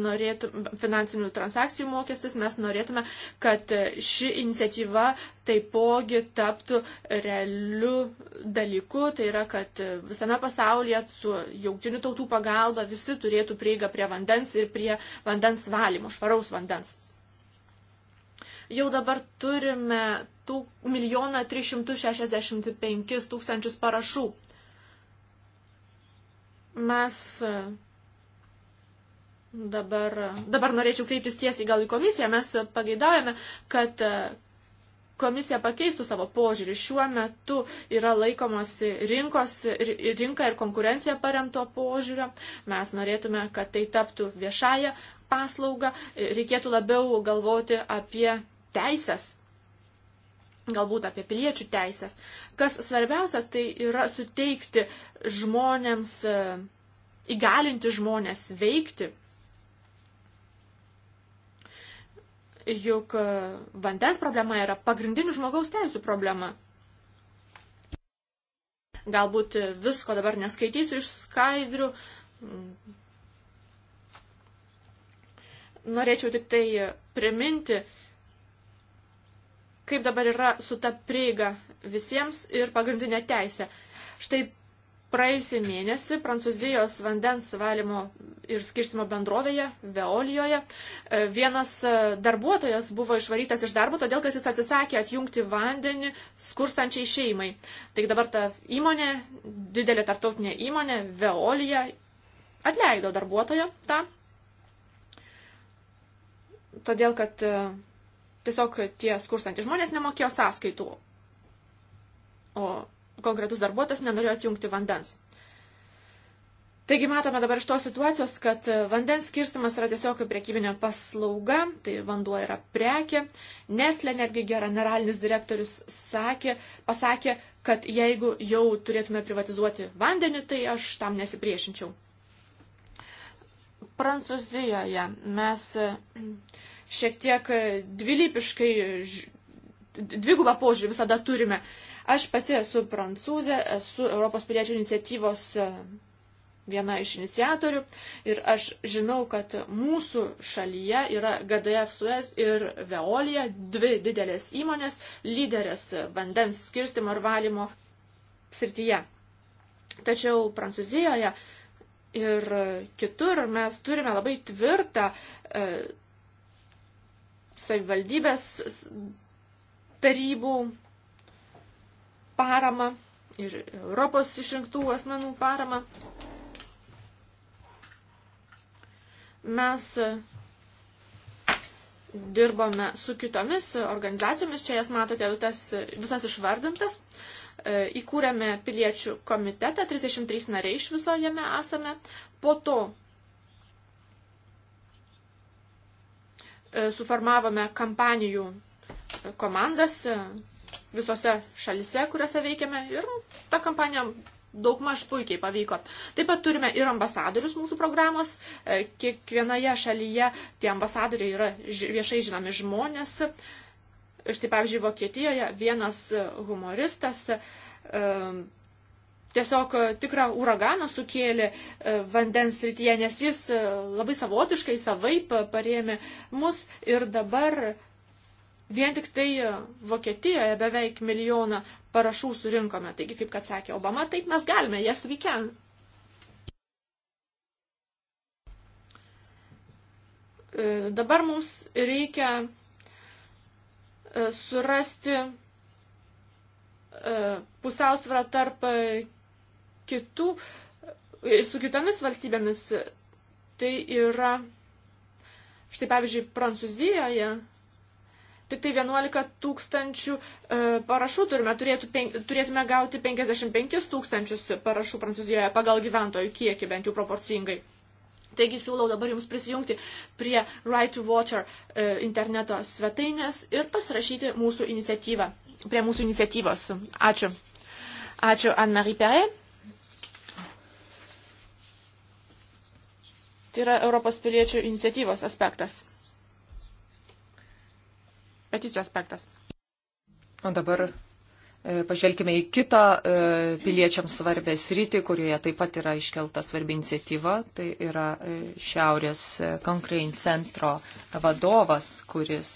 norėtume, finansinių transakcijų mokestis, mes norėtume, kad ši iniciatyva taipogi taptų realiu dalyku, tai yra, kad visame pasaulyje su jauktinių tautų pagalba visi turėtų prieigą prie vandens ir prie vandens valymo, švaraus vandens. Jau dabar turime 1 365 tūkstančius parašų Mes e, dabar, dabar norėčiau kreiptis tiesiai gal į komisiją. Mes pageidaujame, kad e, komisija pakeistų savo požiūrį. Šiuo metu yra laikomasi rinkos, rinka ir konkurencija paremto požiūrio. Mes norėtume, kad tai taptų viešąją paslaugą. Reikėtų labiau galvoti apie teisės galbūt apie piliečių teisės. Kas svarbiausia, tai yra suteikti žmonėms, e, įgalinti žmonės veikti. Juk e, vandens problema yra pagrindinių žmogaus teisų problema. Galbūt e, visko dabar neskaitysiu iš skaidrių. Norėčiau tik tai priminti, kaip dabar yra su ta prieiga visiems ir pagrindinė teisė. Štai praėjusį mėnesį Prancūzijos vandens valymo ir skirstimo bendrovėje, Veolijoje, e, vienas e, darbuotojas buvo išvarytas iš darbo, todėl kad jis atsisakė atjungti vandenį skurstančiai šeimai. Taigi dabar ta įmonė, didelė tartautinė įmonė, Veolija, atleido darbuotoją tą, todėl kad e, tiesiog tie skurstantys žmonės nemokėjo sąskaitų, o konkretus darbuotojas nenorėjo atjungti vandens. Taigi matome dabar iš tos situacijos, kad vandens skirstimas yra tiesiog priekybinė paslauga, tai vanduo yra prekė. Neslė netgi generalinis direktorius sakė, pasakė, kad jeigu jau turėtume privatizuoti vandenį, tai aš tam nesipriešinčiau. Prancūzijoje mes šiek tiek e, dvilypiškai, dvigubą požiūrį visada turime. Aš pati esu prancūzė, esu Europos piliečių iniciatyvos e, viena iš iniciatorių ir aš žinau, kad mūsų šalyje yra GDF Suez ir Veolija, dvi didelės įmonės, lyderės vandens skirstimo ir valymo srityje. Tačiau Prancūzijoje ir kitur mes turime labai tvirtą e, savivaldybės tarybų paramą ir Europos išrinktų asmenų paramą. Mes dirbome su kitomis organizacijomis, čia jas matote tas, visas išvardintas. E, įkūrėme piliečių komitetą, 33 nariai iš viso jame esame. Po to E, suformavome kampanijų komandas e, visose šalise, kuriuose veikiame ir ta kampanija daugmaž puikiai pavyko. Taip pat turime ir ambasadorius mūsų programos. E, kiekvienoje šalyje tie ambasadoriai yra viešai žinomi žmonės. Štai pavyzdžiui, Vokietijoje vienas humoristas tiesiog e, tikrą uraganą sukėlė e, vandens rytyje, nes jis e, labai savotiškai savaip parėmė mus ir dabar vien tik tai Vokietijoje beveik milijoną parašų surinkome. Taigi, kaip kad sakė Obama, taip mes galime, jas yes, vykiam. Dabar mums reikia surasti pusiausvyrą tarp kitų, su kitomis valstybėmis. Tai yra, štai pavyzdžiui, Prancūzijoje tik tai 11 tūkstančių e, parašų turime, turėtų, pen, turėtume gauti 55 tūkstančius parašų Prancūzijoje pagal gyventojų kiekį, bent jau proporcingai. Taigi siūlau dabar jums prisijungti prie Right to Water e, interneto svetainės ir pasirašyti mūsų iniciatyvą, prie mūsų iniciatyvos. Ačiū. Ačiū Anne-Marie Perret. Tai yra Europos piliečių iniciatyvos aspektas. Peticijų aspektas. O dabar e, Pažvelkime į kitą e, piliečiams svarbę sritį, kurioje taip pat yra iškelta svarbi iniciatyva. Tai yra e, Šiaurės Konkrein centro vadovas, kuris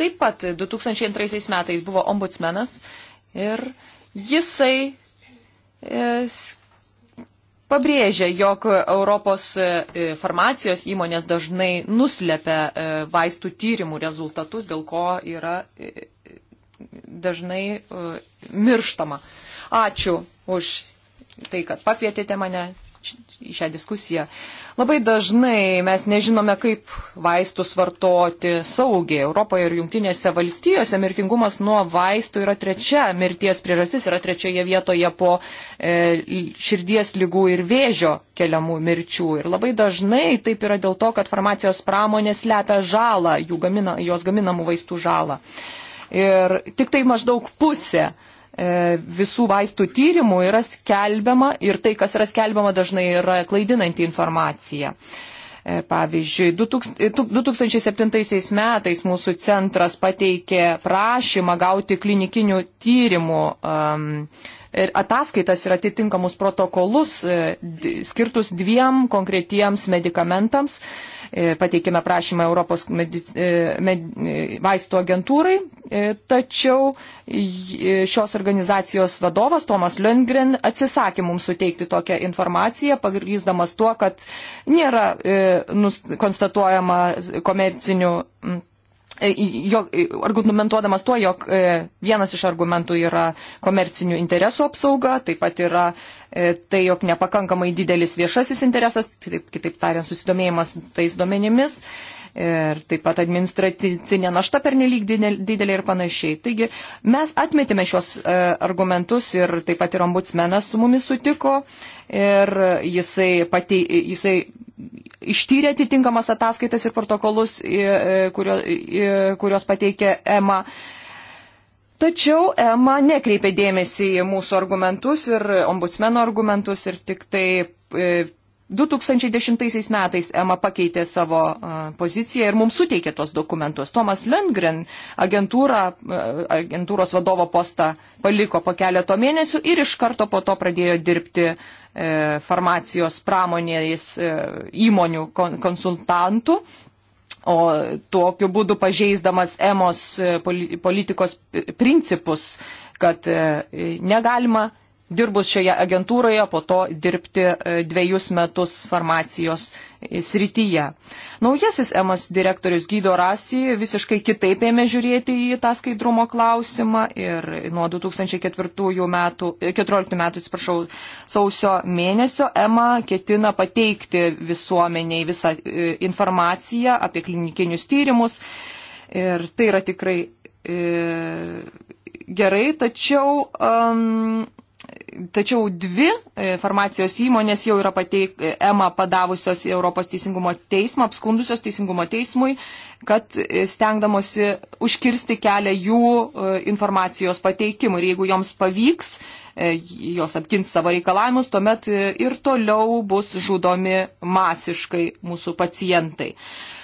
taip pat 2002 metais buvo ombudsmenas ir jisai pabrėžia, jog Europos e, e, farmacijos įmonės dažnai nuslepia e, vaistų tyrimų rezultatus, dėl ko yra dažnai mirštama. Ačiū už tai, kad pakvietėte mane į šią diskusiją. Labai dažnai mes nežinome, kaip vaistus vartoti saugiai. Europoje ir jungtinėse valstijose mirtingumas nuo vaistų yra trečia, mirties priežastis yra trečioje vietoje po e, širdies lygų ir vėžio keliamų mirčių. Ir labai dažnai taip yra dėl to, kad farmacijos pramonė slepia žalą, gamina, jos gaminamų vaistų žalą. Ir tik tai maždaug pusė E, visų vaistų tyrimų yra skelbiama ir tai, kas yra skelbiama, dažnai yra klaidinanti informacija. E, pavyzdžiui, 2007 e, metais mūsų centras pateikė prašymą gauti klinikinių tyrimų um, ataskaitas ir atitinkamus protokolus skirtus dviem konkretiems medikamentams. Uh, E, pateikėme prašymą Europos medic... E, med... E, vaistų agentūrai, tačiau šios organizacijos vadovas Tomas Lundgren atsisakė mums suteikti tokią informaciją, pagrysdamas tuo, kad nėra nus... konstatuojama komercinių E, jo, e, argumentuodamas tuo, jog e, vienas iš argumentų yra komercinių interesų apsauga, taip pat yra tai, jog nepakankamai didelis viešasis interesas, taip, kitaip tariant, susidomėjimas tais duomenimis. Ir taip pat administracinė našta pernelyg didelė ir panašiai. Taigi mes atmetėme šios argumentus ir taip pat ir ombudsmenas su mumis sutiko ir jisai, patei, jisai ištyrė atitinkamas ataskaitas ir protokolus, e, kurio, e, kurios pateikė EMA. Tačiau EMA nekreipė dėmesį į mūsų argumentus ir ombudsmeno argumentus ir tik tai e, 2010 metais EMA pakeitė savo poziciją ir mums suteikė tos dokumentus. Tomas Lundgren agentūra, agentūros vadovo postą paliko po keleto mėnesių ir iš karto po to pradėjo dirbti e, farmacijos pramonės e, įmonių konsultantų. O tokiu būdu pažeisdamas EMOS e, politikos principus, kad negalima dirbus šioje agentūroje, po to dirbti e, dviejus metus farmacijos e, srityje. Naujasis EMAS direktorius Gydo Rasi visiškai kitaip ėmė žiūrėti į tą skaidrumo klausimą ir nuo 2014 metų, 14 e, metų atsiprašau, sausio mėnesio EMA ketina pateikti visuomeniai visą informaciją apie klinikinius tyrimus ir tai yra tikrai e, gerai, tačiau um, Tačiau dvi e, farmacijos įmonės jau yra pateik, e, EMA padavusios į Europos teisingumo teismą, apskundusios teisingumo teismui, kad e, stengdamosi užkirsti kelią jų informacijos pateikimui. Ir jeigu joms pavyks, jos apgins savo reikalavimus, tuomet ir toliau bus žudomi masiškai mūsų pacientai. Uh,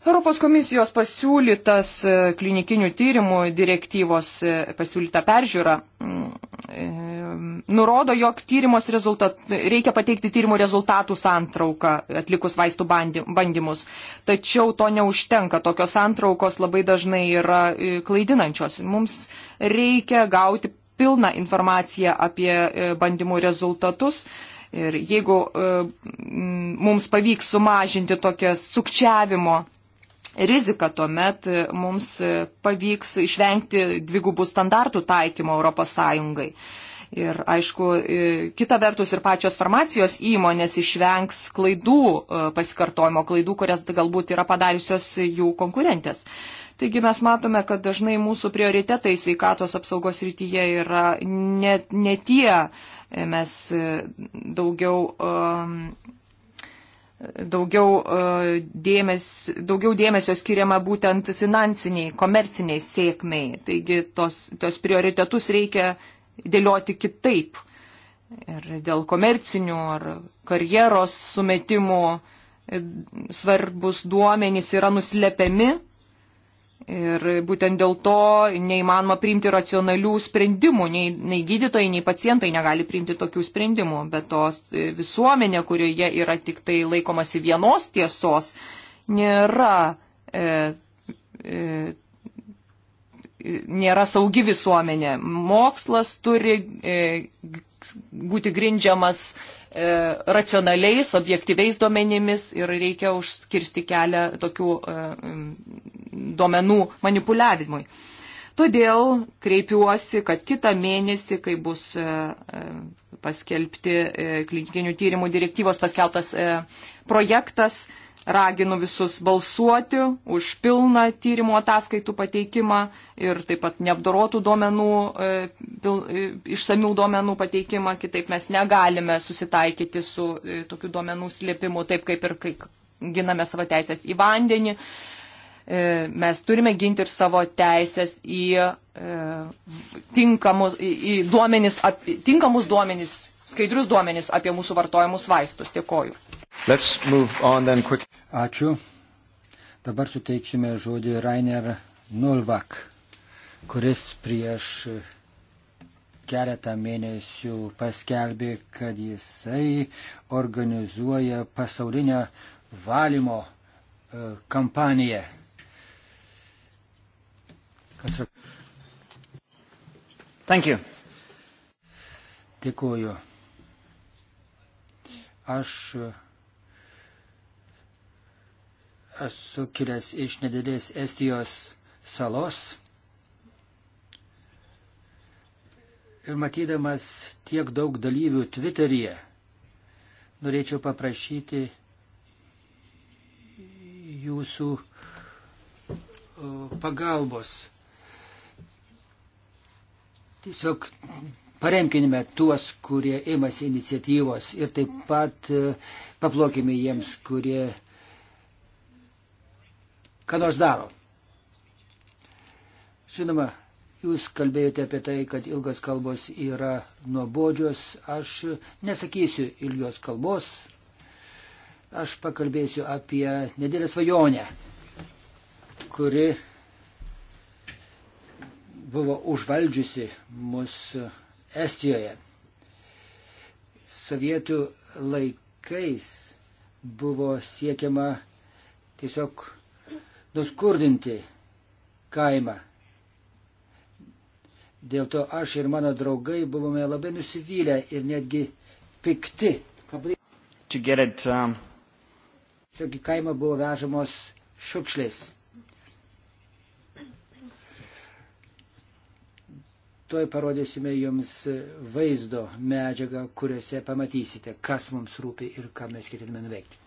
Europos komisijos pasiūlytas e, klinikinių tyrimų direktyvos e, pasiūlyta peržiūra mm, e, nurodo, jog rezultat, reikia pateikti tyrimų rezultatų santrauką atlikus vaistų bandymus. Tačiau to neužtenka, tokios santraukos labai dažnai yra klaidinančios. Mums reikia gauti pilną informaciją apie bandymų rezultatus. Ir jeigu mums pavyks sumažinti tokias sukčiavimo rizika tuomet e, mums e, pavyks išvengti dvigubų standartų taikymo ES. Ir aišku, e, kita vertus ir pačios farmacijos įmonės išvengs klaidų, pasikartojimo klaidų, kurias galbūt yra padariusios jų konkurentės. Taigi mes matome, kad dažnai mūsų prioritetai sveikatos apsaugos rytyje yra ne, ne tie, mes daugiau um, daugiau e, dėmesio, daugiau dėmesio skiriama būtent finansiniai, komerciniai sėkmiai. Taigi tos, tos prioritetus reikia dėlioti kitaip. Ir dėl komercinių ar karjeros sumetimų e, svarbus duomenys yra nuslepiami Ir būtent dėl to neįmanoma priimti racionalių sprendimų, nei, nei gydytojai, nei pacientai negali priimti tokių sprendimų, bet tos e, visuomenė, kurioje yra tik tai laikomasi vienos tiesos, nėra, e, e, nėra saugi visuomenė. Mokslas turi e, būti grindžiamas E, racionaliais, objektyviais duomenimis ir reikia užkirsti kelią tokių e, duomenų manipuliavimui. Todėl kreipiuosi, kad kitą mėnesį, kai bus e, paskelbti klinikinių tyrimų direktyvos paskeltas projektas, Raginu visus balsuoti už pilną tyrimo ataskaitų pateikimą ir taip pat neapdorotų duomenų, e, pil, e, išsamių duomenų pateikimą, kitaip mes negalime susitaikyti su e, tokiu duomenų slėpimu, taip kaip ir kai giname savo teisės į vandenį. Mes turime ginti ir savo teisės į, tinkamus, į duomenis, tinkamus duomenis, skaidrius duomenis apie mūsų vartojimus vaistus. Dėkoju. Ačiū. Dabar suteiksime žodį Rainer Nulvak, kuris prieš keletą mėnesių paskelbė, kad jisai organizuoja pasaulinę valymo e, kampaniją. Kas... Thank you. Dėkuoju. Aš esu kilęs iš nedėlės Estijos salos. Ir matydamas tiek daug dalyvių Twitteryje, norėčiau paprašyti jūsų pagalbos. Tiesiog paremkinime tuos, kurie imasi iniciatyvos ir taip pat e, paplokime jiems, kurie ką nors daro. Žinoma, jūs kalbėjote apie tai, kad ilgos kalbos yra nuobodžios. Aš nesakysiu ilgios kalbos. Aš pakalbėsiu apie nedėlę svajonę, kuri buvo užvaldžiusi mus Estijoje. Sovietų laikais buvo siekiama tiesiog nuskurdinti kaimą. Dėl to aš ir mano draugai buvome labai nusivylę ir netgi pikti. It, um... Tiesiog į kaimą buvo vežamos šiukšlės. Tuoj parodysime jums vaizdo medžiagą, kuriuose pamatysite, kas mums rūpi ir ką mes ketiname nuveikti.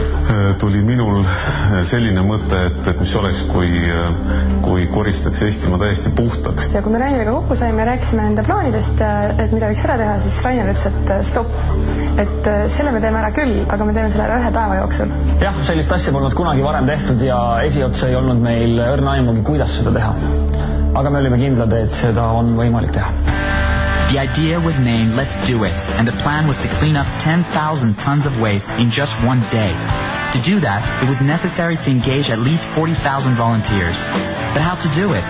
Eh, tuli minul eh, selline mõte, et, et mis oleks, kui, eh, kui koristaks Eestimaa täiesti puhtaks. ja kui me Raineriga kokku saime ja rääkisime enda plaanidest, et mida võiks ära teha, siis Rainer ütles, et stopp. et selle me teeme ära küll, aga me teeme selle ära ühe päeva jooksul. jah, sellist asja polnud kunagi varem tehtud ja esiotsa ei olnud meil õrna aimugi, kuidas seda teha. aga me olime kindlad, et seda on võimalik teha The idea was named Let's Do It, and the plan was to clean up 10,000 tons of waste in just one day. To do that, it was necessary to engage at least 40,000 volunteers. But how to do it?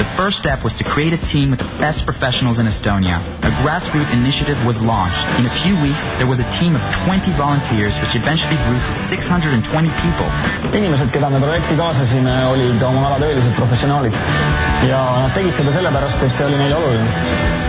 The first step was to create a team with the best professionals in Estonia. A grassroots initiative was launched. In a few weeks, there was a team of 20 volunteers, which eventually grew to 620 people. inimesed, keda me projekti kaasasime, eh, olid oma ala töölised professionaalid ja nad tegid seda sellepärast, et see oli neile oluline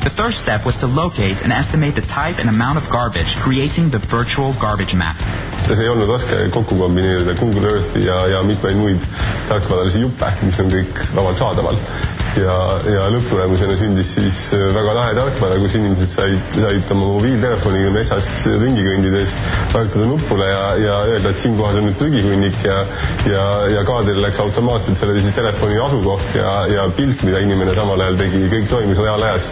The first step was to locate and estimate the type and amount of garbage, creating the virtual garbage map. see ei olnud raske kokku kombineerida Google Earthi ja, ja mitmeid muid tarkvaralisi juppe, mis on kõik vabalt saadaval ja, ja lõpptulemusena sündis siis äh, väga lahe tarkvara, kus inimesed said, said oma mobiiltelefoniga metsas ringi kõndides vajutada nupule ja, ja öelda, et siinkohas on nüüd prügihunnik ja ja, ja kaadril läks automaatselt selle siis telefoni asukoht ja, ja pilt, mida inimene samal ajal tegi, kõik toimis reaalajas.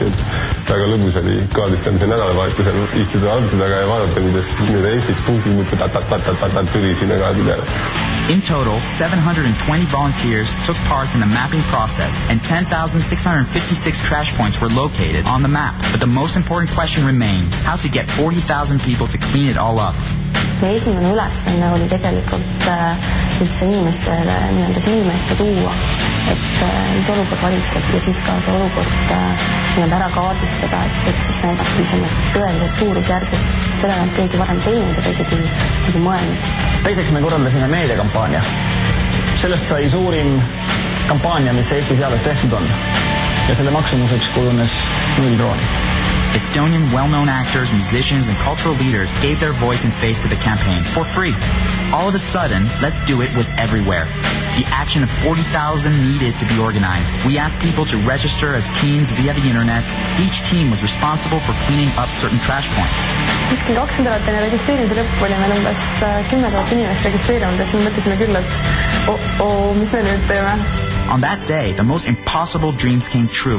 väga lõbus oli kaardistamise nädalavahetusel istuda arvuti taga ja vaadata, kuidas mööda Eestit punktid muudkui ta-ta-ta-ta-ta-ta tüli sinna kaardi peale In total, 720 volunteers took part in the mapping process and 10,656 trash points were located on the map. But the most important question remained, how to get 40,000 people to clean it all up ja esimene ülesanne oli tegelikult äh, üldse inimestele nii-öelda silme ette tuua, et äh, mis olukord valitseb ja siis ka see olukord äh, nii-öelda ära kaardistada, et, et siis näidata, mis on need tõelised suurusjärgud. seda ei olnud keegi varem teinud ega isegi, isegi mõelnud. teiseks me korraldasime meediakampaania. sellest sai suurim kampaania, mis Eestis eales tehtud on. ja selle maksumuseks kujunes null krooni Estonian well-known actors, musicians, and cultural leaders gave their voice and face to the campaign for free. All of a sudden, Let's Do It was everywhere. The action of 40,000 needed to be organized. We asked people to register as teams via the internet. Each team was responsible for cleaning up certain trash points. kuskil kaks nädalat enne registreerimise lõppu oli meil umbes kümme tuhat inimest registreerunud ja siis me mõtlesime küll, et oo oh,, mis me nüüd teeme. On that day, the most impossible dreams came true.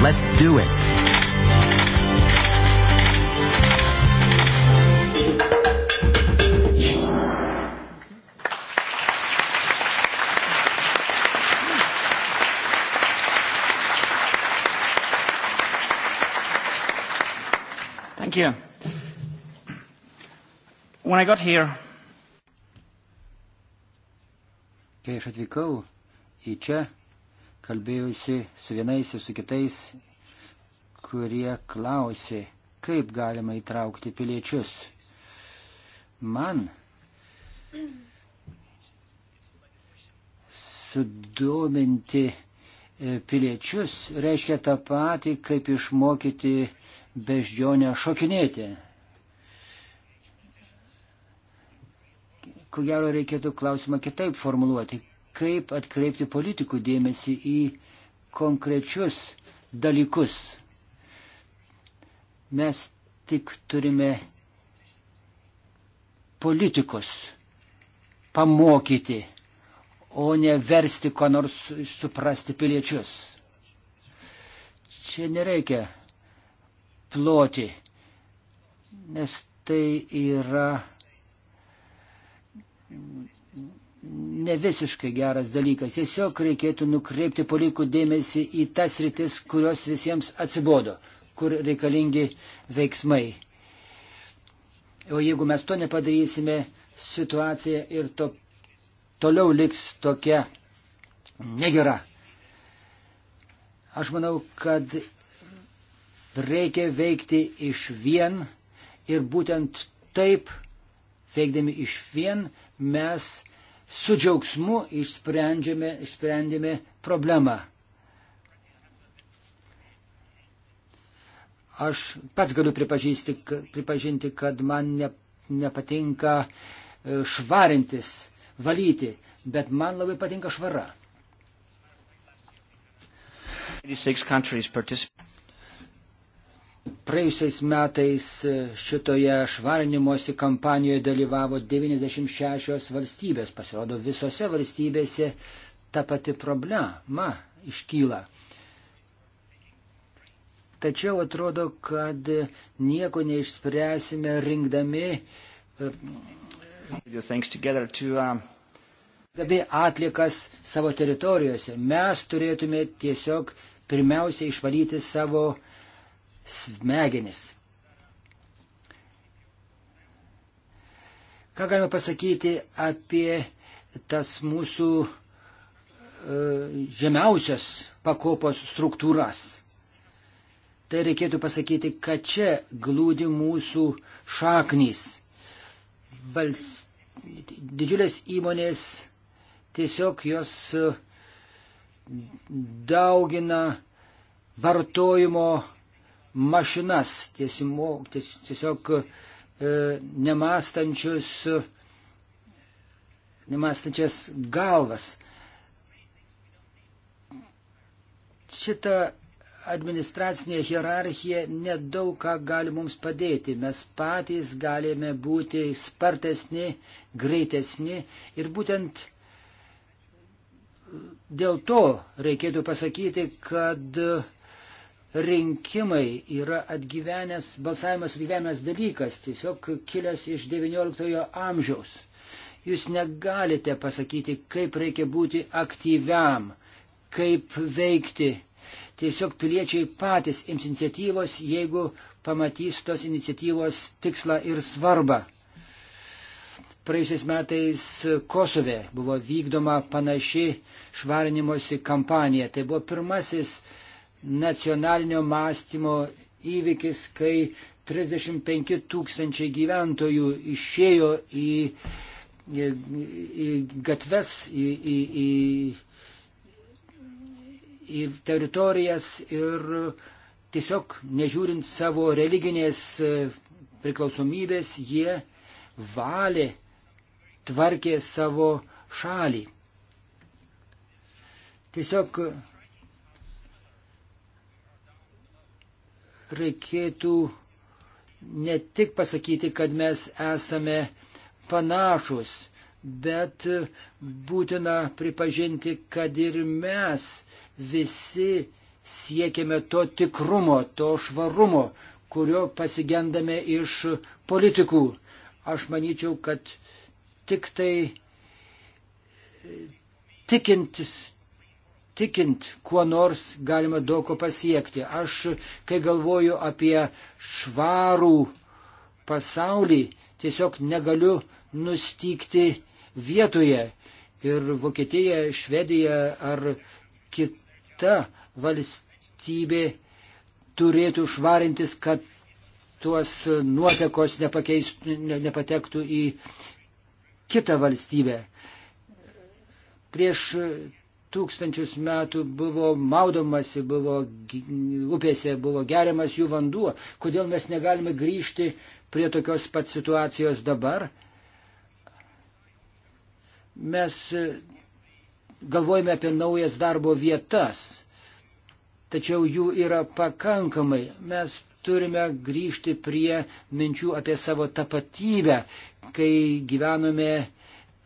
Let's do it. Thank you. When I got here, kai aš atvykau į čia, kalbėjusi su vienais ir su kitais, kurie klausė, kaip galima įtraukti piliečius. Man sudominti e, piliečius reiškia tą patį, kaip išmokyti beždžionę šokinėti. Ko gero reikėtų klausimą kitaip formuluoti kaip atkreipti politikų dėmesį į konkrečius dalykus. Mes tik turime politikus pamokyti, o ne versti, ko nors suprasti piliečius. Čia nereikia ploti, nes tai yra ne visiškai geras dalykas. Tiesiog reikėtų nukreipti politikų dėmesį į tas rytis, kurios visiems atsibodo, kur reikalingi veiksmai. O jeigu mes to nepadarysime, situacija ir to, toliau liks tokia negera. Aš manau, kad reikia veikti iš vien ir būtent taip, veikdami iš vien, mes su džiaugsmu išsprendėme, išsprendėme problemą. Aš pats galiu pripažinti, kad man ne, nepatinka e, švarintis, valyti, bet man labai patinka švara. Praėjusiais metais šitoje švarinimosi kampanijoje dalyvavo 96 valstybės, pasirodo visose valstybėse ta pati problema iškyla. Tačiau atrodo, kad nieko neišspręsime rinkdami um, abi atlikas savo teritorijose. Mes turėtume tiesiog pirmiausia išvalyti savo smegenis. Ką galime pasakyti apie tas mūsų e, žemiausias pakopos struktūras? Tai reikėtų pasakyti, kad čia glūdi mūsų šaknys. Valst... Didžiulės įmonės tiesiog jos e, daugina vartojimo mašinas, tiesimo, ties, tiesiog e, nemastančius, nemastančias galvas. Šita administracinė hierarchija nedaug ką gali mums padėti. Mes patys galime būti spartesni, greitesni ir būtent dėl to reikėtų pasakyti, kad rinkimai yra atgyvenęs, balsavimas atgyvenęs dalykas, tiesiog kilęs iš XIX amžiaus. Jūs negalite pasakyti, kaip reikia būti aktyviam, kaip veikti. Tiesiog piliečiai patys ims iniciatyvos, jeigu pamatys tos iniciatyvos tikslą ir svarbą. Praėjusiais metais Kosove buvo vykdoma panaši švarinimosi kampanija. Tai buvo pirmasis uh, nacionalinio mąstymo įvykis, kai 35 tūkstančiai gyventojų išėjo į, į, į gatves, į, į, į, į teritorijas ir tiesiog nežiūrint savo religinės e, priklausomybės, jie valė, tvarkė savo šalį. Tiesiog reikėtų ne tik pasakyti, kad mes esame panašus, bet būtina pripažinti, kad ir mes visi siekiame to tikrumo, to švarumo, kurio pasigendame iš politikų. Aš manyčiau, kad tik tai tikintis tikint, kuo nors galima daug ko pasiekti. Aš, kai galvoju apie švarų pasaulį, tiesiog negaliu nustykti vietoje. Ir Vokietija, Švedija ar kita valstybė turėtų švarintis, kad tuos nuotekos ne, nepatektų į kitą valstybę. Prieš tūkstančius metų buvo maudomasi, buvo upėse, buvo geriamas jų vanduo. Kodėl mes negalime grįžti prie tokios pat situacijos dabar? Mes e, galvojame apie naujas darbo vietas, tačiau jų yra pakankamai. Mes turime grįžti prie minčių apie savo tapatybę, kai gyvenome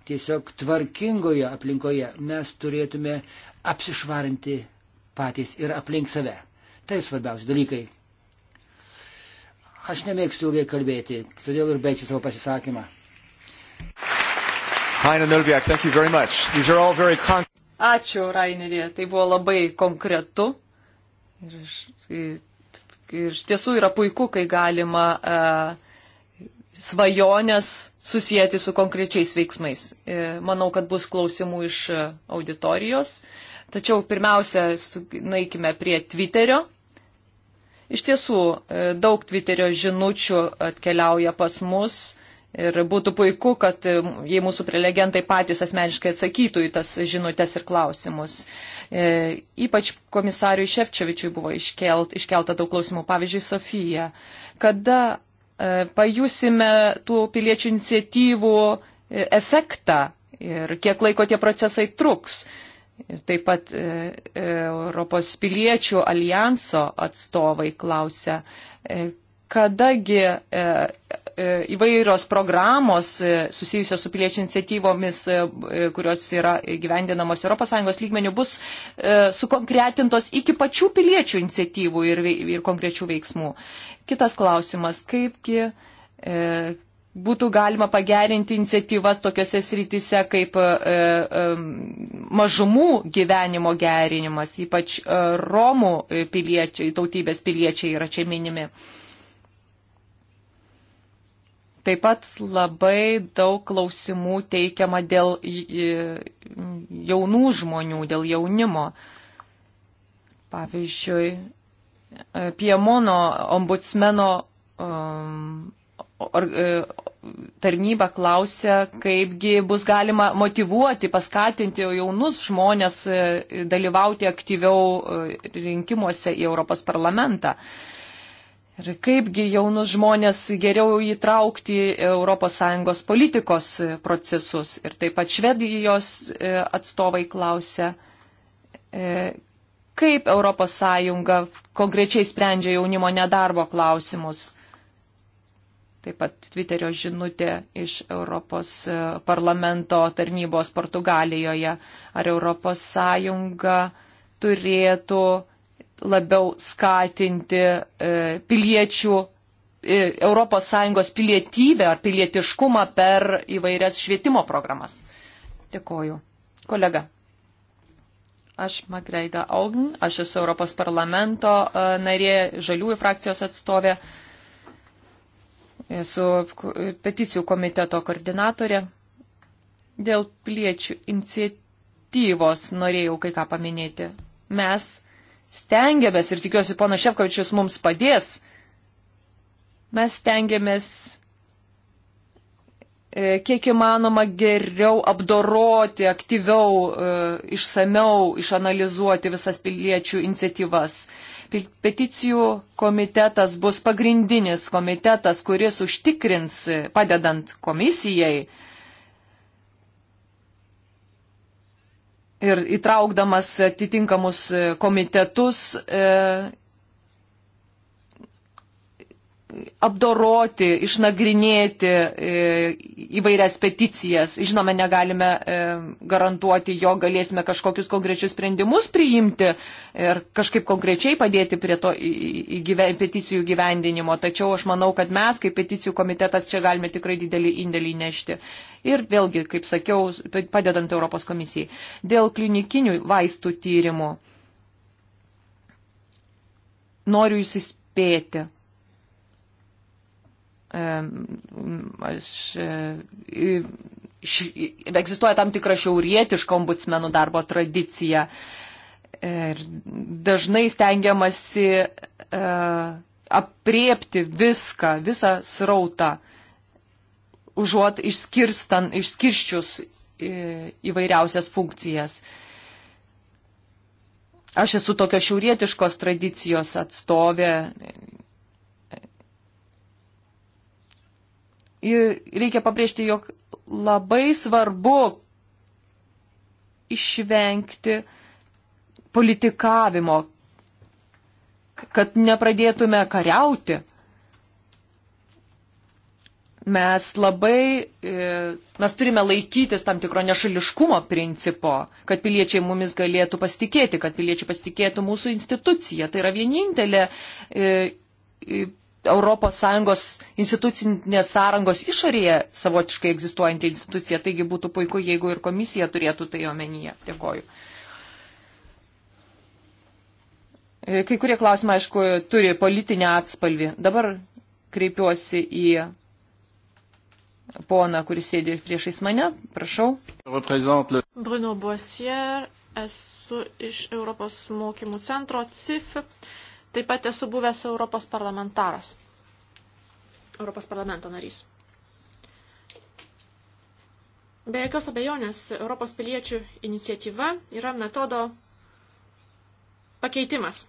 tiesiog tvarkingoje aplinkoje mes turėtume apsišvarinti patys ir aplink save. Tai svarbiausi dalykai. Aš nemėgstu ilgai kalbėti, todėl ir baigsiu savo pasisakymą. Ačiū, Rainerė, tai buvo labai konkretu. Ir iš, ir iš tiesų yra puiku, kai galima uh, svajonės susijęti su konkrečiais veiksmais. E, manau, kad bus klausimų iš auditorijos. Tačiau pirmiausia, naikime prie Twitterio. Iš tiesų, e, daug Twitterio žinučių atkeliauja pas mus. Ir būtų puiku, kad e, jei mūsų prelegentai patys asmeniškai atsakytų į tas žinutės ir klausimus. E, ypač komisariui Ševčiovičiui buvo iškelt, iškelta daug klausimų. Pavyzdžiui, Sofija, kada E, pajusime tų piliečių iniciatyvų e, efektą ir kiek laiko tie procesai truks. Ir taip pat e, e Europos piliečių alijanso atstovai klausia, e, kadagi e, E, įvairios programos e, susijusios su piliečių iniciatyvomis, e, kurios yra gyvendinamos ES lygmenių, bus sukonkretintos iki pačių piliečių iniciatyvų ir, ir konkrečių veiksmų. Kitas klausimas, kaipgi būtų galima pagerinti iniciatyvas tokiuose srityse kaip e, e, mažumų gyvenimo gerinimas, ypač e, Romų piliečiai, tautybės piliečiai yra čia minimi. E, Taip pat labai daug klausimų teikiama dėl jaunų žmonių, dėl jaunimo. Pavyzdžiui, e, Piemono ombudsmeno um, or, e, tarnyba klausia, kaipgi bus galima motivuoti, paskatinti jaunus žmonės e, dalyvauti aktyviau rinkimuose į Europos parlamentą. Uh, Ir kaipgi jaunus žmonės geriau įtraukti ES politikos procesus. Ir taip pat Švedijos e, atstovai klausia, e, kaip ES konkrečiai sprendžia jaunimo nedarbo klausimus. Taip pat Twitterio žinutė iš Europos e, parlamento tarnybos Portugalijoje. Ar ES turėtų labiau skatinti e, piliečių ES pilietybę ar pilietiškumą per įvairias švietimo programas. Dėkoju. Kolega. Aš Magreida Augen, aš esu Europos parlamento e, narė, žaliųjų frakcijos atstovė, esu peticijų komiteto koordinatorė. Dėl piliečių iniciatyvos norėjau kai ką paminėti. Mes stengiamės ir tikiuosi, pono Šefkovičius mums padės, mes stengiamės e, kiek įmanoma geriau apdoroti, aktyviau, e, išsameu išanalizuoti visas piliečių iniciatyvas. Peticijų komitetas bus pagrindinis komitetas, kuris užtikrins, padedant komisijai, ir įtraukdamas atitinkamus komitetus e, apdoroti, išnagrinėti e, įvairias peticijas. Žinome, negalime e, garantuoti, jo galėsime kažkokius konkrečius sprendimus priimti ir kažkaip konkrečiai padėti prie to įgyven, peticijų gyvendinimo. Tačiau aš manau, kad mes kaip peticijų komitetas čia galime tikrai didelį indėlį nešti. Ir vėlgi, kaip sakiau, padedant Europos komisijai. Dėl klinikinių vaistų tyrimų noriu jūs įspėti Aš, e, š, egzistuoja tam tikra šiaurietiška ombudsmenų darbo tradicija. Ir dažnai stengiamasi uh, apriepti viską, visą srautą, užuot išskirščius e, įvairiausias funkcijas. Aš esu tokios šiaurietiškos tradicijos atstovė reikia pabrėžti, jog labai svarbu išvengti politikavimo, kad nepradėtume kariauti. Mes labai, e, mes turime laikytis tam tikro nešališkumo principo, kad piliečiai mumis galėtų pasitikėti, kad piliečiai pasitikėtų mūsų instituciją. Tai yra vienintelė e, e, ES institucinės sąrangos išorėje savotiškai egzistuojanti institucija, taigi būtų puiku, jeigu ir komisija turėtų tai omenyje. Dėkoju. E, kai kurie klausimai, aišku, turi politinę atspalvį. Dabar kreipiuosi į poną, kuris sėdi priešais mane. Prašau. Bruno Boisier, esu iš Europos mokymų centro CIF. Taip pat esu buvęs Europos parlamentaras. Europos parlamento narys. Be jokios abejonės, Europos piliečių iniciatyva yra metodo pakeitimas.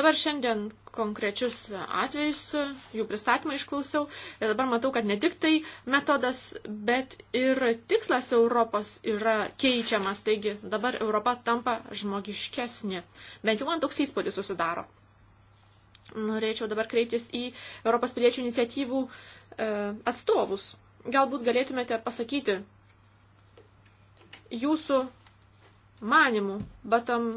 Dabar šiandien konkrečius atvejus, jų pristatymą išklausiau. Ir dabar matau, kad ne tik tai metodas, bet ir tikslas Europos yra keičiamas. Taigi dabar Europa tampa žmogiškesnė. Bent jau man toks įspūdis susidaro. Norėčiau dabar kreiptis į Europos piliečių iniciatyvų e, atstovus. Galbūt galėtumėte pasakyti jūsų manimų, batam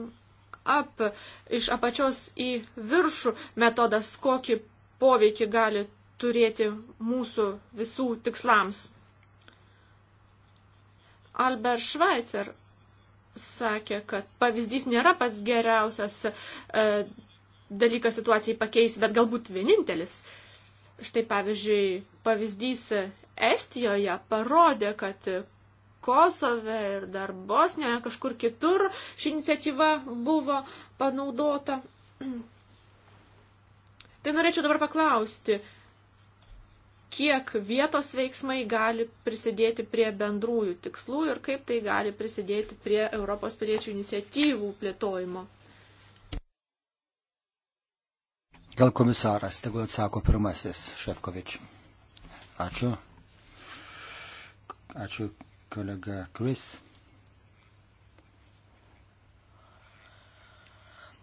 up, iš apačios į viršų metodas, kokį poveikį gali turėti mūsų visų tikslams. Albert Schweitzer sakė, kad pavyzdys nėra pats geriausias e, dalykas situacijai pakeisti, bet galbūt vienintelis. Štai pavyzdžiui, pavyzdys Estijoje parodė, kad Kosove ir dar Bosnijoje, kažkur kitur ši iniciatyva buvo panaudota. Tai norėčiau dabar paklausti, kiek vietos veiksmai gali prisidėti prie bendrųjų tikslų ir kaip tai gali prisidėti prie Europos piliečių iniciatyvų plėtojimo. Gal komisaras, tegul atsako pirmasis, Šefkovič. Ačiū. Ačiū kolega Kris.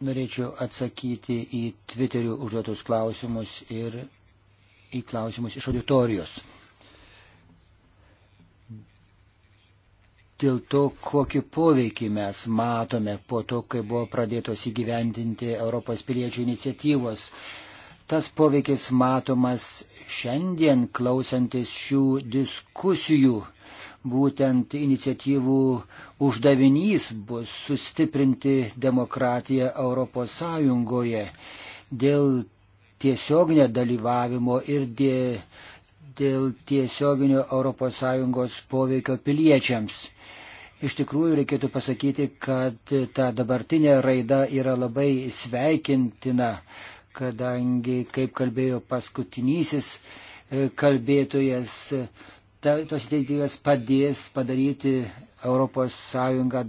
Norėčiau atsakyti į Twitterių užduotus klausimus ir į klausimus iš auditorijos. dėl to, kokį poveikį mes matome po to, kai buvo pradėtos įgyvendinti Europos piliečių iniciatyvos. Tas poveikis matomas šiandien klausantis šių diskusijų būtent iniciatyvų uždavinys bus sustiprinti demokratiją Europos Sąjungoje dėl tiesioginio dalyvavimo ir dėl, dėl tiesioginio ES poveikio piliečiams. Iš tikrųjų reikėtų pasakyti, kad ta dabartinė raida yra labai sveikintina, kadangi, kaip kalbėjo paskutinysis e, kalbėtojas, ta, tos iniciatyvas padės padaryti ES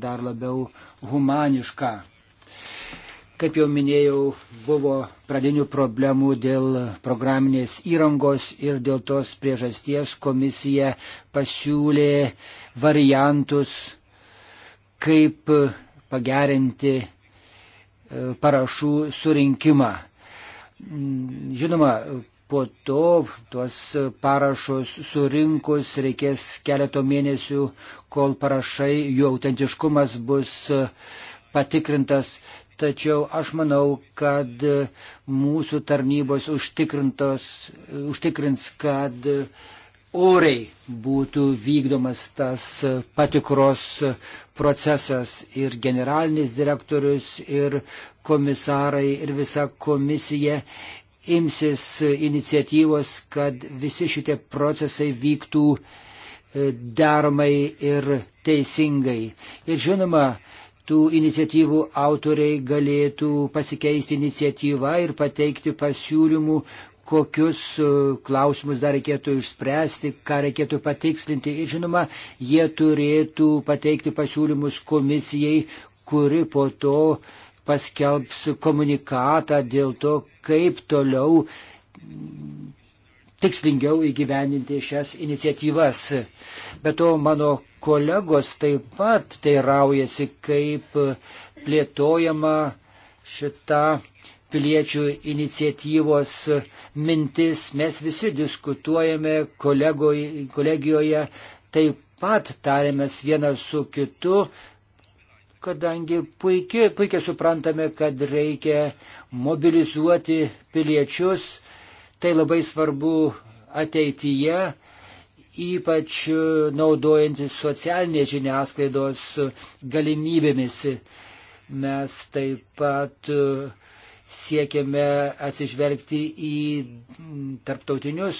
dar labiau humanišką. Kaip jau minėjau, buvo pradinių problemų dėl programinės įrangos ir dėl tos priežasties komisija pasiūlė variantus, kaip pagerinti e, parašų surinkimą. Žinoma, Po to tuos parašus surinkus reikės keleto mėnesių, kol parašai, jų autentiškumas bus e, patikrintas. Tačiau aš manau, kad mūsų tarnybos užtikrins, kad oriai būtų vykdomas tas patikros procesas ir generalinis direktorius, ir komisarai, ir visa komisija imsis iniciatyvos, kad visi šitie procesai vyktų e, dermai ir teisingai. Ir žinoma, tų iniciatyvų autoriai galėtų pasikeisti iniciatyvą ir pateikti pasiūlymų, kokius e, klausimus dar reikėtų išspręsti, ką reikėtų patikslinti. Ir žinoma, jie turėtų pateikti pasiūlymus komisijai, kuri po to paskelbs komunikatą dėl to, kaip toliau tikslingiau įgyvendinti šias iniciatyvas. Be to, mano kolegos taip pat teiraujasi, kaip plėtojama šita piliečių iniciatyvos mintis. Mes visi diskutuojame kolegoj, kolegijoje, taip pat tarėmės vienas su kitu, kadangi puikiai, puikiai suprantame, kad reikia mobilizuoti piliečius, tai labai svarbu ateityje, ypač naudojantis socialinės žiniasklaidos galimybėmis. Mes taip pat siekiame atsižvelgti į tarptautinius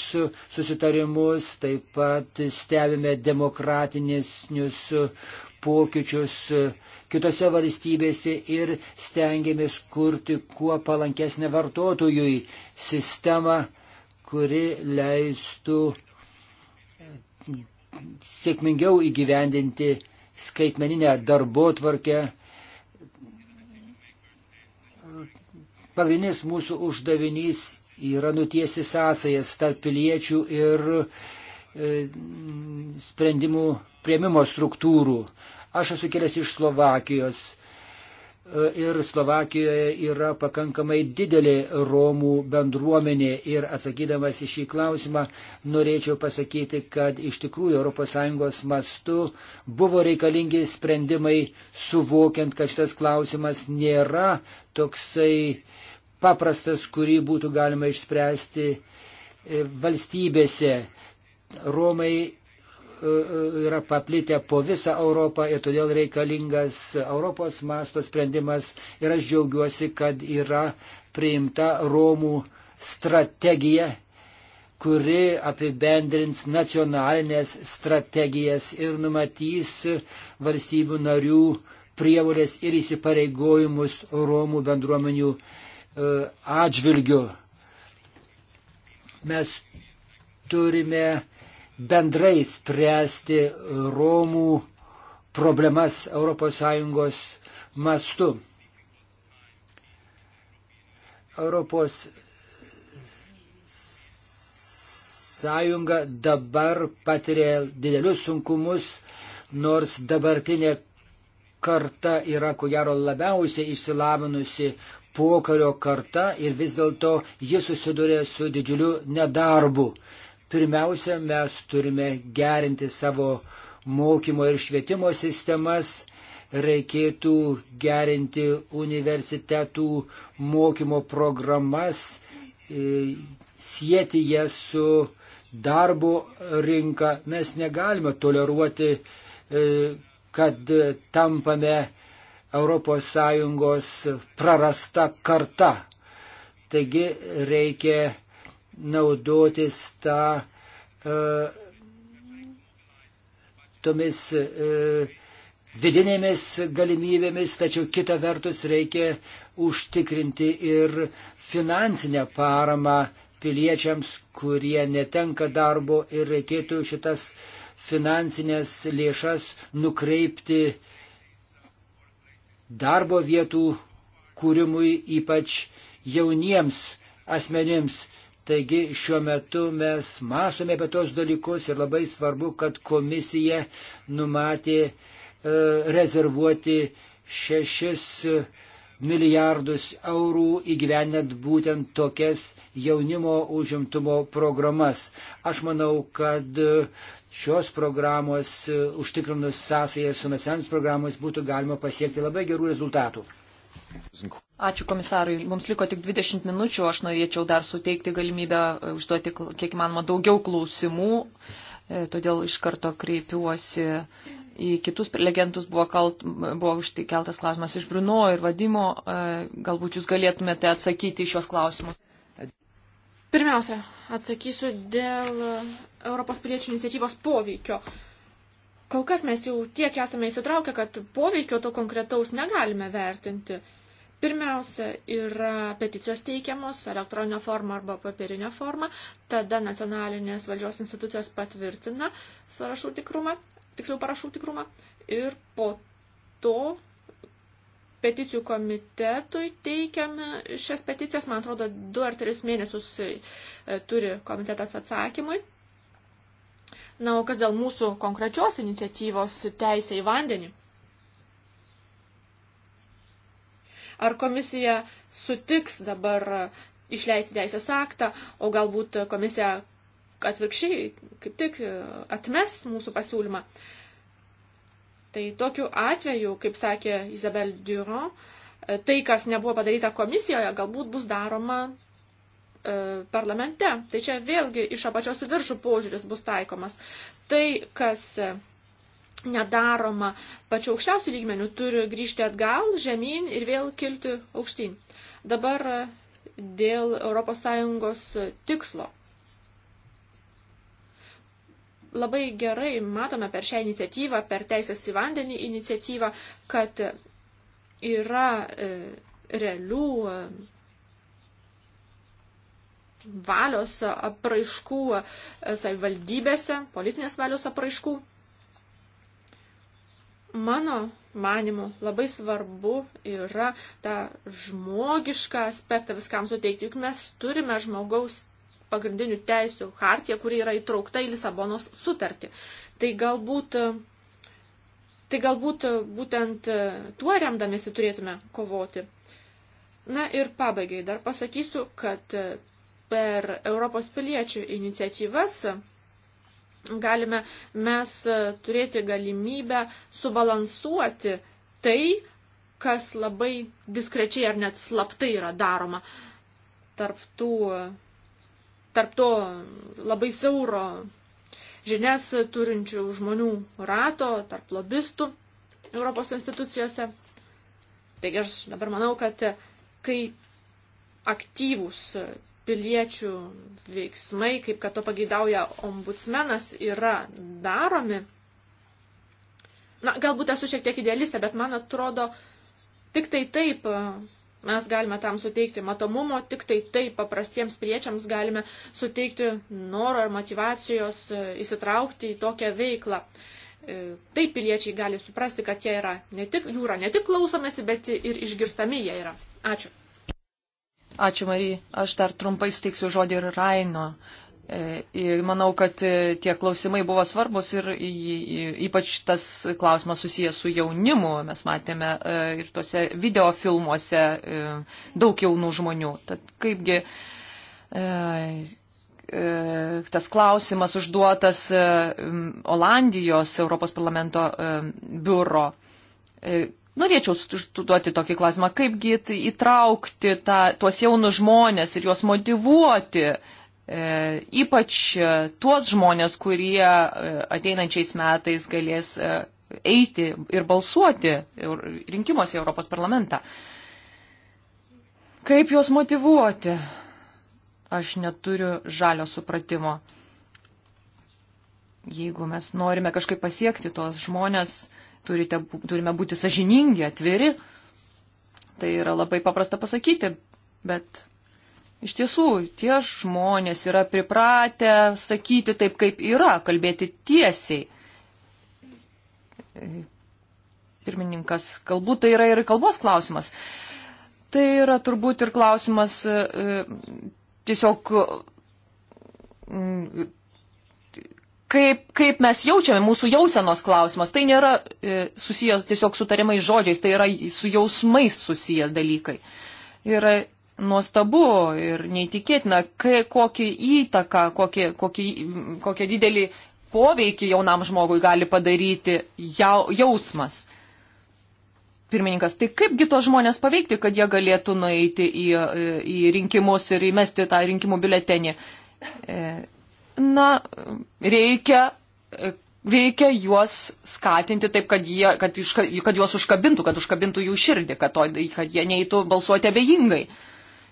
susitarimus, taip pat stebime demokratinius pokyčius kitose valstybėse ir stengiamės kurti kuo palankesnę vartotojui sistemą, kuri leistų sėkmingiau įgyvendinti skaitmeninę darbo tvarkę. Pagrindinis mūsų uždavinys yra nutiesti sąsajas tarp piliečių ir e, sprendimų prieimimo struktūrų. Aš esu kilęs iš Slovakijos e, ir Slovakijoje yra pakankamai didelė Romų bendruomenė ir atsakydamas į šį klausimą norėčiau pasakyti, kad iš tikrųjų ES mastu buvo reikalingi sprendimai, suvokiant, kad šitas klausimas nėra toksai paprastas, kurį būtų galima išspręsti e, valstybėse. Romai E, e, yra paplitę po visą Europą ir todėl reikalingas Europos masto sprendimas. Ir aš džiaugiuosi, kad yra priimta Romų strategija, kuri apibendrins nacionalinės strategijas ir numatys valstybių narių prievolės ir įsipareigojimus Romų bendruomenių e, atžvilgiu. Mes turime bendrai spręsti Romų problemas ES mastu. Europos sąjunga dabar patiria didelius sunkumus, nors dabartinė karta yra ko gero labiausiai išsilavinusi pokario karta ir vis dėlto ji susiduria su didžiuliu nedarbu. Pirmiausia, mes turime gerinti savo mokymo ir švietimo sistemas, reikėtų gerinti universitetų mokymo programas, e, sieti jas su darbo rinka. Mes negalime toleruoti, e, kad tampame ES prarasta karta. Taigi reikia naudotis tą, e, tomis e, vidinėmis galimybėmis, tačiau kita vertus reikia užtikrinti ir finansinę paramą piliečiams, kurie netenka darbo ir reikėtų šitas finansinės lėšas nukreipti darbo vietų kūrimui, ypač jauniems asmenims. Taigi šiuo metu mes mąstome apie tos dalykus ir labai svarbu, kad komisija numatė e, rezervuoti šešis milijardus eurų įgyvenant būtent tokias jaunimo užimtumo programas. Aš manau, kad šios programos e, užtikrinus sąsajas su nacionalinės programos būtų galima pasiekti labai gerų rezultatų. Ačiū komisarui. Mums liko tik 20 minučių, aš norėčiau dar suteikti galimybę e, užduoti kiek įmanoma daugiau klausimų, e, todėl iš karto kreipiuosi į kitus legendus buvo, kalt, buvo užtikeltas klausimas iš Bruno ir vadimo. E, galbūt jūs galėtumėte atsakyti šios klausimus. Pirmiausia, atsakysiu dėl Europos piliečių iniciatyvos poveikio. Kol kas mes jau tiek esame įsitraukę, kad poveikio to konkretaus negalime vertinti. Pirmiausia yra peticijos teikiamos elektroninė forma arba papirinė forma, tada nacionalinės valdžios institucijos patvirtina sąrašų tikrumą, tiksliau parašų tikrumą ir po to peticijų komitetui teikiame šias peticijas, man atrodo, du ar tris mėnesius e, turi komitetas atsakymui. Na, o kas dėl mūsų konkrečios iniciatyvos teisė į vandenį? Ar komisija sutiks dabar išleisti teisės aktą, o galbūt komisija atvirkščiai kaip tik atmes mūsų pasiūlymą. Tai tokiu atveju, kaip sakė Izabel Durand, tai, kas nebuvo padaryta komisijoje, galbūt bus daroma e, parlamente. Tai čia vėlgi iš apačios į viršų požiūris bus taikomas. Tai, kas nedaroma pačiu aukščiausiu lygmeniu, turi grįžti atgal, žemyn ir vėl kilti aukštyn. Dabar e, dėl ES e, tikslo. Labai gerai matome per šią iniciatyvą, per Teisės į vandenį iniciatyvą, kad yra e, realių e, valios apraiškų e, savivaldybėse, politinės valios apraiškų Mano manimu labai svarbu yra tą žmogišką aspektą viskam suteikti, juk mes turime žmogaus pagrindinių teisių hartiją, kuri yra įtraukta į Lisabonos sutartį. Tai galbūt, tai galbūt būtent tuo remdamėsi turėtume kovoti. Na ir pabaigai dar pasakysiu, kad per Europos piliečių iniciatyvas galime mes e, turėti galimybę subalansuoti tai, kas labai diskrečiai ar net slaptai yra daroma tarp, tų, tarp to labai siauro žinias turinčių žmonių rato, tarp lobistų Europos institucijose. Taigi aš dabar manau, kad kai aktyvūs piliečių veiksmai, kaip kad to pageidauja ombudsmenas, yra daromi. Na, galbūt esu šiek tiek idealistė, bet man atrodo, tik tai taip e, mes galime tam suteikti matomumo, tik tai taip paprastiems priečiams galime suteikti noro ar motivacijos e, įsitraukti į tokią veiklą. E, taip piliečiai gali suprasti, kad jie yra ne tik, jų yra ne tik klausomasi, bet ir išgirstami jie yra. Ačiū. Ačiū, Marija. Aš dar trumpai suteiksiu žodį ir Raino. E, ir manau, kad e, tie klausimai buvo svarbus ir ypač tas klausimas susijęs su jaunimu. Mes matėme e, ir tuose videofilmuose daug jaunų žmonių. Tad kaipgi tas klausimas užduotas Olandijos Europos parlamento biuro Norėčiau duoti tokį klausimą, kaipgi įtraukti tą, tuos jaunus žmonės ir juos motivuoti, e, ypač e, tuos žmonės, kurie e, ateinančiais metais galės e, eiti ir balsuoti rinkimuose Europos parlamentą. Kaip juos motivuoti? Aš neturiu žalio supratimo. Jeigu mes norime kažkaip pasiekti tuos žmonės, turite, turime būti sažiningi, atviri. Tai yra labai paprasta pasakyti, bet iš tiesų tie žmonės yra pripratę sakyti taip, kaip yra, kalbėti tiesiai. Pirmininkas, galbūt tai yra ir kalbos klausimas. Tai yra turbūt ir klausimas e, tiesiog kaip, kaip mes jaučiame, mūsų jausenos klausimas, tai nėra e, susijęs tiesiog sutarimais žodžiais, tai yra su jausmais susiję dalykai. Ir nuostabu ir neįtikėtina, kai, kokį įtaką, kokį, kokį, kokį didelį poveikį jaunam žmogui gali padaryti jau, jausmas. Pirmininkas, tai kaipgi tuos žmonės paveikti, kad jie galėtų nueiti į, į rinkimus ir įmesti tą rinkimų biletenį? E, na, reikia, reikia juos skatinti taip, kad, jie, kad, iš, kad juos užkabintų, kad užkabintų jų širdį, kad, to, kad jie neįtų balsuoti abejingai.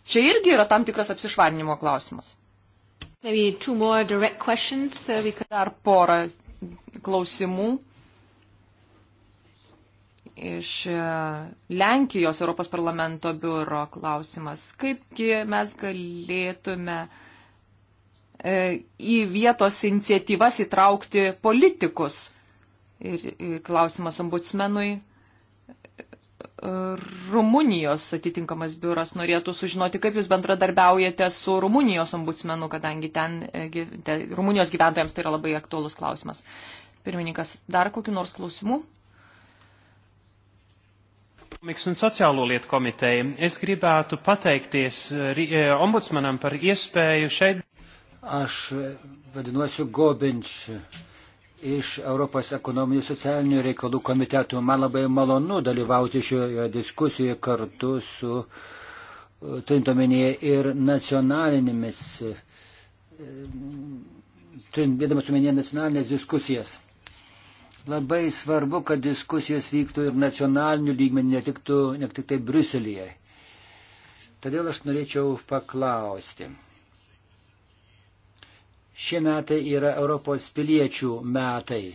Čia irgi yra tam tikras apsišvarnimo klausimas. Dar porą klausimų iš e, Lenkijos Europos parlamento biuro klausimas. Kaipgi mes galėtume uh, E, į vietos iniciatyvas įtraukti politikus. Ir e, klausimas ombudsmenui. Rumunijos atitinkamas biuras norėtų sužinoti, kaip jūs bendradarbiaujate su Rumunijos ombudsmenu, kadangi ten e, te, Rumunijos gyventojams tai yra labai aktuolus klausimas. Pirmininkas, dar kokiu nors klausimu? Ekonomikas un sociālo lietu komiteja. Es gribētu pateikties ombudsmanam par iespēju šeit. Aš vadinuosiu Gobinč iš Europos ekonominių socialinių reikalų komitetų. Man labai malonu dalyvauti šioje diskusijoje kartu su, e, turint omenyje, ir nacionalinėmis, e, turint bėdamas omenyje nacionalinės diskusijas. Labai svarbu, kad diskusijos vyktų ir nacionalinių lygmenį, ne tik, tu, ne tik tai Bruselėje. Todėl aš norėčiau paklausti. Šie metai yra Europos piliečių metai.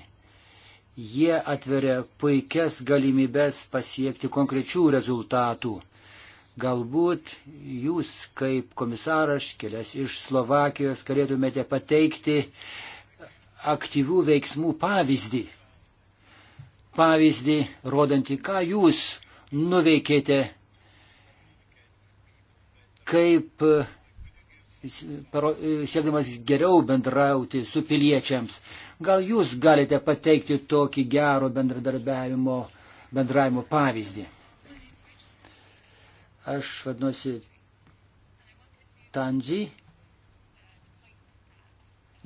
Jie atveria puikias galimybės pasiekti konkrečių rezultatų. Galbūt jūs kaip komisaras, kelias iš Slovakijos, galėtumėte pateikti aktyvių veiksmų pavyzdį. Pavyzdį rodantį, ką jūs nuveikėte, kaip E, siekdamas geriau bendrauti su piliečiams. Gal jūs galite pateikti tokį gero bendradarbiavimo, bendravimo pavyzdį? Aš vadinosi Tanji.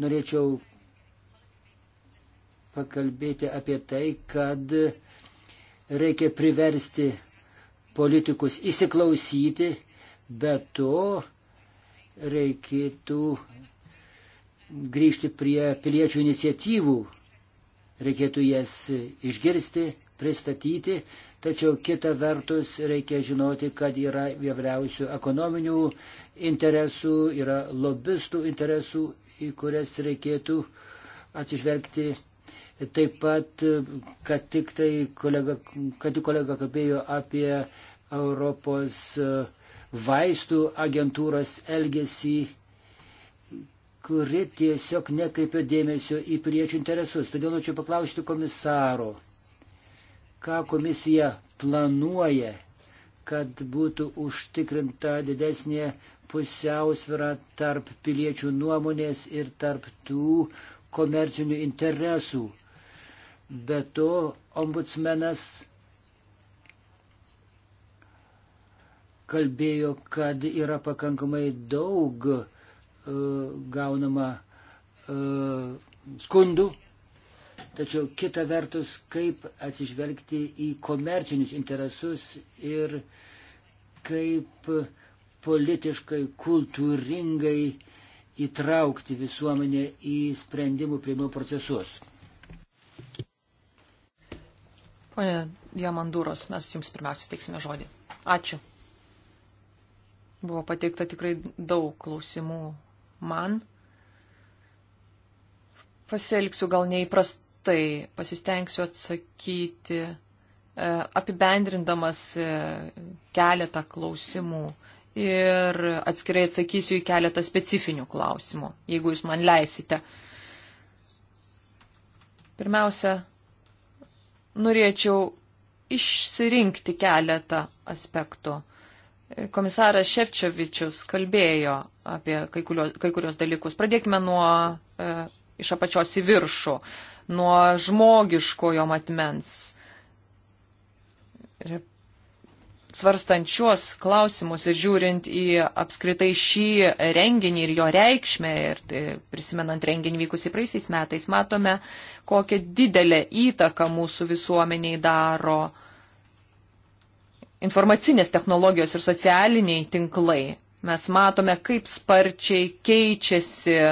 Norėčiau pakalbėti apie tai, kad reikia priversti politikus įsiklausyti, bet to reikėtų grįžti prie piliečių iniciatyvų, reikėtų jas išgirsti, pristatyti, tačiau kita vertus reikia žinoti, kad yra įvairiausių ekonominių interesų, yra lobistų interesų, į kurias reikėtų atsižvelgti. Taip pat, kad tik tai kolega, kad tik kolega kalbėjo apie Europos uh, vaistų agentūros elgesį, kuri tiesiog nekreipia dėmesio į priečių interesus. Todėl norėčiau paklausti komisaro, ką komisija planuoja, kad būtų užtikrinta didesnė pusiausvyrą tarp piliečių nuomonės ir tarp tų komercinių interesų. Be to, ombudsmenas kalbėjo, kad yra pakankamai daug e, gaunama e, skundų, tačiau kita vertus, kaip atsižvelgti į komercinius interesus ir kaip politiškai, kultūringai įtraukti visuomenę į sprendimų prieimimo procesus. Pone Diamandūros, mes jums pirmiausia teiksime žodį. Ačiū. Buvo pateikta tikrai daug klausimų man. Pasielgsiu gal neįprastai, pasistengsiu atsakyti e, apibendrindamas e, keletą klausimų ir atskirai atsakysiu į keletą specifinių klausimų, jeigu jūs man leisite. Pirmiausia, norėčiau išsirinkti keletą aspektų komisaras Ševčiovičius kalbėjo apie kai kurios, kai kurios dalykus. Pradėkime nuo e, iš apačios į viršų, nuo žmogiškojo matmens. Ir svarstant šiuos klausimus ir žiūrint į apskritai šį renginį ir jo reikšmę ir tai, prisimenant renginį vykusį praeisiais metais, matome, kokią didelę įtaką mūsų visuomeniai daro uh, informacinės technologijos ir socialiniai tinklai. Mes matome, kaip sparčiai keičiasi e,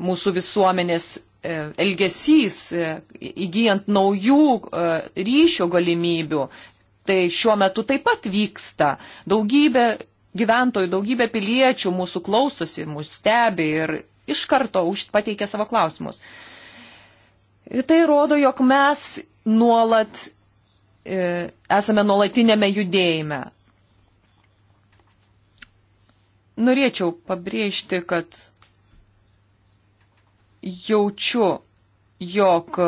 mūsų visuomenės e, elgesys, e, įgyjant naujų e, ryšio galimybių. Tai šiuo metu taip pat vyksta. Daugybė gyventojų, daugybė piliečių mūsų klausosi, mūsų stebi ir iš karto pateikia savo klausimus. Ir tai rodo, jog mes nuolat E, esame nuolatinėme judėjime. Norėčiau pabrėžti, kad jaučiu, jog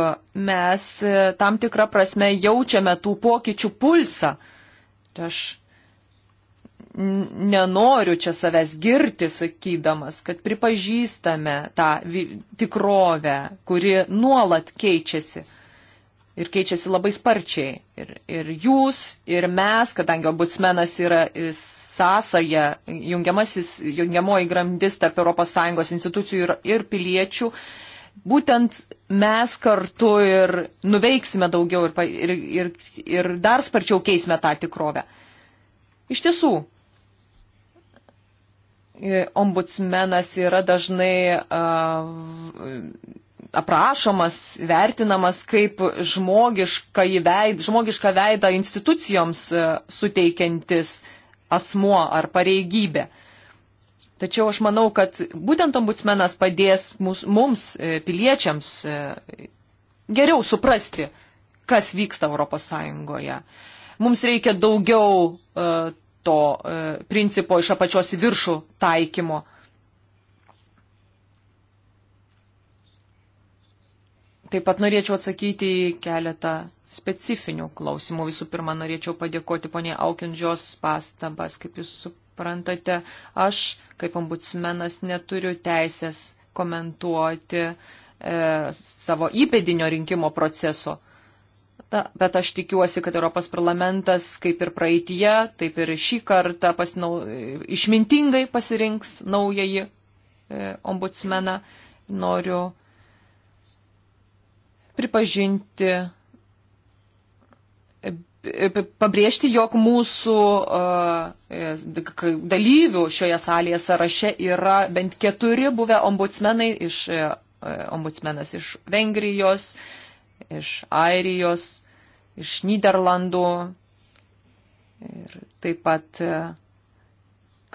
mes e, tam tikrą prasme jaučiame tų pokyčių pulsą. Tai aš nenoriu čia savęs girti, sakydamas, kad pripažįstame tą tikrovę, kuri nuolat keičiasi ir keičiasi labai sparčiai. Ir, ir jūs, ir mes, kadangi ombudsmenas yra sąsaja, jungiamoji grandis tarp ES institucijų ir, ir piliečių, būtent mes kartu ir nuveiksime daugiau ir, ir, ir, ir dar sparčiau keisime tą tikrovę. Iš tiesų, ombudsmenas yra dažnai uh, aprašomas, vertinamas kaip žmogišką, veid, žmogišką veidą institucijoms e, suteikiantis asmuo ar pareigybė. Tačiau aš manau, kad būtent ombudsmenas padės mums, mums e, piliečiams, e, geriau suprasti, kas vyksta Europos Sąjungoje. Mums reikia daugiau to principo iš apačios į viršų taikymo. Taip pat norėčiau atsakyti į keletą specifinių klausimų. Visų pirma, norėčiau padėkoti poniai Aukindžios pastabas. Kaip jūs suprantate, aš kaip ombudsmenas neturiu teisės komentuoti e, savo įpėdinio rinkimo proceso. Ta, bet aš tikiuosi, kad Europos parlamentas, kaip ir praeitie, taip ir šį kartą pasinau, išmintingai pasirinks naująjį e, ombudsmeną. Noriu pripažinti, pabrėžti, jog mūsų e, dalyvių šioje salėje sąraše yra bent keturi buvę ombudsmenai iš e, e, ombudsmenas iš Vengrijos, iš Airijos, iš Niderlandų ir taip pat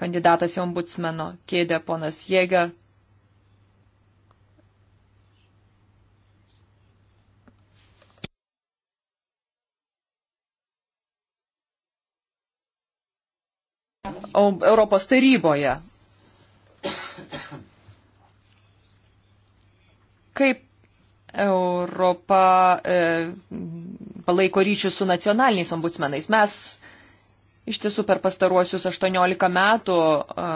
kandidatas į ombudsmeno kėdę ponas Jėger. Europos taryboje. Kaip Europa e, palaiko ryšius su nacionaliniais ombudsmenais? Mes iš tiesų per pastaruosius 18 metų e,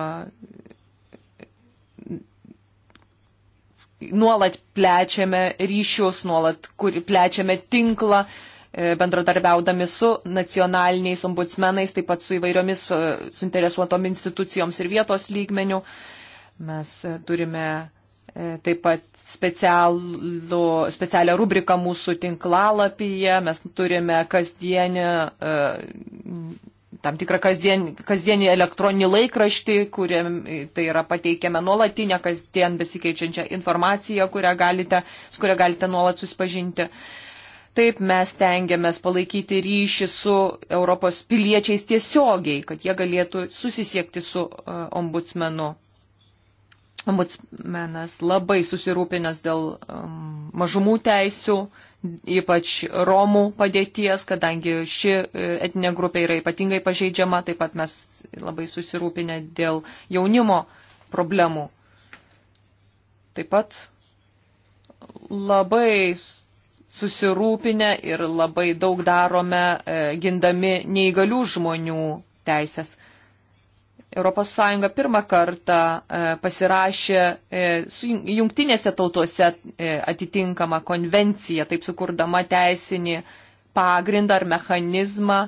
nuolat plečiame ryšius, nuolat kur, plečiame tinklą. E, E, bendradarbiaudami su nacionaliniais ombudsmenais, taip pat su įvairiomis e, suinteresuotom institucijoms ir vietos lygmenių. Mes e, turime taip pat specialų, specialią rubriką mūsų tinklalapyje, mes turime kasdienį, tam tikrą kasdien, kasdienį elektroninį laikraštį, kuriam tai yra pateikiama nuolatinė, kasdien besikeičiančią informaciją, kurią galite, su kuria galite nuolat susipažinti. Uh, Taip mes tengiamės palaikyti ryšį su Europos piliečiais tiesiogiai, kad jie galėtų susisiekti su e, ombudsmenu. Ombudsmenas labai susirūpinęs dėl mažumų teisių, ypač Romų padėties, kadangi ši e, etinė grupė yra ypatingai pažeidžiama, taip pat mes labai susirūpinę dėl jaunimo problemų. Taip pat labai susirūpinę ir labai daug darome e, gindami neįgalių žmonių teisės. ES pirmą kartą e, pasirašė e, jungtinėse tautose atitinkamą konvenciją, taip sukurdama teisinį pagrindą ar mechanizmą,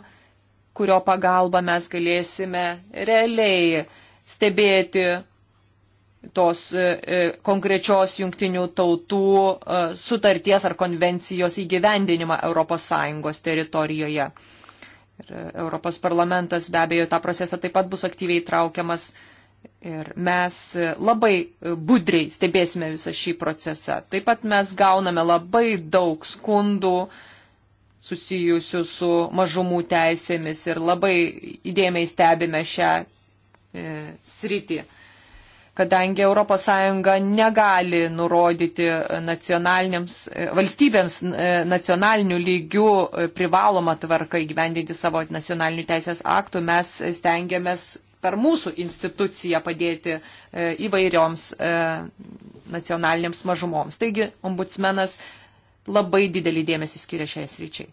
kurio pagalba mes galėsime realiai stebėti tos e, e, konkrečios jungtinių tautų e, sutarties ar konvencijos įgyvendinimą ES teritorijoje. Ir Europos parlamentas be abejo tą procesą taip pat bus aktyviai traukiamas ir mes labai budriai stebėsime visą šį procesą. Taip pat mes gauname labai daug skundų susijusių su mažumų teisėmis ir labai įdėmiai stebime šią e, sritį kadangi ES negali nurodyti nacionalinėms e, valstybėms e, nacionalinių lygių e, privalomą tvarką įgyvendinti savo nacionalinių teisės aktų, mes stengiamės per mūsų instituciją padėti įvairioms nacionalinėms mažumoms. Taigi, ombudsmenas labai didelį dėmesį skiria šiai sryčiai.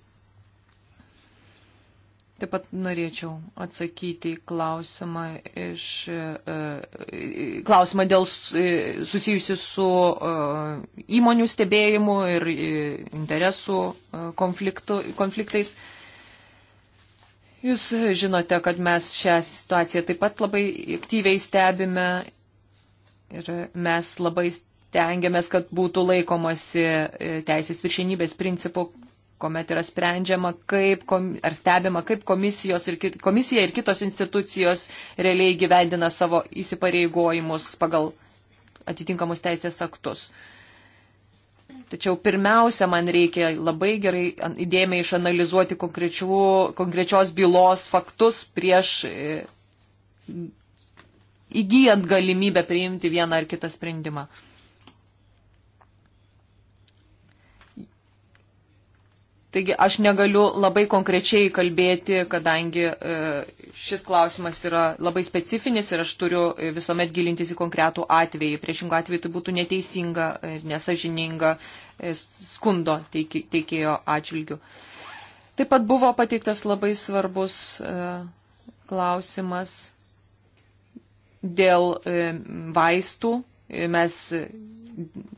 Taip pat norėčiau atsakyti į klausimą, iš, e, e, klausimą dėl e, susijusi su įmonių stebėjimu ir interesų konfliktu, konfliktais. Jūs žinote, kad mes šią situaciją taip pat labai aktyviai stebime ir mes labai stengiamės, kad būtų laikomasi teisės viršenybės principų kuomet yra sprendžiama, kaip, ar stebima, kaip komisijos ir, komisija ir kitos institucijos realiai gyvendina savo įsipareigojimus pagal atitinkamus teisės aktus. Tačiau pirmiausia, man reikia labai gerai įdėmiai išanalizuoti konkrečios bylos faktus prieš e, įgyjant galimybę priimti vieną ar kitą sprendimą. Taigi aš negaliu labai konkrečiai kalbėti, kadangi e, šis klausimas yra labai specifinis ir aš turiu e, visuomet gilintis į konkretų atvejį. Priešingų atveju tai būtų neteisinga ir nesažininga e, skundo teikėjo atžvilgių. Taip pat buvo pateiktas labai svarbus klausimas dėl vaistų. Mes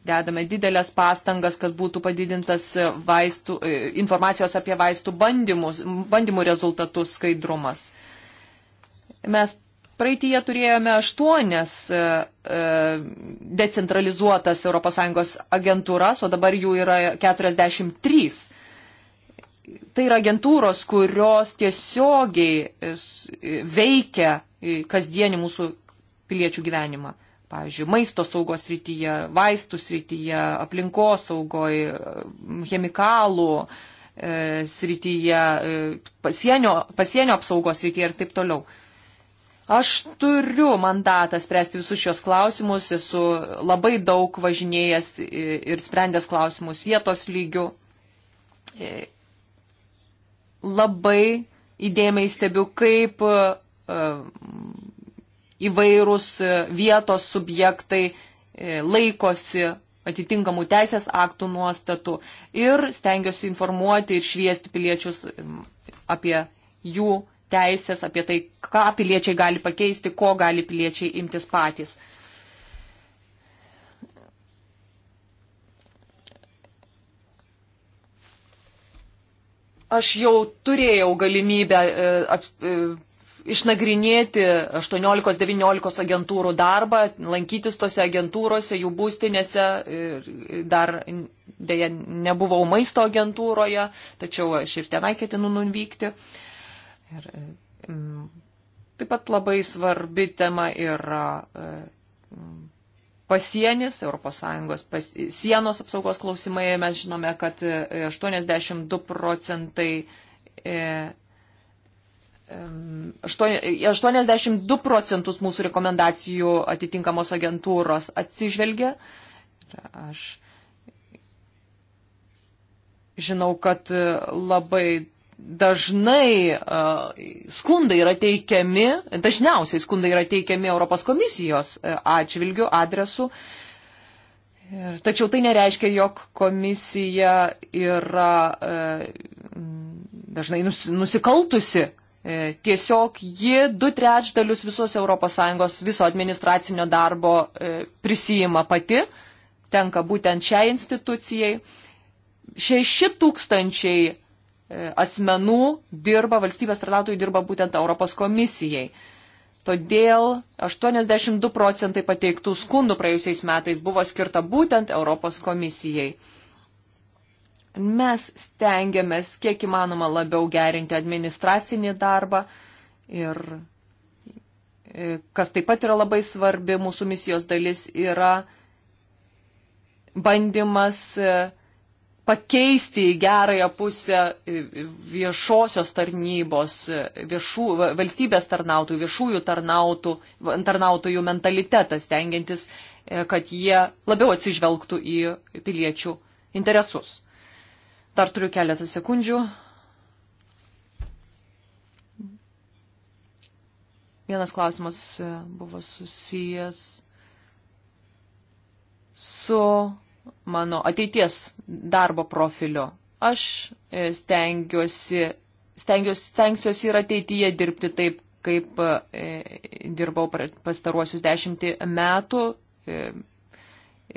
dedame didelės pastangas, kad būtų padidintas vaistų, e, informacijos apie vaistų bandymus, bandymų rezultatus skaidrumas. Mes praeitie turėjome aštuonias e, e, decentralizuotas ES agentūras, o dabar jų yra 43. Tai yra agentūros, kurios tiesiogiai veikia kasdienį mūsų piliečių gyvenimą pavyzdžiui, maisto saugos srityje, vaistų srityje, aplinkos saugoj, chemikalų e, srityje, e, pasienio, pasienio apsaugos srityje ir taip toliau. Aš turiu mandatą spręsti visus šios klausimus, esu labai daug važinėjęs ir sprendęs klausimus vietos lygių. E, labai įdėmiai stebiu, kaip įvairūs e, vietos subjektai e, laikosi atitinkamų teisės aktų nuostatų ir stengiuosi informuoti ir šviesti piliečius e, apie jų teisės, apie tai, ką piliečiai gali pakeisti, ko gali piliečiai imtis patys. Aš jau turėjau galimybę išnagrinėti 18-19 agentūrų darbą, lankytis tose agentūrose, jų būstinėse. Dar dėja nebuvau maisto agentūroje, tačiau aš ir tenai ketinu nuvykti. Ir, mm, taip pat labai svarbi tema yra e, pasienis, ES pas, sienos apsaugos klausimai. Mes žinome, kad 82 e, procentai e, 82 procentus mūsų rekomendacijų atitinkamos agentūros atsižvelgia. Ir aš žinau, kad e, labai dažnai e, skundai yra teikiami, dažniausiai skundai yra teikiami Europos komisijos e, atžvilgių adresu. Ir, tačiau tai nereiškia, jog komisija yra e, dažnai nus, nusikaltusi E, tiesiog ji du trečdalius visos ES viso administracinio darbo e, prisijima pati, tenka būtent šiai institucijai. 6 tūkstančiai e, asmenų dirba, valstybės tarnautojų dirba būtent Europos komisijai. Todėl 82 procentai pateiktų skundų praėjusiais metais buvo skirta būtent Europos komisijai. Mes stengiamės kiek įmanoma labiau gerinti administracinį darbą ir e, kas taip pat yra labai svarbi mūsų misijos dalis yra bandymas e, pakeisti į gerąją pusę e, viešosios tarnybos, viešų, valstybės tarnautojų, viešųjų tarnautų, tarnautojų mentalitetas, tengiantis, kad jie labiau atsižvelgtų į piliečių interesus. Dar turiu keletą sekundžių. Vienas klausimas e, buvo susijęs su mano ateities darbo profiliu. Aš e, stengiuosi, stengiuosi, stengsiuosi ir ateityje dirbti taip, kaip e, dirbau pastaruosius dešimtį metų.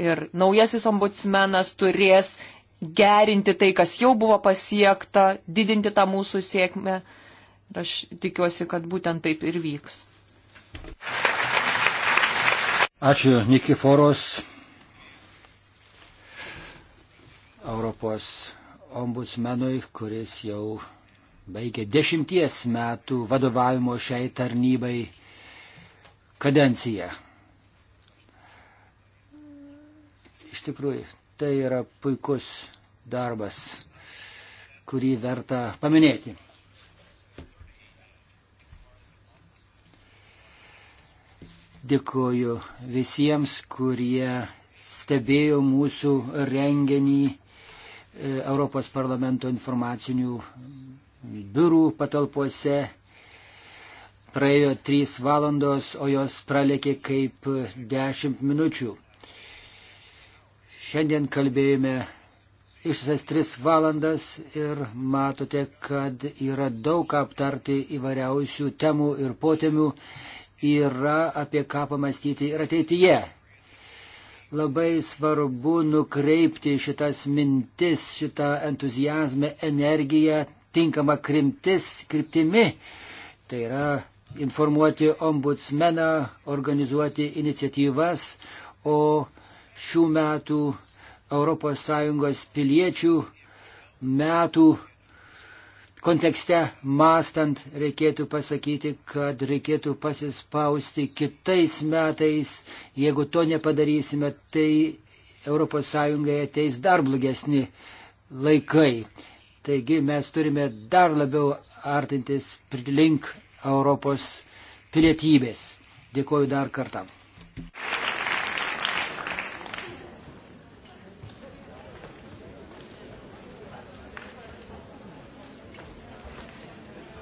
Ir naujasis ombudsmenas turės gerinti tai, kas jau buvo pasiekta, didinti tą mūsų sėkmę. Ir aš tikiuosi, kad būtent taip ir vyks. Ačiū Nikiforos, Europos ombudsmenui, kuris jau baigė dešimties metų vadovavimo šiai tarnybai kadenciją. Iš tikrųjų, Tai yra puikus darbas, kurį verta paminėti. Dėkoju visiems, kurie stebėjo mūsų renginį e, Europos parlamento informacinių biurų patalpose. Praėjo trys valandos, o jos pralėkė kaip dešimt minučių. Šiandien kalbėjome išsas tris valandas ir matote, kad yra daug aptarti įvairiausių temų ir potemių, yra apie ką pamastyti ir ateityje. Labai svarbu nukreipti šitas mintis, šitą entuzijazmą, energiją tinkama krimtis, kryptimi. Tai yra informuoti ombudsmeną, organizuoti iniciatyvas, o šių metų ES piliečių metų kontekste mastant reikėtų pasakyti, kad reikėtų pasispausti kitais metais. Jeigu to nepadarysime, tai ES ateis dar blogesni laikai. Taigi mes turime dar labiau artintis link Europos pilietybės. Dėkuoju dar kartą.